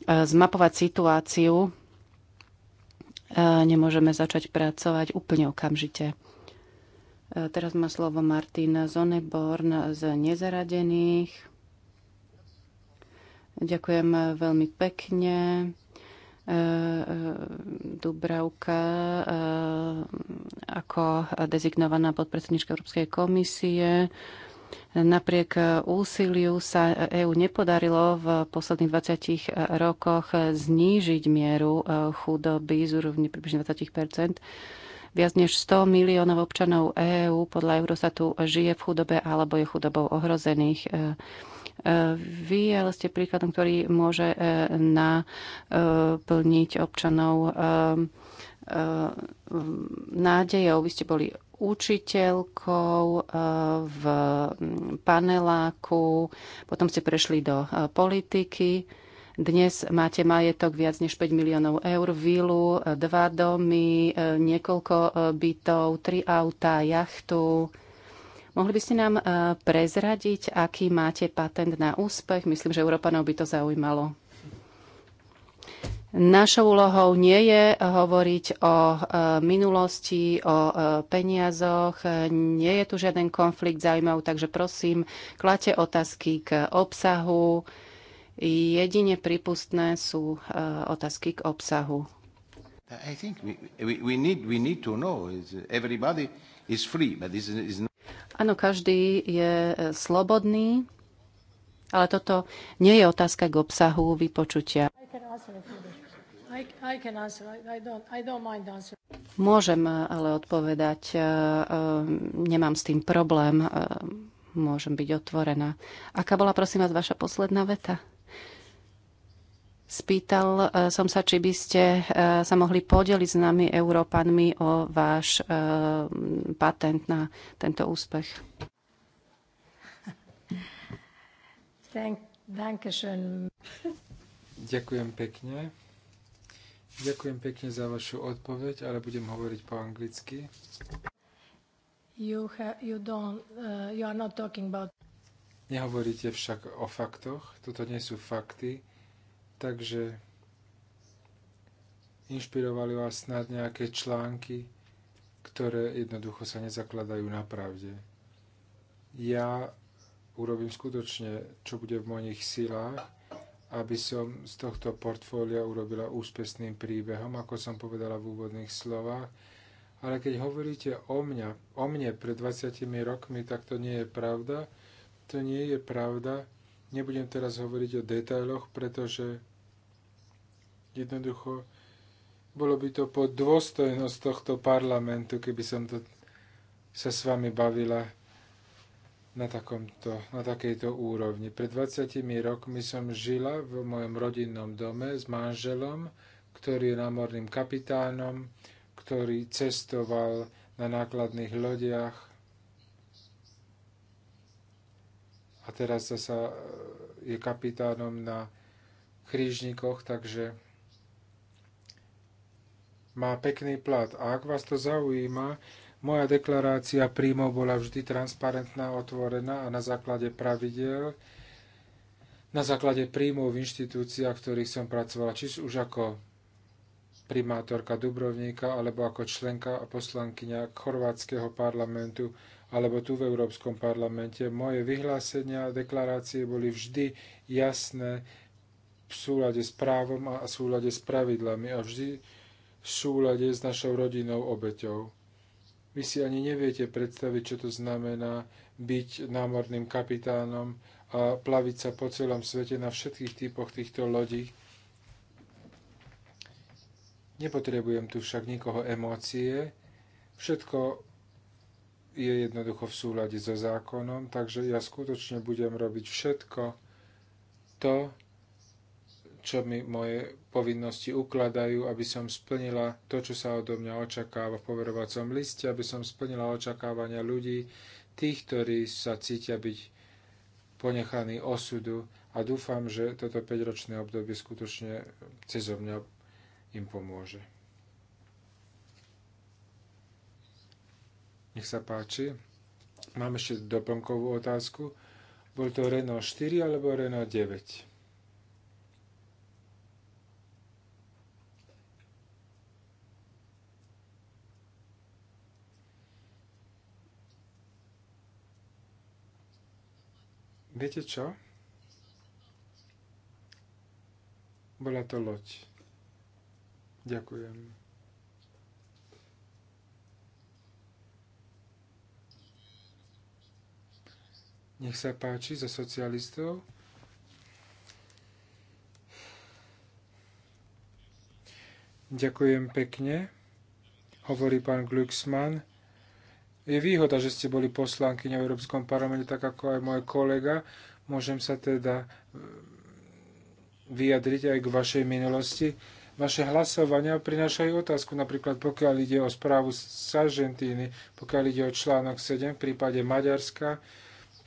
zmapovať situáciu. E, nemôžeme začať pracovať úplne okamžite. E, teraz má slovo Martin Zoneborn z nezaradených. Ďakujem veľmi pekne. E, e, Dubravka e, ako dezignovaná podpredsednička Európskej komisie. Napriek úsiliu sa EÚ nepodarilo v posledných 20 rokoch znížiť mieru chudoby z úrovne približne 20 Viac než 100 miliónov občanov EÚ podľa Eurostatu žije v chudobe alebo je chudobou ohrozených vy, ale ste príkladom, ktorý môže e, naplniť e, občanov e, nádejou. Vy ste boli učiteľkou v paneláku, potom ste prešli do politiky. Dnes máte majetok viac než 5 miliónov eur, vilu, dva domy, niekoľko bytov, tri autá, jachtu Mohli by ste nám e, prezradiť, aký máte patent na úspech? Myslím, že Európanov by to zaujímalo. Našou úlohou nie je hovoriť o e, minulosti, o e, peniazoch. Nie je tu žiaden konflikt zaujímav, takže prosím, klate otázky k obsahu. Jedine prípustné sú otázky k obsahu.
I think we, we, we need, we need to know. Everybody is free, but this is not...
Áno, každý je e, slobodný, ale toto nie je otázka k obsahu vypočutia. Môžem e, ale odpovedať, e, nemám s tým problém, môžem byť otvorená. Aká bola, prosím vás, vaša posledná veta? Spýtal e, som sa, či by ste e, sa mohli podeliť s nami, Európanmi, o váš e, patent na tento úspech.
Ďakujem pekne. Ďakujem pekne za vašu odpoveď, ale budem hovoriť po anglicky.
You have, you don't, uh, you are not about...
Nehovoríte však o faktoch. Toto nie sú fakty. Takže inšpirovali vás snad nejaké články, ktoré jednoducho sa nezakladajú na pravde. Ja urobím skutočne, čo bude v mojich silách, aby som z tohto portfólia urobila úspešným príbehom, ako som povedala v úvodných slovách. Ale keď hovoríte o, mňa, o mne pred 20 rokmi, tak to nie je pravda. To nie je pravda. Nebudem teraz hovoriť o detailoch, pretože Jednoducho, bolo by to pod dôstojnosť tohto parlamentu, keby som to sa s vami bavila na, takomto, na takejto úrovni. Pred 20 rokmi som žila v mojom rodinnom dome s manželom, ktorý je námorným kapitánom, ktorý cestoval na nákladných lodiach a teraz sa e, je kapitánom na krížnikoch, takže má pekný plat. A ak vás to zaujíma, moja deklarácia príjmov bola vždy transparentná, otvorená a na základe pravidel, na základe príjmov v inštitúciách, v ktorých som pracovala, či už ako primátorka Dubrovníka, alebo ako členka a poslankyňa chorvátskeho parlamentu, alebo tu v Európskom parlamente. Moje vyhlásenia a deklarácie boli vždy jasné v súlade s právom a v súlade s pravidlami a vždy v súlade s našou rodinnou obeťou. Vy si ani neviete predstaviť, čo to znamená byť námorným kapitánom a plaviť sa po celom svete na všetkých typoch týchto lodí. Nepotrebujem tu však nikoho emócie. Všetko je jednoducho v súlade so zákonom, takže ja skutočne budem robiť všetko to, čo mi moje povinnosti ukladajú, aby som splnila to, čo sa odo mňa očakáva v poverovacom liste, aby som splnila očakávania ľudí, tých, ktorí sa cítia byť ponechaní osudu a dúfam, že toto 5-ročné obdobie skutočne cez mňa im pomôže. Nech sa páči. Mám ešte doplnkovú otázku. Bol to Renault 4 alebo Renault 9? Viete čo? Bola to loď. Ďakujem. Nech sa páči za socialistov. Ďakujem pekne, hovorí pán Glucksmann je výhoda, že ste boli poslanky v Európskom parlamente, tak ako aj môj kolega. Môžem sa teda e, vyjadriť aj k vašej minulosti. Vaše hlasovania prinášajú otázku, napríklad pokiaľ ide o správu z Argentíny, pokiaľ ide o článok 7 v prípade Maďarska,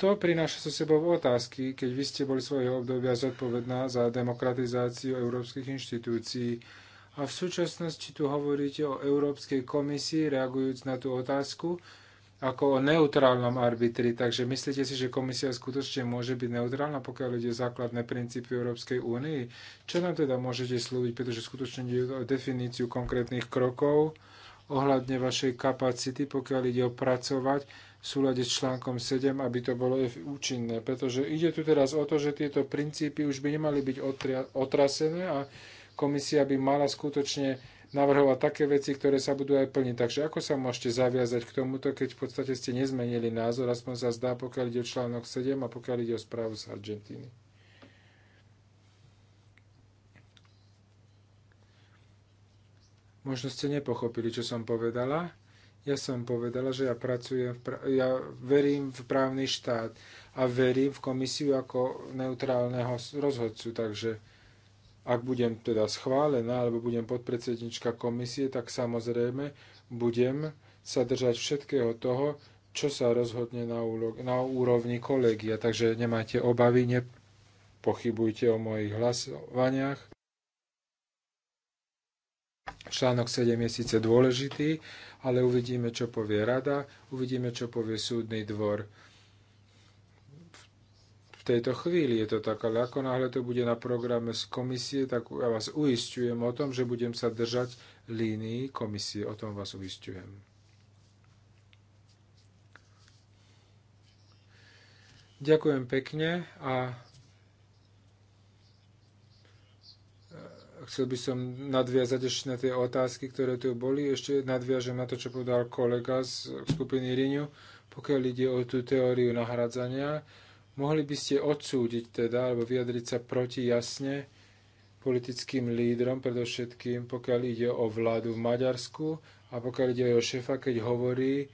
to prináša so sebou otázky, keď vy ste boli svojho obdobia zodpovedná za demokratizáciu európskych inštitúcií. A v súčasnosti tu hovoríte o Európskej komisii, reagujúc na tú otázku, ako o neutrálnom arbitri. Takže myslíte si, že komisia skutočne môže byť neutrálna, pokiaľ ide základné princípy Európskej únie? Čo nám teda môžete slúbiť, pretože skutočne ide o definíciu konkrétnych krokov ohľadne vašej kapacity, pokiaľ ide o pracovať v súlade s článkom 7, aby to bolo účinné. Pretože ide tu teraz o to, že tieto princípy už by nemali byť otrasené a komisia by mala skutočne navrhovať také veci, ktoré sa budú aj plniť. Takže ako sa môžete zaviazať k tomuto, keď v podstate ste nezmenili názor, aspoň sa zdá, pokiaľ ide o článok 7 a pokiaľ ide o správu z Argentíny. Možno ste nepochopili, čo som povedala. Ja som povedala, že ja pracujem, v pra- ja verím v právny štát a verím v komisiu ako neutrálneho rozhodcu, takže ak budem teda schválená, alebo budem podpredsednička komisie, tak samozrejme budem sa držať všetkého toho, čo sa rozhodne na, úlo- na úrovni kolegia. Takže nemajte obavy, nepochybujte o mojich hlasovaniach. Článok 7 je síce dôležitý, ale uvidíme, čo povie rada, uvidíme, čo povie súdny dvor tejto chvíli je to tak, ale ako náhle to bude na programe z komisie, tak ja vás uistujem o tom, že budem sa držať línii komisie. O tom vás uistujem. Ďakujem pekne a e, chcel by som nadviazať ešte na tie otázky, ktoré tu boli. Ešte nadviažem na to, čo povedal kolega z skupiny Riňu, pokiaľ ide o tú teóriu nahradzania Mohli by ste odsúdiť teda, alebo vyjadriť sa proti jasne politickým lídrom, predovšetkým pokiaľ ide o vládu v Maďarsku a pokiaľ ide o šefa, keď hovorí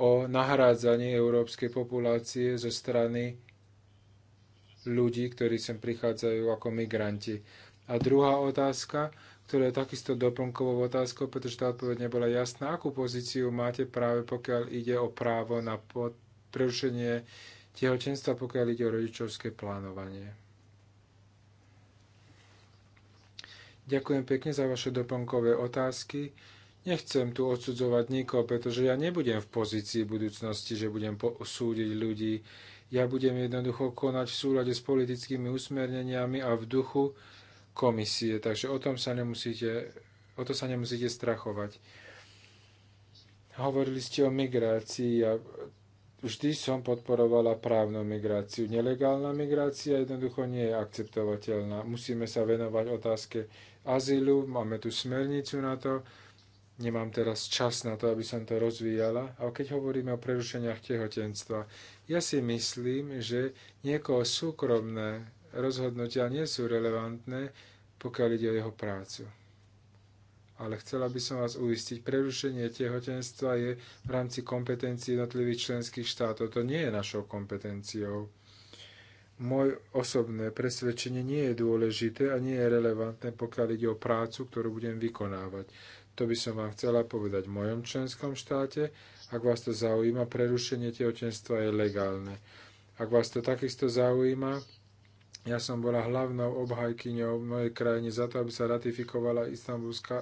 o nahrádzaní európskej populácie zo strany ľudí, ktorí sem prichádzajú ako migranti. A druhá otázka, ktorá je takisto doplnkovou otázkou, pretože tá odpoveď nebola jasná, akú pozíciu máte práve pokiaľ ide o právo na prerušenie tehotenstva, pokiaľ ide o rodičovské plánovanie. Ďakujem pekne za vaše doplnkové otázky. Nechcem tu odsudzovať nikoho, pretože ja nebudem v pozícii budúcnosti, že budem posúdiť ľudí. Ja budem jednoducho konať v súlade s politickými usmerneniami a v duchu komisie, takže o tom sa nemusíte, o to sa nemusíte strachovať. Hovorili ste o migrácii a vždy som podporovala právnu migráciu. Nelegálna migrácia jednoducho nie je akceptovateľná. Musíme sa venovať otázke azylu, máme tu smernicu na to, nemám teraz čas na to, aby som to rozvíjala. A keď hovoríme o prerušeniach tehotenstva, ja si myslím, že niekoho súkromné rozhodnutia nie sú relevantné, pokiaľ ide o jeho prácu ale chcela by som vás uistiť, prerušenie tehotenstva je v rámci kompetencií jednotlivých členských štátov. To nie je našou kompetenciou. Moje osobné presvedčenie nie je dôležité a nie je relevantné, pokiaľ ide o prácu, ktorú budem vykonávať. To by som vám chcela povedať v mojom členskom štáte. Ak vás to zaujíma, prerušenie tehotenstva je legálne. Ak vás to takisto zaujíma, ja som bola hlavnou obhajkyňou v mojej krajine za to, aby sa ratifikovala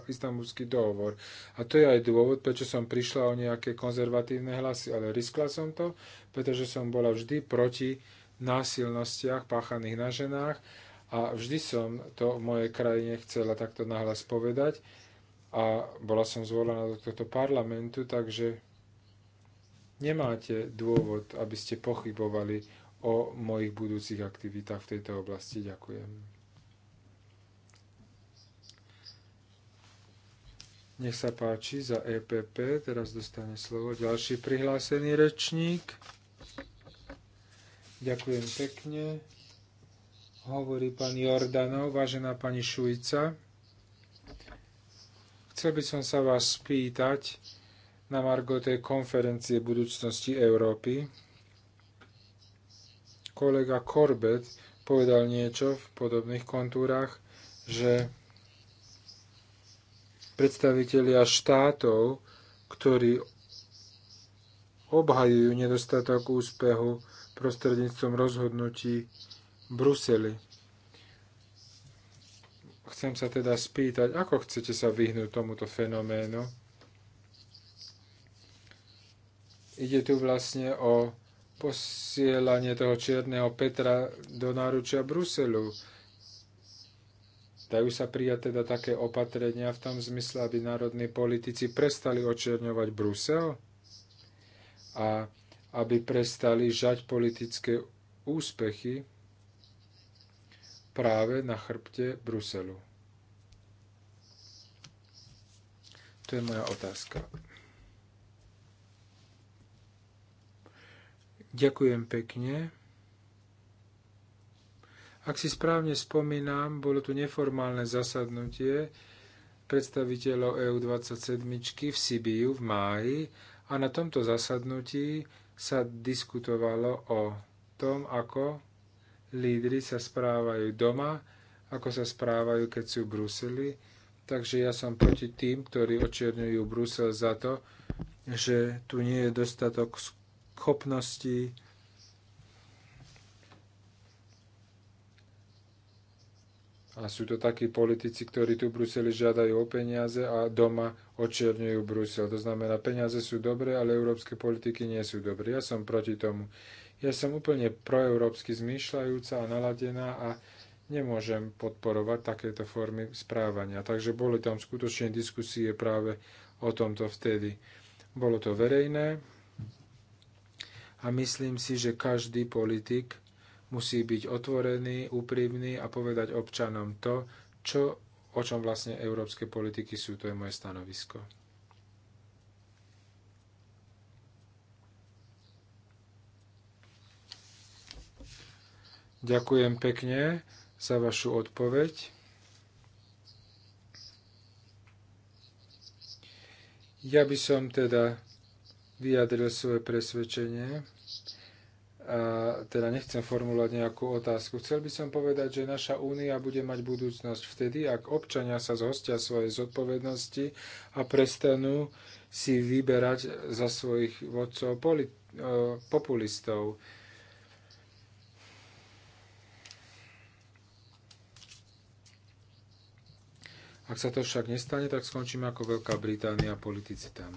istambulský dohovor. A to je aj dôvod, prečo som prišla o nejaké konzervatívne hlasy. Ale riskla som to, pretože som bola vždy proti násilnostiach páchaných na ženách a vždy som to v mojej krajine chcela takto nahlas povedať. A bola som zvolená do tohto parlamentu, takže nemáte dôvod, aby ste pochybovali o mojich budúcich aktivitách v tejto oblasti. Ďakujem. Nech sa páči, za EPP teraz dostane slovo ďalší prihlásený rečník. Ďakujem pekne. Hovorí pán Jordanov, vážená pani Šujca. Chcel by som sa vás spýtať na Margo tej konferencie budúcnosti Európy kolega Korbet povedal niečo v podobných kontúrach, že predstavitelia štátov, ktorí obhajujú nedostatok úspechu prostredníctvom rozhodnutí brusely. Chcem sa teda spýtať, ako chcete sa vyhnúť tomuto fenoménu? Ide tu vlastne o posielanie toho čierneho Petra do náručia Bruselu. Dajú sa prijať teda také opatrenia v tom zmysle, aby národní politici prestali očierňovať Brusel a aby prestali žať politické úspechy práve na chrbte Bruselu. To je moja otázka. Ďakujem pekne. Ak si správne spomínam, bolo tu neformálne zasadnutie predstaviteľov EU27 v Sibiu v máji a na tomto zasadnutí sa diskutovalo o tom, ako lídry sa správajú doma, ako sa správajú, keď sú v Bruseli. Takže ja som proti tým, ktorí očierňujú Brusel za to, že tu nie je dostatok schopnosti, A sú to takí politici, ktorí tu v Bruseli žiadajú o peniaze a doma očierňujú Brusel. To znamená, peniaze sú dobré, ale európske politiky nie sú dobré. Ja som proti tomu. Ja som úplne proeurópsky zmýšľajúca a naladená a nemôžem podporovať takéto formy správania. Takže boli tam skutočne diskusie práve o tomto vtedy. Bolo to verejné, a myslím si, že každý politik musí byť otvorený, úprimný a povedať občanom to, čo, o čom vlastne európske politiky sú. To je moje stanovisko. Ďakujem pekne za vašu odpoveď. Ja by som teda vyjadril svoje presvedčenie. A teda nechcem formulovať nejakú otázku. Chcel by som povedať, že naša únia bude mať budúcnosť vtedy, ak občania sa zhostia svojej zodpovednosti a prestanú si vyberať za svojich vodcov e, populistov. Ak sa to však nestane, tak skončíme ako Veľká Británia politici tam.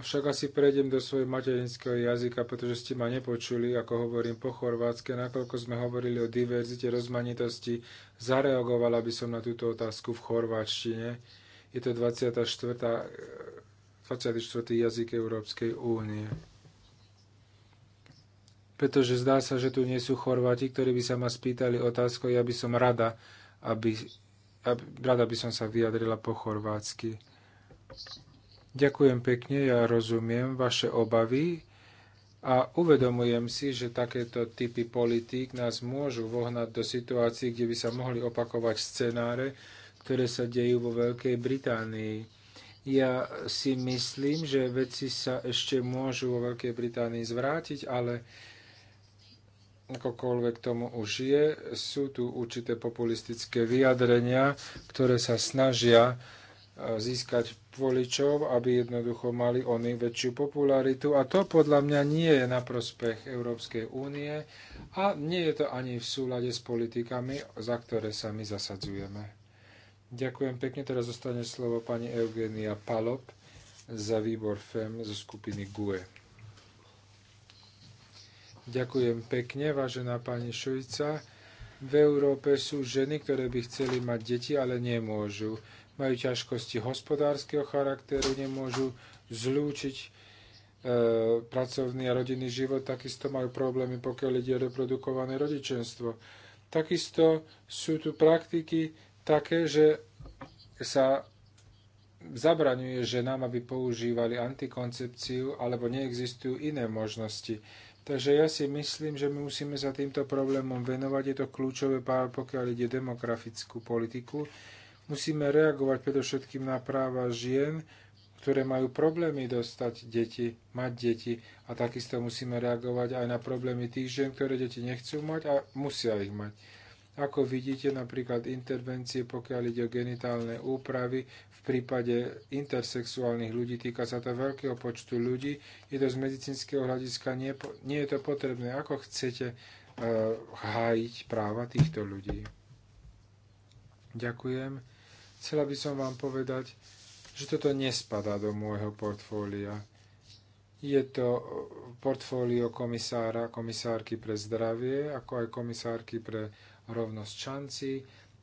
Avšak asi prejdem do svojho materinského jazyka, pretože ste ma nepočuli, ako hovorím po chorvátske, nakoľko sme hovorili o diverzite, rozmanitosti. Zareagovala by som na túto otázku v chorváčtine. Je to 24. 24. Eh, jazyk Európskej únie. Pretože zdá sa, že tu nie sú Chorváti, ktorí by sa ma spýtali otázku, ja by som rada, aby, aby rada by som sa vyjadrila po chorvátsky. Ďakujem pekne, ja rozumiem vaše obavy a uvedomujem si, že takéto typy politík nás môžu vohnať do situácií, kde by sa mohli opakovať scenáre, ktoré sa dejú vo Veľkej Británii. Ja si myslím, že veci sa ešte môžu vo Veľkej Británii zvrátiť, ale akokoľvek tomu už je, sú tu určité populistické vyjadrenia, ktoré sa snažia získať voličov, aby jednoducho mali oni väčšiu popularitu. A to podľa mňa nie je na prospech Európskej únie a nie je to ani v súlade s politikami, za ktoré sa my zasadzujeme. Ďakujem pekne. Teraz zostane slovo pani Eugenia Palop za výbor FEM zo skupiny GUE. Ďakujem pekne, vážená pani Šujca. V Európe sú ženy, ktoré by chceli mať deti, ale nemôžu majú ťažkosti hospodárskeho charakteru, nemôžu zlúčiť e, pracovný a rodinný život, takisto majú problémy, pokiaľ ide o reprodukované rodičenstvo. Takisto sú tu praktiky také, že sa zabraňuje ženám, aby používali antikoncepciu, alebo neexistujú iné možnosti. Takže ja si myslím, že my musíme sa týmto problémom venovať. Je to kľúčové, pokiaľ ide demografickú politiku. Musíme reagovať predovšetkým na práva žien, ktoré majú problémy dostať deti, mať deti a takisto musíme reagovať aj na problémy tých žien, ktoré deti nechcú mať a musia ich mať. Ako vidíte, napríklad intervencie, pokiaľ ide o genitálne úpravy, v prípade intersexuálnych ľudí týka sa to veľkého počtu ľudí, je to z medicínskeho hľadiska, nie, nie je to potrebné. Ako chcete uh, hájiť práva týchto ľudí? Ďakujem. Chcela by som vám povedať, že toto nespadá do môjho portfólia. Je to portfólio komisára, komisárky pre zdravie, ako aj komisárky pre rovnosť šanci,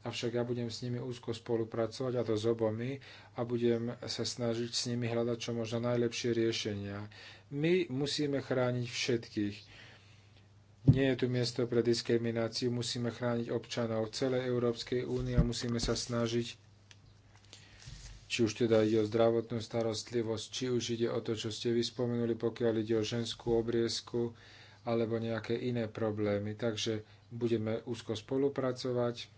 avšak ja budem s nimi úzko spolupracovať, a to s obomi, a budem sa snažiť s nimi hľadať čo možno najlepšie riešenia. My musíme chrániť všetkých. Nie je tu miesto pre diskrimináciu, musíme chrániť občanov celej Európskej únie a musíme sa snažiť či už teda ide o zdravotnú starostlivosť, či už ide o to, čo ste vyspomenuli, pokiaľ ide o ženskú obriezku alebo nejaké iné problémy. Takže budeme úzko spolupracovať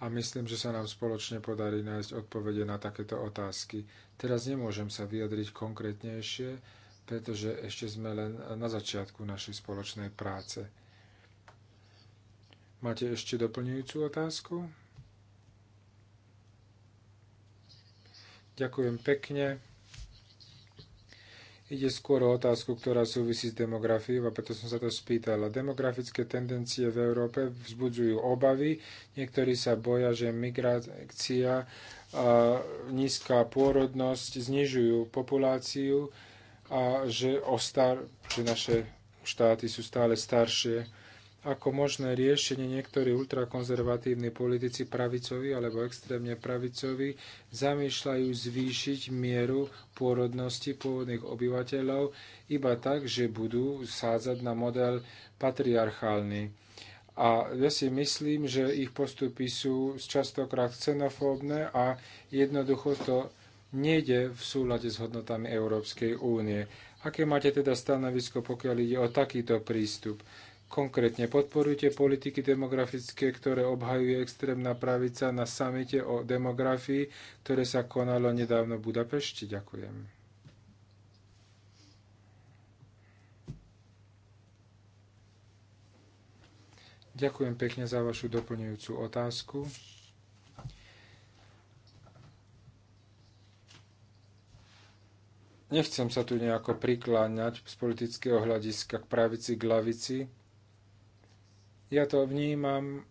a myslím, že sa nám spoločne podarí nájsť odpovede na takéto otázky. Teraz nemôžem sa vyjadriť konkrétnejšie, pretože ešte sme len na začiatku našej spoločnej práce. Máte ešte doplňujúcu otázku? Ďakujem pekne. Ide skôr o otázku, ktorá súvisí s demografiou a preto som sa to spýtala. Demografické tendencie v Európe vzbudzujú obavy. Niektorí sa boja, že migrácia, nízka pôrodnosť znižujú populáciu a že, ostar, že naše štáty sú stále staršie ako možné riešenie niektorí ultrakonzervatívni politici pravicovi alebo extrémne pravicovi zamýšľajú zvýšiť mieru pôrodnosti pôvodných obyvateľov iba tak, že budú sádzať na model patriarchálny. A ja si myslím, že ich postupy sú častokrát xenofóbne a jednoducho to nejde v súlade s hodnotami Európskej únie. Aké máte teda stanovisko, pokiaľ ide o takýto prístup? Konkrétne podporujte politiky demografické, ktoré obhajuje extrémna pravica na samite o demografii, ktoré sa konalo nedávno v Budapešti. Ďakujem. Ďakujem pekne za vašu doplňujúcu otázku. Nechcem sa tu nejako prikláňať z politického hľadiska k pravici, k lavici. Ja to vnímam.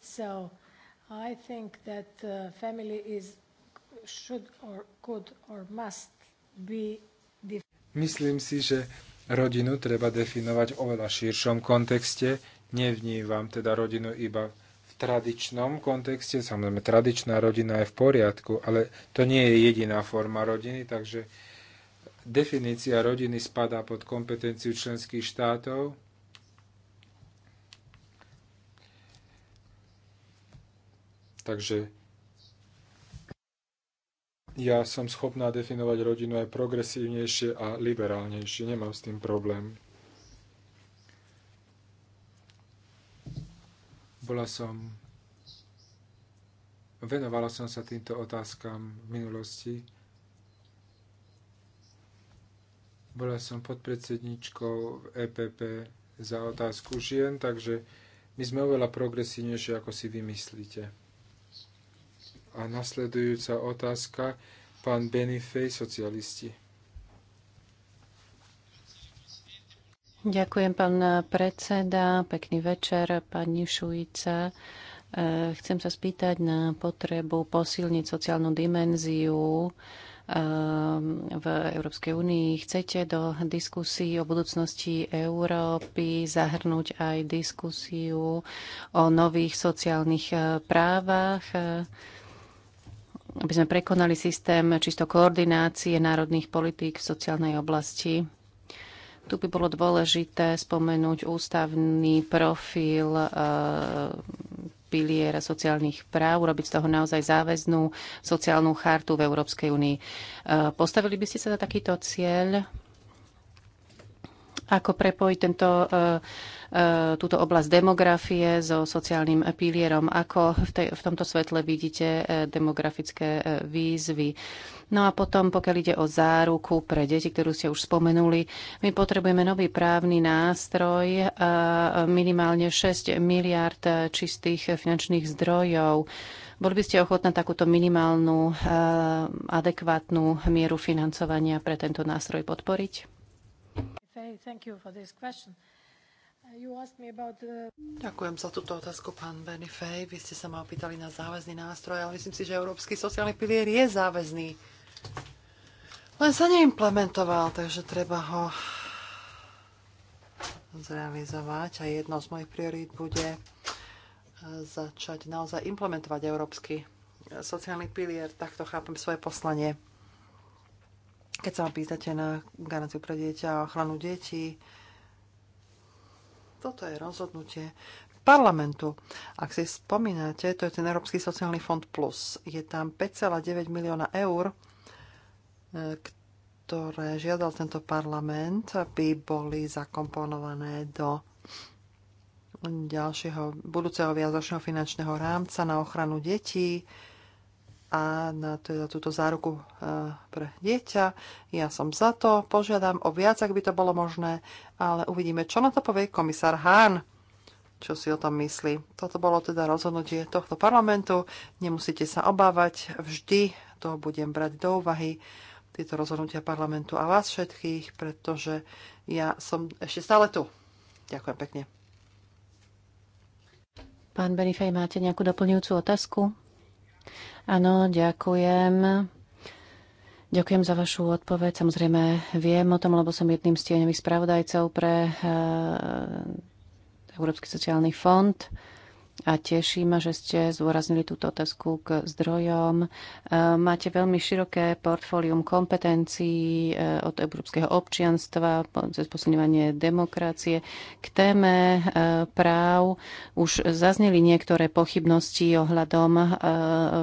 So, I think that uh, family is should or could or must be
Myslím si, že rodinu treba definovať v oveľa širšom kontexte. Nevnímam teda rodinu iba v tradičnom kontexte. Samozrejme, tradičná rodina je v poriadku, ale to nie je jediná forma rodiny, takže definícia rodiny spadá pod kompetenciu členských štátov Takže ja som schopná definovať rodinu aj progresívnejšie a liberálnejšie. Nemám s tým problém. Bola som... Venovala som sa týmto otázkam v minulosti. Bola som podpredsedničkou v e EPP za otázku žien, takže my sme oveľa progresívnejšie, ako si vymyslíte. A nasledujúca otázka, pán Benifej, socialisti.
Ďakujem, pán predseda. Pekný večer, pani Šujica. E, chcem sa spýtať na potrebu posilniť sociálnu dimenziu e, v Európskej únii. Chcete do diskusí o budúcnosti Európy zahrnúť aj diskusiu o nových sociálnych e, právach? aby sme prekonali systém čisto koordinácie národných politík v sociálnej oblasti. Tu by bolo dôležité spomenúť ústavný profil e, piliera sociálnych práv, urobiť z toho naozaj záväznú sociálnu chartu v Európskej únii. E, postavili by ste sa za takýto cieľ? ako prepojiť tento, e, e, túto oblasť demografie so sociálnym pilierom, ako v, tej, v tomto svetle vidíte e, demografické výzvy. No a potom, pokiaľ ide o záruku pre deti, ktorú ste už spomenuli, my potrebujeme nový právny nástroj, minimálne 6 miliard čistých finančných zdrojov. Boli by ste ochotná takúto minimálnu, adekvátnu mieru financovania pre tento nástroj podporiť?
Uh, Ďakujem za túto
otázku, pán Fay. Vy ste sa ma opýtali na záväzný nástroj, ale myslím si, že Európsky sociálny pilier je záväzný. Len sa neimplementoval, takže treba ho zrealizovať. A jednou z mojich priorít bude eh, začať naozaj implementovať Európsky sociálny pilier. Takto chápem svoje poslanie. Keď sa ma pýtate na garanciu pre dieťa a ochranu detí, toto je rozhodnutie parlamentu. Ak si spomínate, to je ten Európsky sociálny fond plus. Je tam 5,9 milióna eur, e, ktoré žiadal tento parlament, aby boli zakomponované do ďalšieho budúceho viazočného finančného rámca na ochranu detí a na teda túto záruku e, pre dieťa. Ja som za to, požiadam o viac, ak by to bolo možné, ale uvidíme, čo na to povie komisár Hahn, čo si o tom myslí. Toto bolo teda rozhodnutie tohto parlamentu, nemusíte sa obávať, vždy to budem brať do úvahy, tieto rozhodnutia parlamentu a vás všetkých, pretože ja som ešte stále tu. Ďakujem pekne.
Pán Benifej, máte nejakú doplňujúcu otázku? Áno, ďakujem. Ďakujem za vašu odpoveď. Samozrejme, viem o tom, lebo som jedným z tieňových spravodajcov pre eh, Európsky sociálny fond a teší ma, že ste zdôraznili túto otázku k zdrojom. E, máte veľmi široké portfólium kompetencií e, od európskeho občianstva cez posilňovanie demokracie. K téme e, práv už zazneli niektoré pochybnosti ohľadom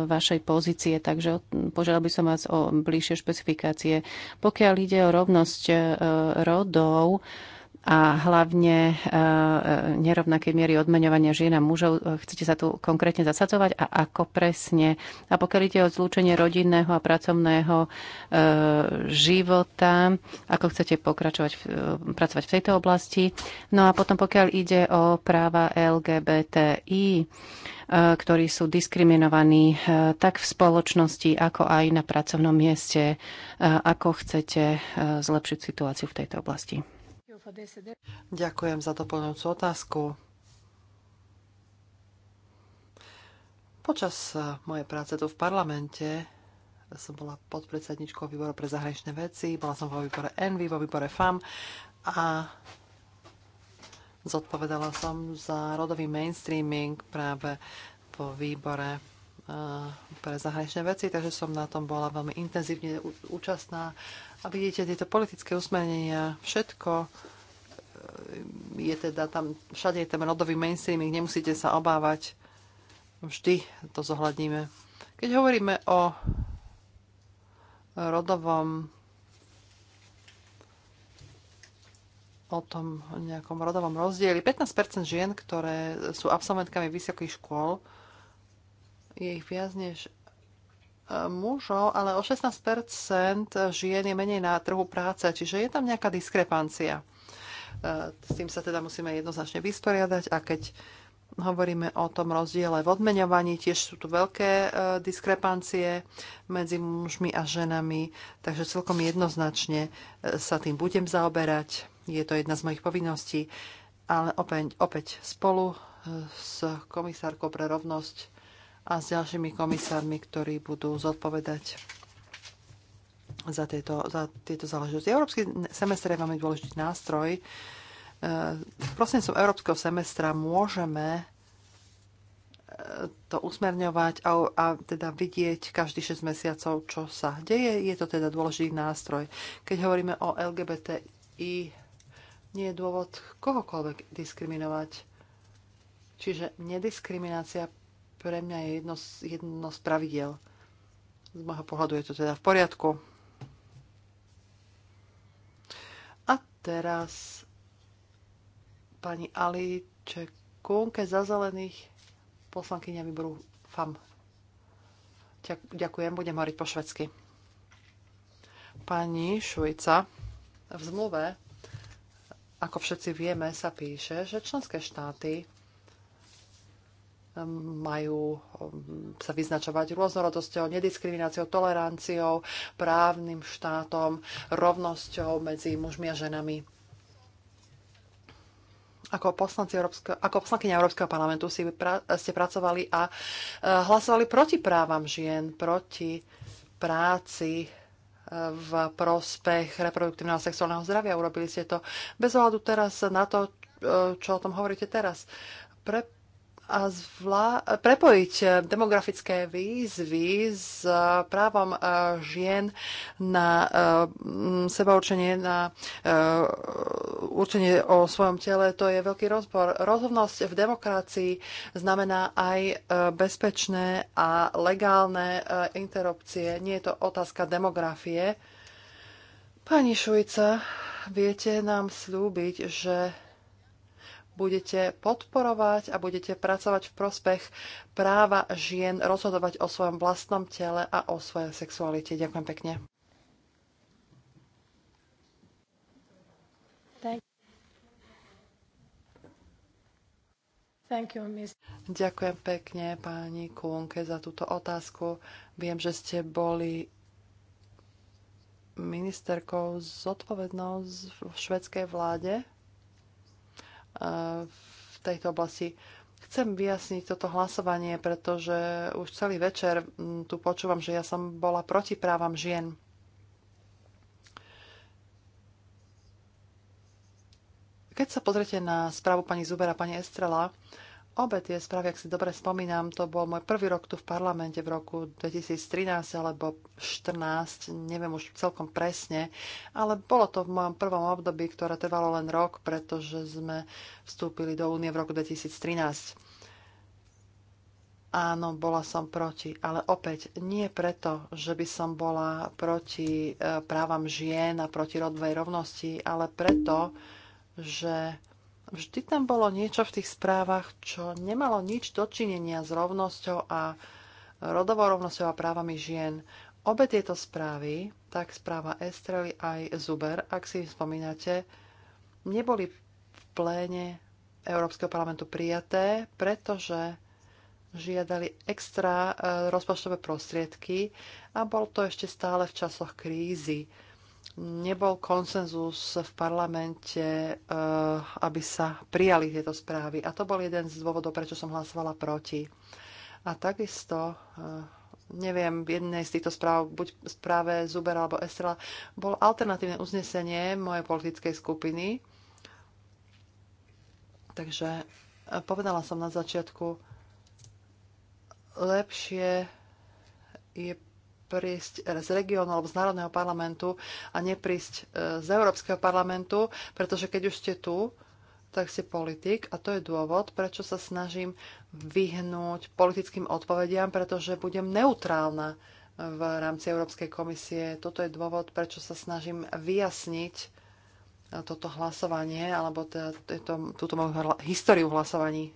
vašej pozície, takže požiadal by som vás o bližšie špecifikácie. Pokiaľ ide o rovnosť rodov, a hlavne e, e, nerovnakej miery odmeňovania žien a mužov. E, chcete sa tu konkrétne zasadzovať a ako presne? A pokiaľ ide o zlúčenie rodinného a pracovného života, ako chcete pokračovať, pracovať v tejto oblasti? No a potom pokiaľ ide o práva LGBTI, ktorí sú diskriminovaní tak v spoločnosti, ako aj na pracovnom mieste. Ako chcete zlepšiť situáciu v tejto oblasti?
Ďakujem za doplňujúcu otázku. Počas eh, mojej práce tu v parlamente som bola podpredsedničkou výboru pre zahraničné veci, bola som vo výbore Envy, vo výbore FAM a zodpovedala som za rodový mainstreaming práve vo výbore eh, pre zahraničné veci, takže som na tom bola veľmi intenzívne účastná. A vidíte, tieto politické usmernenia, všetko je teda tam, všade je ten rodový mainstreaming, nemusíte sa obávať. Vždy to zohľadníme. Keď hovoríme o rodovom o tom nejakom rodovom rozdieli. 15% žien, ktoré sú absolventkami vysokých škôl, je ich viac než e, mužov, ale o 16% žien je menej na trhu práce, čiže je tam nejaká diskrepancia. S tým sa teda musíme jednoznačne vysporiadať a keď hovoríme o tom rozdiele v odmeňovaní, tiež sú tu veľké e, diskrepancie medzi mužmi a ženami, takže celkom jednoznačne e, sa tým budem zaoberať. Je to jedna z mojich povinností, ale opäť, opäť spolu e, s komisárkou pre rovnosť a s ďalšími komisármi, ktorí budú zodpovedať za tieto, za tieto záležitosti. Európsky semestr je veľmi dôležitý nástroj. E, Prosím som európskeho semestra môžeme e, to usmerňovať a, a teda vidieť každý 6 mesiacov, čo sa deje. Je to teda dôležitý nástroj. Keď hovoríme o LGBTI, nie je dôvod kohokoľvek diskriminovať. Čiže nediskriminácia pre mňa je jedno z, jedno z pravidiel. Z môjho pohľadu je to teda v poriadku. teraz pani Ali Čekunke za zelených poslankyňa výboru FAM. Ďakujem, budem hovoriť po švedsky. Pani Šujca, v zmluve, ako všetci vieme, sa píše, že členské štáty majú um, sa vyznačovať rôznorodosťou, nediskrimináciou, toleranciou, právnym štátom, rovnosťou medzi mužmi a ženami. Ako, poslanci Európskeho, ako poslankyňa Európskeho parlamentu si pra, ste pracovali a e, hlasovali proti právam žien, proti práci e, v prospech reproduktívneho a sexuálneho zdravia. Urobili ste to bez ohľadu teraz na to, e, čo o tom hovoríte teraz. Pre a zvla- prepojiť eh, demografické výzvy s eh, právom eh, žien na seba určenie, na určenie o svojom tele, to je veľký rozpor. Rozhodnosť v demokracii znamená aj bezpečné a legálne interrupcie. Nie je to otázka demografie. Pani Šujca, viete nám slúbiť, že budete podporovať a budete pracovať v prospech práva žien rozhodovať o svojom vlastnom tele a o svojej sexualite. Ďakujem pekne. You, Ďakujem pekne pani Kunke za túto otázku. Viem, že ste boli ministerkou zodpovednou v švedskej vláde E, v tejto oblasti. Chcem vyjasniť toto hlasovanie, pretože už celý večer tu počúvam, že ja som bola proti právam žien. Keď sa pozriete na správu pani Zubera, pani Estrela, Obe tie správy, ak si dobre spomínam, to bol môj prvý rok tu v parlamente v roku 2013 alebo 14, neviem už celkom presne, ale bolo to v mojom prvom období, ktoré trvalo len rok, pretože sme vstúpili do únie v roku 2013. Áno, bola som proti, ale opäť nie preto, že by som bola proti eh, právam žien a proti rodovej rovnosti, ale preto, že Vždy tam bolo niečo v tých správach, čo nemalo nič dočinenia s rovnosťou a rodovou rovnosťou a právami žien. Obe tieto správy, tak správa Estrely aj Zuber, ak si spomínate, neboli v pléne Európskeho parlamentu prijaté, pretože žiadali extra e, rozpočtové prostriedky a bol to ešte stále v časoch krízy nebol konsenzus v parlamente, eh, aby sa prijali tieto správy. A to bol jeden z dôvodov, prečo som hlasovala proti. A takisto, eh, neviem, v jednej z týchto správ, buď správe Zuber alebo Estrela, bol alternatívne uznesenie mojej politickej skupiny. Takže eh, povedala som na začiatku, lepšie je prísť eh, z regiónu alebo z Národného parlamentu a neprísť eh, z Európskeho parlamentu, pretože keď už ste tu, tak ste politik a to je dôvod, prečo sa snažím vyhnúť politickým odpovediam, pretože budem neutrálna eh, v rámci Európskej komisie. Toto je dôvod, prečo sa snažím vyjasniť toto hlasovanie, alebo túto moju históriu hlasovaní.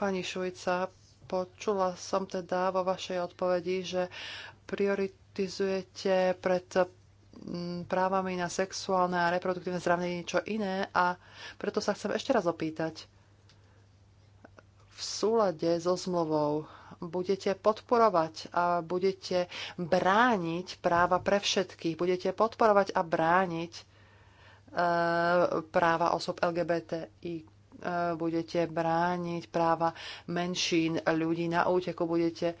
Pani Šujca, Počula som teda vo vašej odpovedi, že prioritizujete pred mm, právami na sexuálne a reproduktívne zdravie niečo iné a preto sa chcem ešte raz opýtať. V súlade so zmluvou budete podporovať a budete brániť práva pre všetkých. Budete podporovať a brániť e, práva osob LGBTIQ E, budete brániť práva menšín ľudí na úteku, budete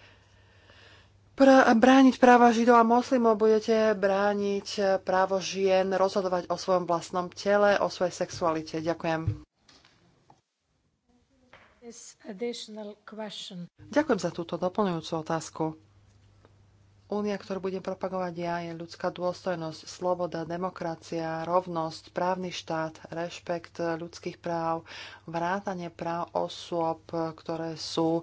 brániť práva židov a moslimov, budete brániť právo žien rozhodovať o svojom vlastnom tele, o svojej sexualite. Ďakujem. Ďakujem za túto doplňujúcu otázku. Únia, ktorú budem propagovať ja, je ľudská dôstojnosť, sloboda, demokracia, rovnosť, právny štát, rešpekt ľudských práv, vrátanie práv osôb, ktoré sú e,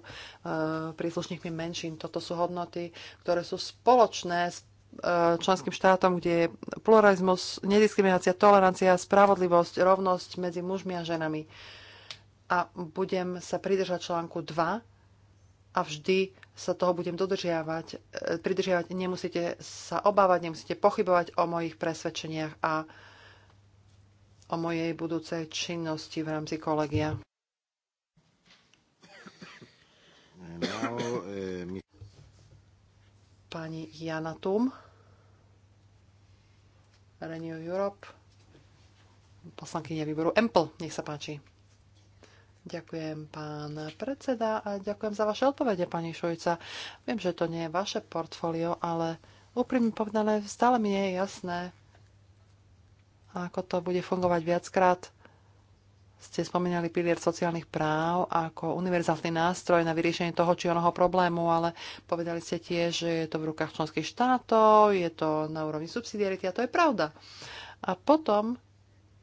príslušníkmi menšín. Toto sú hodnoty, ktoré sú spoločné s e, členským štátom, kde je pluralizmus, nediskriminácia, tolerancia, spravodlivosť, rovnosť medzi mužmi a ženami. A budem sa pridržať článku 2 a vždy sa toho budem dodržiavať, e, pridržiavať. Nemusíte sa obávať, nemusíte pochybovať o mojich presvedčeniach a o mojej budúcej činnosti v rámci kolegia. Pani Jana Tum, Renew Europe, poslankyňa výboru Empl, nech sa páči. Ďakujem, pán predseda, a ďakujem za vaše odpovede, pani Šujca. Viem, že to nie je vaše portfólio, ale úprimne povedané, stále mi nie je jasné, ako to bude fungovať viackrát. Ste spomínali pilier sociálnych práv ako univerzálny nástroj na vyriešenie toho či onoho problému, ale povedali ste tiež, že je to v rukách členských štátov, je to na úrovni subsidiarity a to je pravda. A potom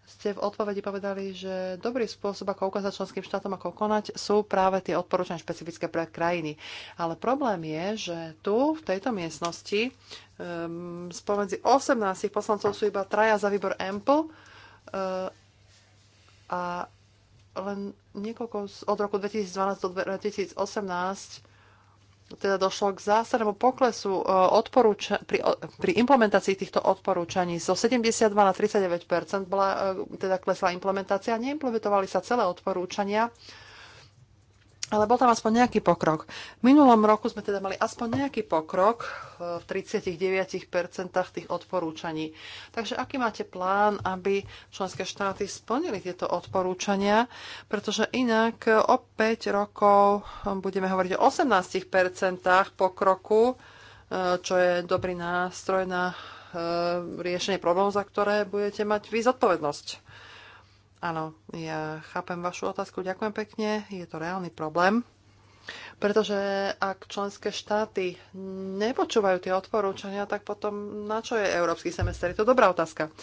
ste v odpovedi povedali, že dobrý spôsob, ako ukázať členským štátom, ako konať, sú práve tie odporúčania špecifické pre krajiny. Ale problém je, že tu, v tejto miestnosti, um, spomedzi 18 poslancov sú iba traja za výbor EMPL uh, eh, a len niekoľko od roku 2012 do 2018 teda došlo k zásadnému poklesu e, odporúča- pri, pri implementácii týchto odporúčaní. Zo 72 na 39 bola, e, teda klesla implementácia, neimplementovali sa celé odporúčania ale bol tam aspoň nejaký pokrok. V minulom roku sme teda mali aspoň nejaký pokrok v 39% tých odporúčaní. Takže aký máte plán, aby členské štáty splnili tieto odporúčania? Pretože inak o 5 rokov budeme hovoriť o 18% pokroku, e, čo je dobrý nástroj na e, riešenie problémov, za ktoré budete mať vy zodpovednosť. Áno, ja chápem vašu otázku. Ďakujem pekne. Je to reálny problém. Pretože ak členské štáty nepočúvajú tie odporúčania, tak potom na čo je európsky semester? Je to dobrá otázka.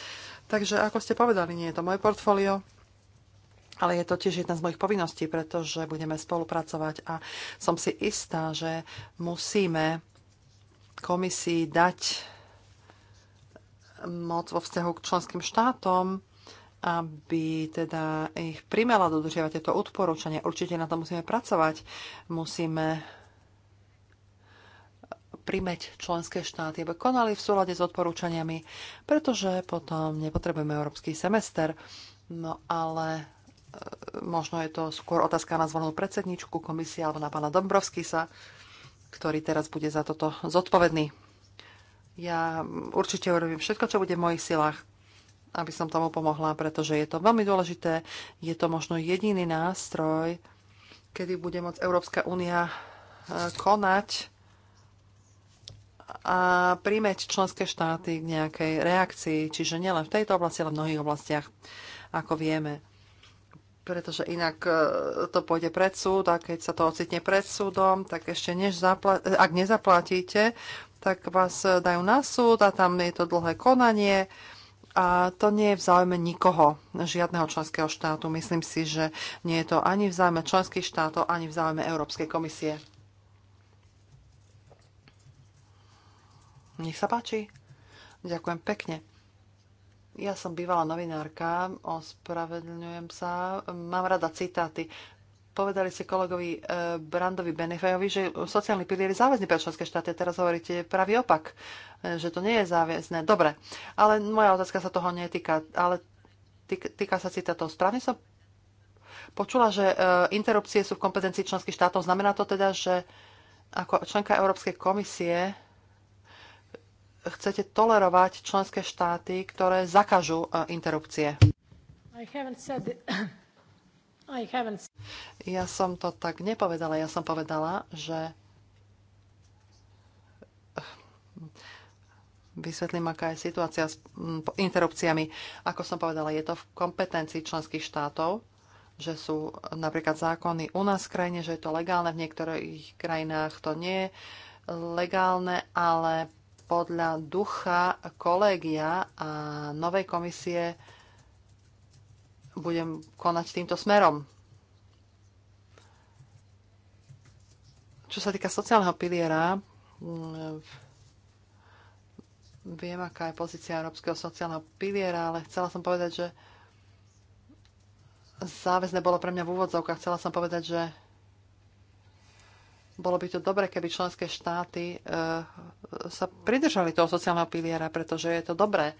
Takže ako ste povedali, nie je to moje portfólio, ale je to tiež jedna z mojich povinností, pretože budeme spolupracovať a som si istá, že musíme komisii dať moc vo vzťahu k členským štátom, aby teda ich primela dodržiavať tieto odporúčania. Určite na to musíme pracovať. Musíme primeť členské štáty, aby konali v súlade s odporúčaniami, pretože potom nepotrebujeme európsky semester. No ale e, možno je to skôr otázka na zvolenú predsedničku komisie alebo na pána Dombrovskisa, ktorý teraz bude za toto zodpovedný. Ja určite urobím všetko, čo bude v mojich silách aby som tomu pomohla, pretože je to veľmi dôležité. Je to možno jediný nástroj, kedy bude môcť Európska únia e, konať a príjmeť členské štáty k nejakej reakcii, čiže nielen v tejto oblasti, ale v mnohých oblastiach, ako vieme. Pretože inak e, to pôjde pred súd a keď sa to ocitne pred súdom, tak ešte než zapla- ak nezaplatíte, tak vás dajú na súd a tam je to dlhé konanie a to nie je v záujme nikoho, žiadneho členského štátu. Myslím si, že nie je to ani v záujme členských štátov, ani v záujme Európskej komisie. Nech sa páči. Ďakujem pekne. Ja som bývalá novinárka, ospravedlňujem sa. Mám rada citáty. Povedali ste kolegovi e, Brandovi Benefejovi, že sociálny pilier je záväzný pre členské štáty. Teraz hovoríte pravý opak, e, že to nie je záväzné. Dobre, ale moja otázka sa toho netýka. Ale týka sa citátov. Správne som počula, že e, interrupcie sú v kompetencii členských štátov. Znamená to teda, že ako členka Európskej komisie chcete tolerovať členské štáty, ktoré zakažú interrupcie?
I haven't said
ja som to tak nepovedala. Ja som povedala, že vysvetlím, aká je situácia s interrupciami. Ako som povedala, je to v kompetencii členských štátov, že sú napríklad zákony u nás v krajine, že je to legálne, v niektorých krajinách to nie je legálne, ale podľa ducha kolégia a novej komisie budem konať týmto smerom. Čo sa týka sociálneho piliera, mm, viem, aká je pozícia Európskeho sociálneho piliera, ale chcela som povedať, že záväzne bolo pre mňa v úvodzovkách. Chcela som povedať, že bolo by to dobre, keby členské štáty eh, sa pridržali toho sociálneho piliera, pretože je to dobré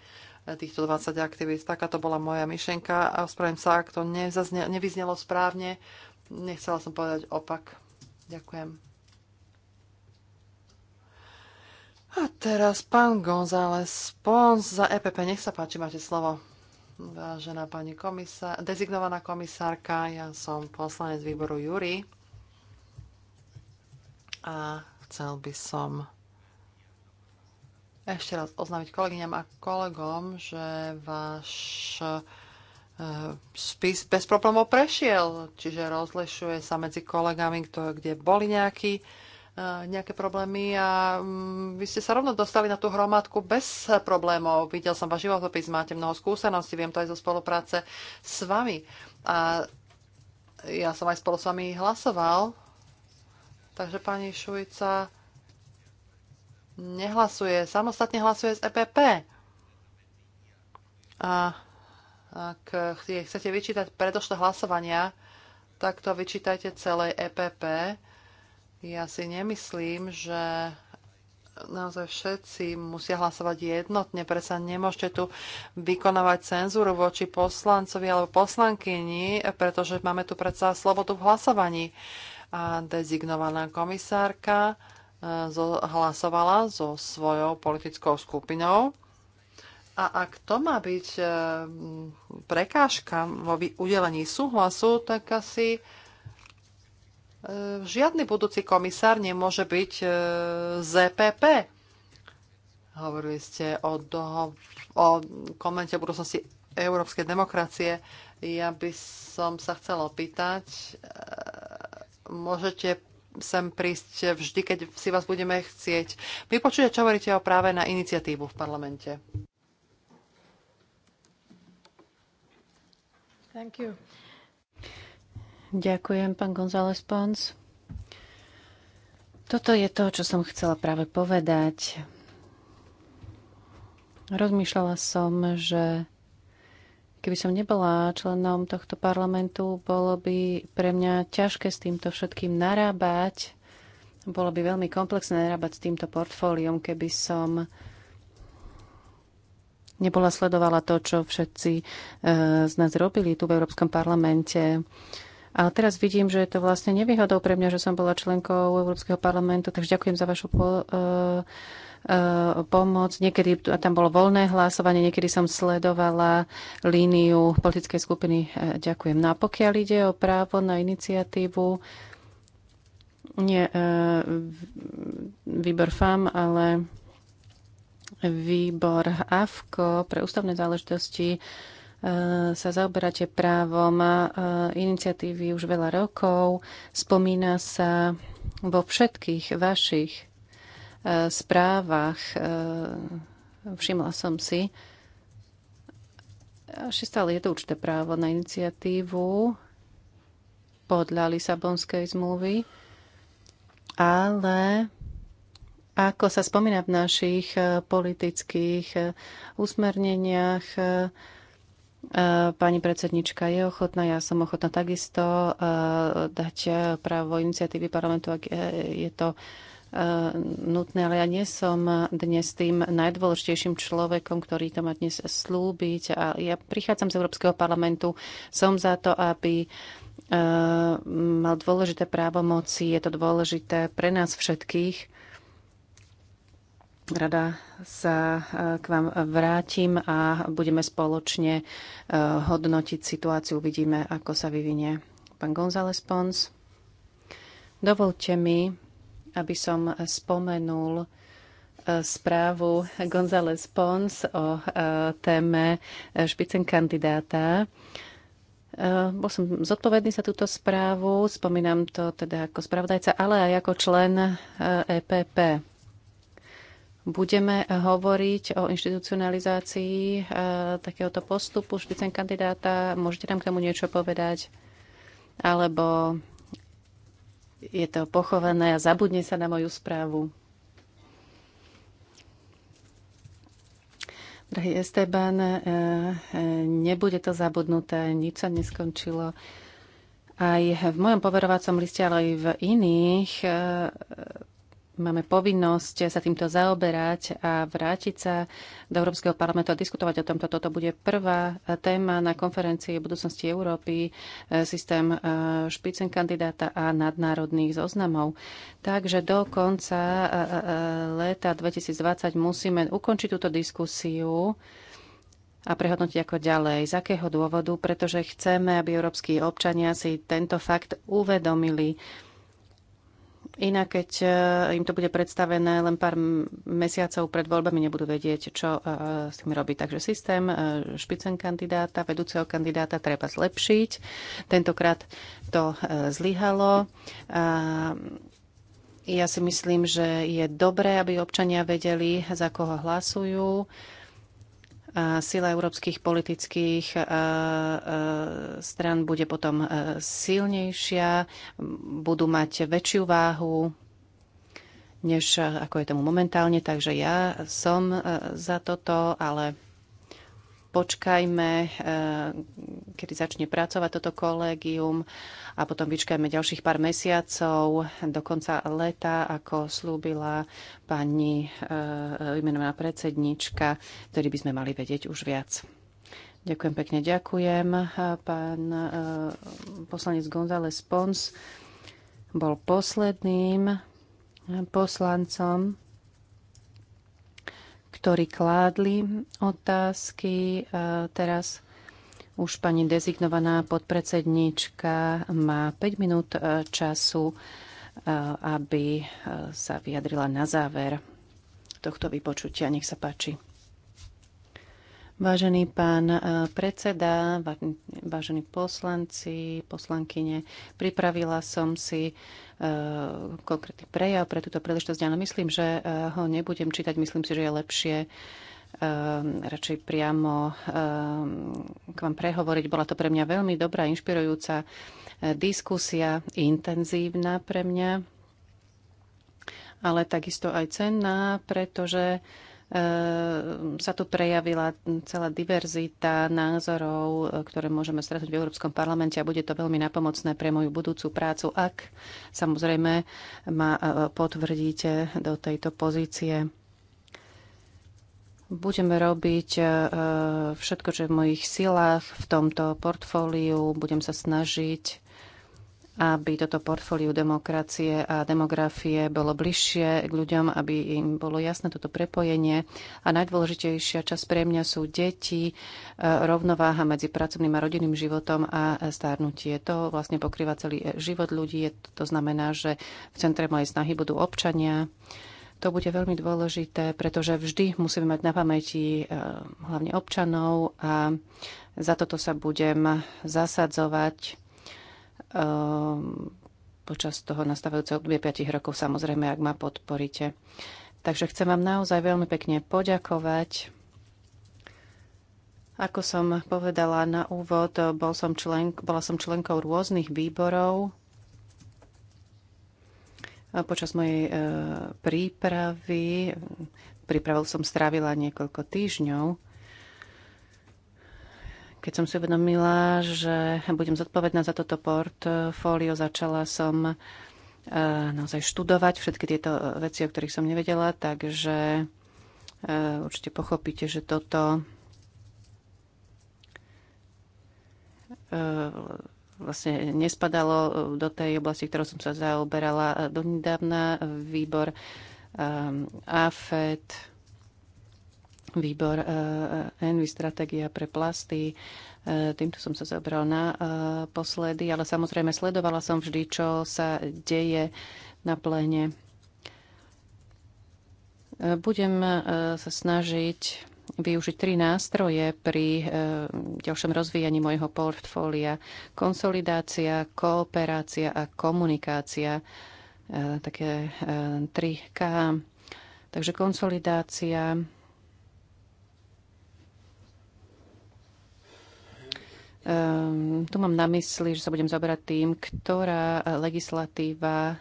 týchto 20 aktivít. Taká to bola moja myšlenka a ospravím sa, ak to nevyznelo správne. Nechcela som povedať opak. Ďakujem. A teraz pán González Pons za EPP. Nech sa páči, máte slovo. Vážená pani komisár, dezignovaná komisárka, ja som poslanec výboru Jury a chcel by som ešte raz oznámiť kolegyňam a kolegom, že váš e, spis bez problémov prešiel, čiže rozlišuje sa medzi kolegami, kto, kde boli nejakí, e, nejaké problémy a mm, vy ste sa rovno dostali na tú hromadku bez problémov. Videl som váš životopis, máte mnoho skúseností, viem to aj zo spolupráce s vami. A ja som aj spolu s vami hlasoval, takže pani Šujca, nehlasuje, samostatne hlasuje z EPP. A ak chcete vyčítať predošlé hlasovania, tak to vyčítajte celej EPP. Ja si nemyslím, že naozaj všetci musia hlasovať jednotne, predsa nemôžete tu vykonávať cenzúru voči poslancovi alebo poslankyni, pretože máme tu predsa slobodu v hlasovaní. A dezignovaná komisárka hlasovala so svojou politickou skupinou. A ak to má byť eh, prekážka vo udelení súhlasu, tak asi eh, žiadny budúci komisár nemôže byť eh, ZPP. Hovorili ste o, doho- o komente budúcnosti európskej demokracie. Ja by som sa chcela opýtať, môžete sem prísť vždy, keď si vás budeme chcieť vypočuť, čo hovoríte o práve na iniciatívu v parlamente.
Thank you.
Ďakujem, pán González Pons. Toto je to, čo som chcela práve povedať. Rozmýšľala som, že Keby som nebola členom tohto parlamentu, bolo by pre mňa ťažké s týmto všetkým narábať. Bolo by veľmi komplexné narábať s týmto portfóliom, keby som nebola sledovala to, čo všetci e, z nás robili tu v Európskom parlamente. Ale teraz vidím, že je to vlastne nevýhodou pre mňa, že som bola členkou Európskeho parlamentu, takže ďakujem za vašu po, uh, Eh, pomoc. Niekedy tam bolo voľné hlasovanie, niekedy som sledovala líniu politickej skupiny. Eh, ďakujem. No a pokiaľ ide o právo na iniciatívu, nie eh, výbor FAM, ale výbor AFKO pre ústavné záležitosti sa zaoberáte právom iniciatívy už veľa rokov. Spomína sa vo všetkých vašich správach. E, všimla som si, že stále je to určité právo na iniciatívu podľa Lisabonskej zmluvy, ale ako sa spomína v našich e, politických e, usmerneniach, Pani predsednička je ochotná, ja som ochotná takisto dať právo iniciatívy parlamentu, ak je to Eh, nutné, ale ja nie som dnes tým najdôležitejším človekom, ktorý to má dnes slúbiť. A ja prichádzam z Európskeho parlamentu, som za to, aby eh, mal dôležité právomoci, je to dôležité pre nás všetkých. Rada sa eh, k vám vrátim a budeme spoločne hodnotiť situáciu. Uvidíme, ako sa vyvinie. Pán González Pons, dovolte mi aby som spomenul eh, správu González Pons o eh, téme eh, špicen kandidáta. Bol som zodpovedný za túto správu, spomínam to teda ako spravodajca, ale aj ako člen EPP. E Budeme hovoriť o inštitucionalizácii takéhoto postupu špicen kandidáta. Môžete nám k tomu niečo povedať? Alebo je to pochované a zabudne sa na moju správu. Drahý Esteban, eh, eh, nebude to zabudnuté, nič sa neskončilo. Aj v mojom poverovacom liste, ale aj v iných eh, máme povinnosť sa týmto zaoberať a vrátiť sa do Európskeho parlamentu a diskutovať o tomto. Toto bude prvá téma na konferencii budúcnosti Európy, e, systém e, špicen kandidáta a nadnárodných zoznamov. Takže do konca e, leta 2020 musíme ukončiť túto diskusiu a prehodnotiť ako ďalej. Z akého dôvodu? Pretože chceme, aby európsky občania si tento fakt uvedomili Inak, keď e, im to bude predstavené len pár mesiacov pred voľbami, nebudú vedieť, čo e, e, s tým robiť. Takže systém špicen kandidáta, vedúceho kandidáta treba zlepšiť. Tentokrát to zlyhalo. Ja si myslím, že je dobré, aby občania vedeli, za koho hlasujú. Sila európskych politických stran bude potom silnejšia, budú mať väčšiu váhu než ako je tomu momentálne, takže ja som za toto, ale počkajme, e, kedy začne pracovať toto kolégium a potom vyčkajme ďalších pár mesiacov do konca leta, ako slúbila pani vymenovaná e, predsednička, ktorý by sme mali vedieť už viac. Ďakujem pekne, ďakujem. E, pán poslanec González Pons bol posledným poslancom ktorí kládli otázky. Teraz už pani dezignovaná podpredsedníčka má 5 minút e, času, e, aby e, sa vyjadrila na záver tohto vypočutia. Nech sa páči. Vážený pán predseda, vážení poslanci, poslankyne, pripravila som si Eh, konkrétny prejav pre túto príležitosť, ale myslím, že eh, ho nebudem čítať. Myslím si, že je lepšie eh, radšej priamo k vám prehovoriť. Bola to pre mňa veľmi dobrá, inšpirujúca diskusia, intenzívna pre mňa, ale takisto aj cenná, pretože Ehm, sa tu prejavila celá diverzita názorov, e, ktoré môžeme stretnúť v Európskom parlamente a bude to veľmi napomocné pre moju budúcu prácu, ak samozrejme ma e, potvrdíte do tejto pozície. Budeme robiť e, všetko, čo je v mojich silách v tomto portfóliu. Budem sa snažiť aby toto portfóliu demokracie a demografie bolo bližšie k ľuďom, aby im bolo jasné toto prepojenie. A najdôležitejšia časť pre mňa sú deti, e, rovnováha medzi pracovným a rodinným životom a stárnutie. To vlastne pokrýva celý život ľudí. To znamená, že v centre mojej snahy budú občania, to bude veľmi dôležité, pretože vždy musíme mať na pamäti e, hlavne občanov a za toto sa budem zasadzovať Ehm, počas toho nastávajúceho obdobia 5 rokov, samozrejme, ak ma podporíte. Takže chcem vám naozaj veľmi pekne poďakovať. Ako som povedala na úvod, bol som člen, bola som členkou rôznych výborov počas mojej e, prípravy. Prípravou som strávila niekoľko týždňov keď som si uvedomila, že budem zodpovedná za toto portfólio, začala som e, naozaj študovať všetky tieto e, veci, o ktorých som nevedela, takže e, určite pochopíte, že toto vlastne nespadalo do tej oblasti, ktorou som sa zaoberala donedávna. Výbor AFET, výbor eh, eh, Envy, stratégia pre plasty. Eh, týmto som sa zabral na posledy, ale samozrejme sledovala som vždy, čo sa deje na pléne. Budem sa snažiť využiť tri nástroje pri ďalšom rozvíjaní môjho portfólia. Konsolidácia, kooperácia a komunikácia. Také 3K. Takže konsolidácia, Um, tu mám na mysli, že sa budem zaoberať tým, ktorá eh, legislatíva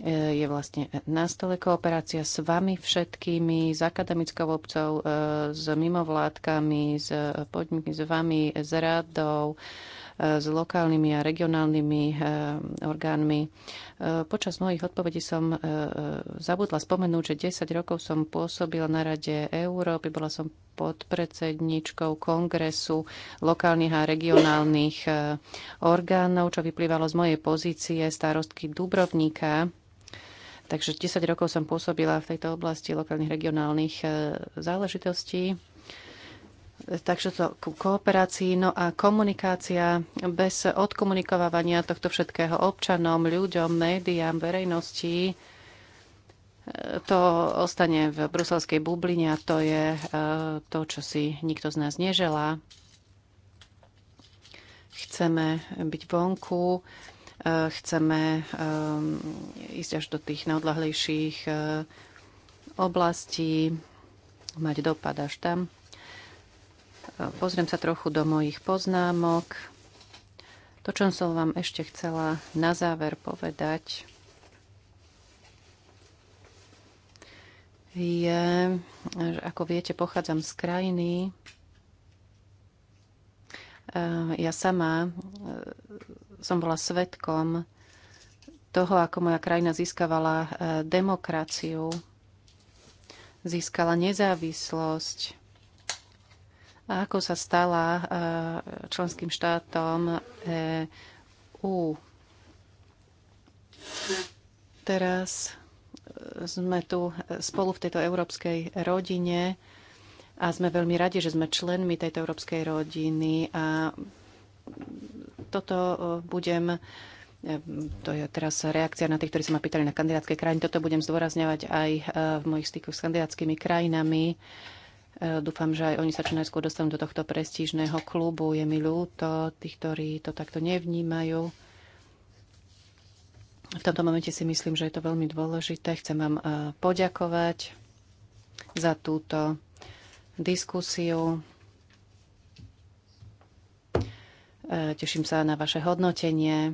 eh, je vlastne na stole kooperácia s vami všetkými, s akademickou obcov, eh, s mimovládkami, s podnikmi, s vami, s radou, s lokálnymi a regionálnymi eh, orgánmi. Eh, počas mojich odpovedí som eh, zabudla spomenúť, že 10 rokov som pôsobila na Rade Európy, bola som podpredsedničkou kongresu lokálnych a regionálnych orgánov, čo vyplývalo z mojej pozície starostky Dubrovníka. Takže 10 rokov som pôsobila v tejto oblasti lokálnych regionálnych záležitostí. Takže to kooperácii, no a komunikácia bez odkomunikovania tohto všetkého občanom, ľuďom, médiám, verejnosti, e, to ostane v bruselskej bubline a to je e, to, čo si nikto z nás neželá. Chceme byť vonku, e, chceme ísť až do tých najodlahlejších oblastí, mať dopad až tam. Pozriem sa trochu do mojich poznámok. To, čo som vám ešte chcela na záver povedať, je, že ako viete, pochádzam z krajiny. Eh, ja sama eh, som bola svetkom toho, ako moja krajina získavala eh, demokraciu, získala nezávislosť, a ako sa stala e, členským štátom EU. Teraz e, sme tu spolu v tejto európskej rodine a sme veľmi radi, že sme členmi tejto európskej rodiny a toto e, budem to je teraz reakcia na tých, ktorí sa ma pýtali na kandidátske krajiny. Toto budem zdôrazňovať aj v mojich stykoch s kandidátskymi krajinami. E, dúfam, že aj oni sa čo najskôr dostanú do tohto prestížneho klubu. Je mi ľúto tých, ktorí to takto nevnímajú. V tomto momente si myslím, že je to veľmi dôležité. Chcem vám e, poďakovať za túto diskusiu. E, teším sa na vaše hodnotenie.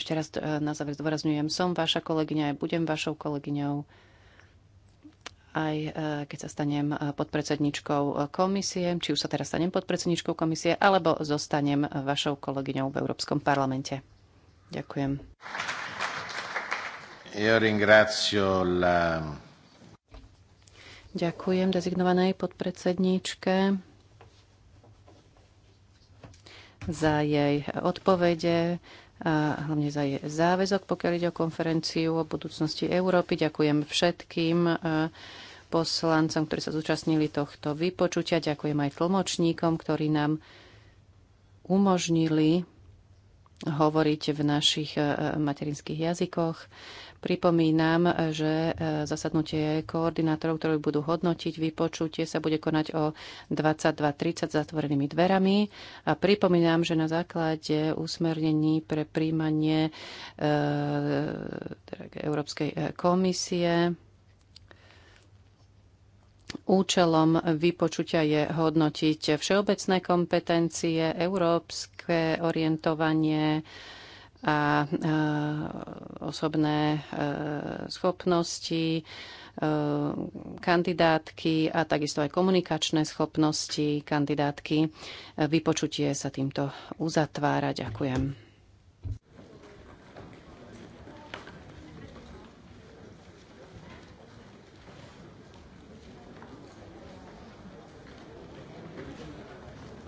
Ešte raz na záver zdôrazňujem, som vaša kolegyňa a budem vašou kolegyňou aj e, keď sa stanem e, podpredsedničkou komisie, či už sa teraz stanem podpredsedničkou komisie, alebo zostanem vašou kolegyňou v Európskom parlamente. Ďakujem. Ďakujem dezignovanej podpredsedničke za jej odpovede, a hlavne za jej záväzok, pokiaľ ide o konferenciu o budúcnosti Európy. Ďakujem všetkým e, poslancom, ktorí sa zúčastnili tohto vypočutia. Ďakujem aj tlmočníkom, ktorí nám umožnili hovoriť v našich e, materinských jazykoch. Pripomínam, že e, zasadnutie koordinátorov, ktorí budú hodnotiť vypočutie, sa bude konať o 22.30 zatvorenými dverami. A pripomínam, že na základe usmernení pre príjmanie e, teda Európskej e, komisie Účelom vypočutia je hodnotiť všeobecné kompetencie, európske orientovanie, a osobné e, schopnosti e, kandidátky a takisto aj komunikačné schopnosti kandidátky. E, vypočutie sa týmto uzatvára. Ďakujem.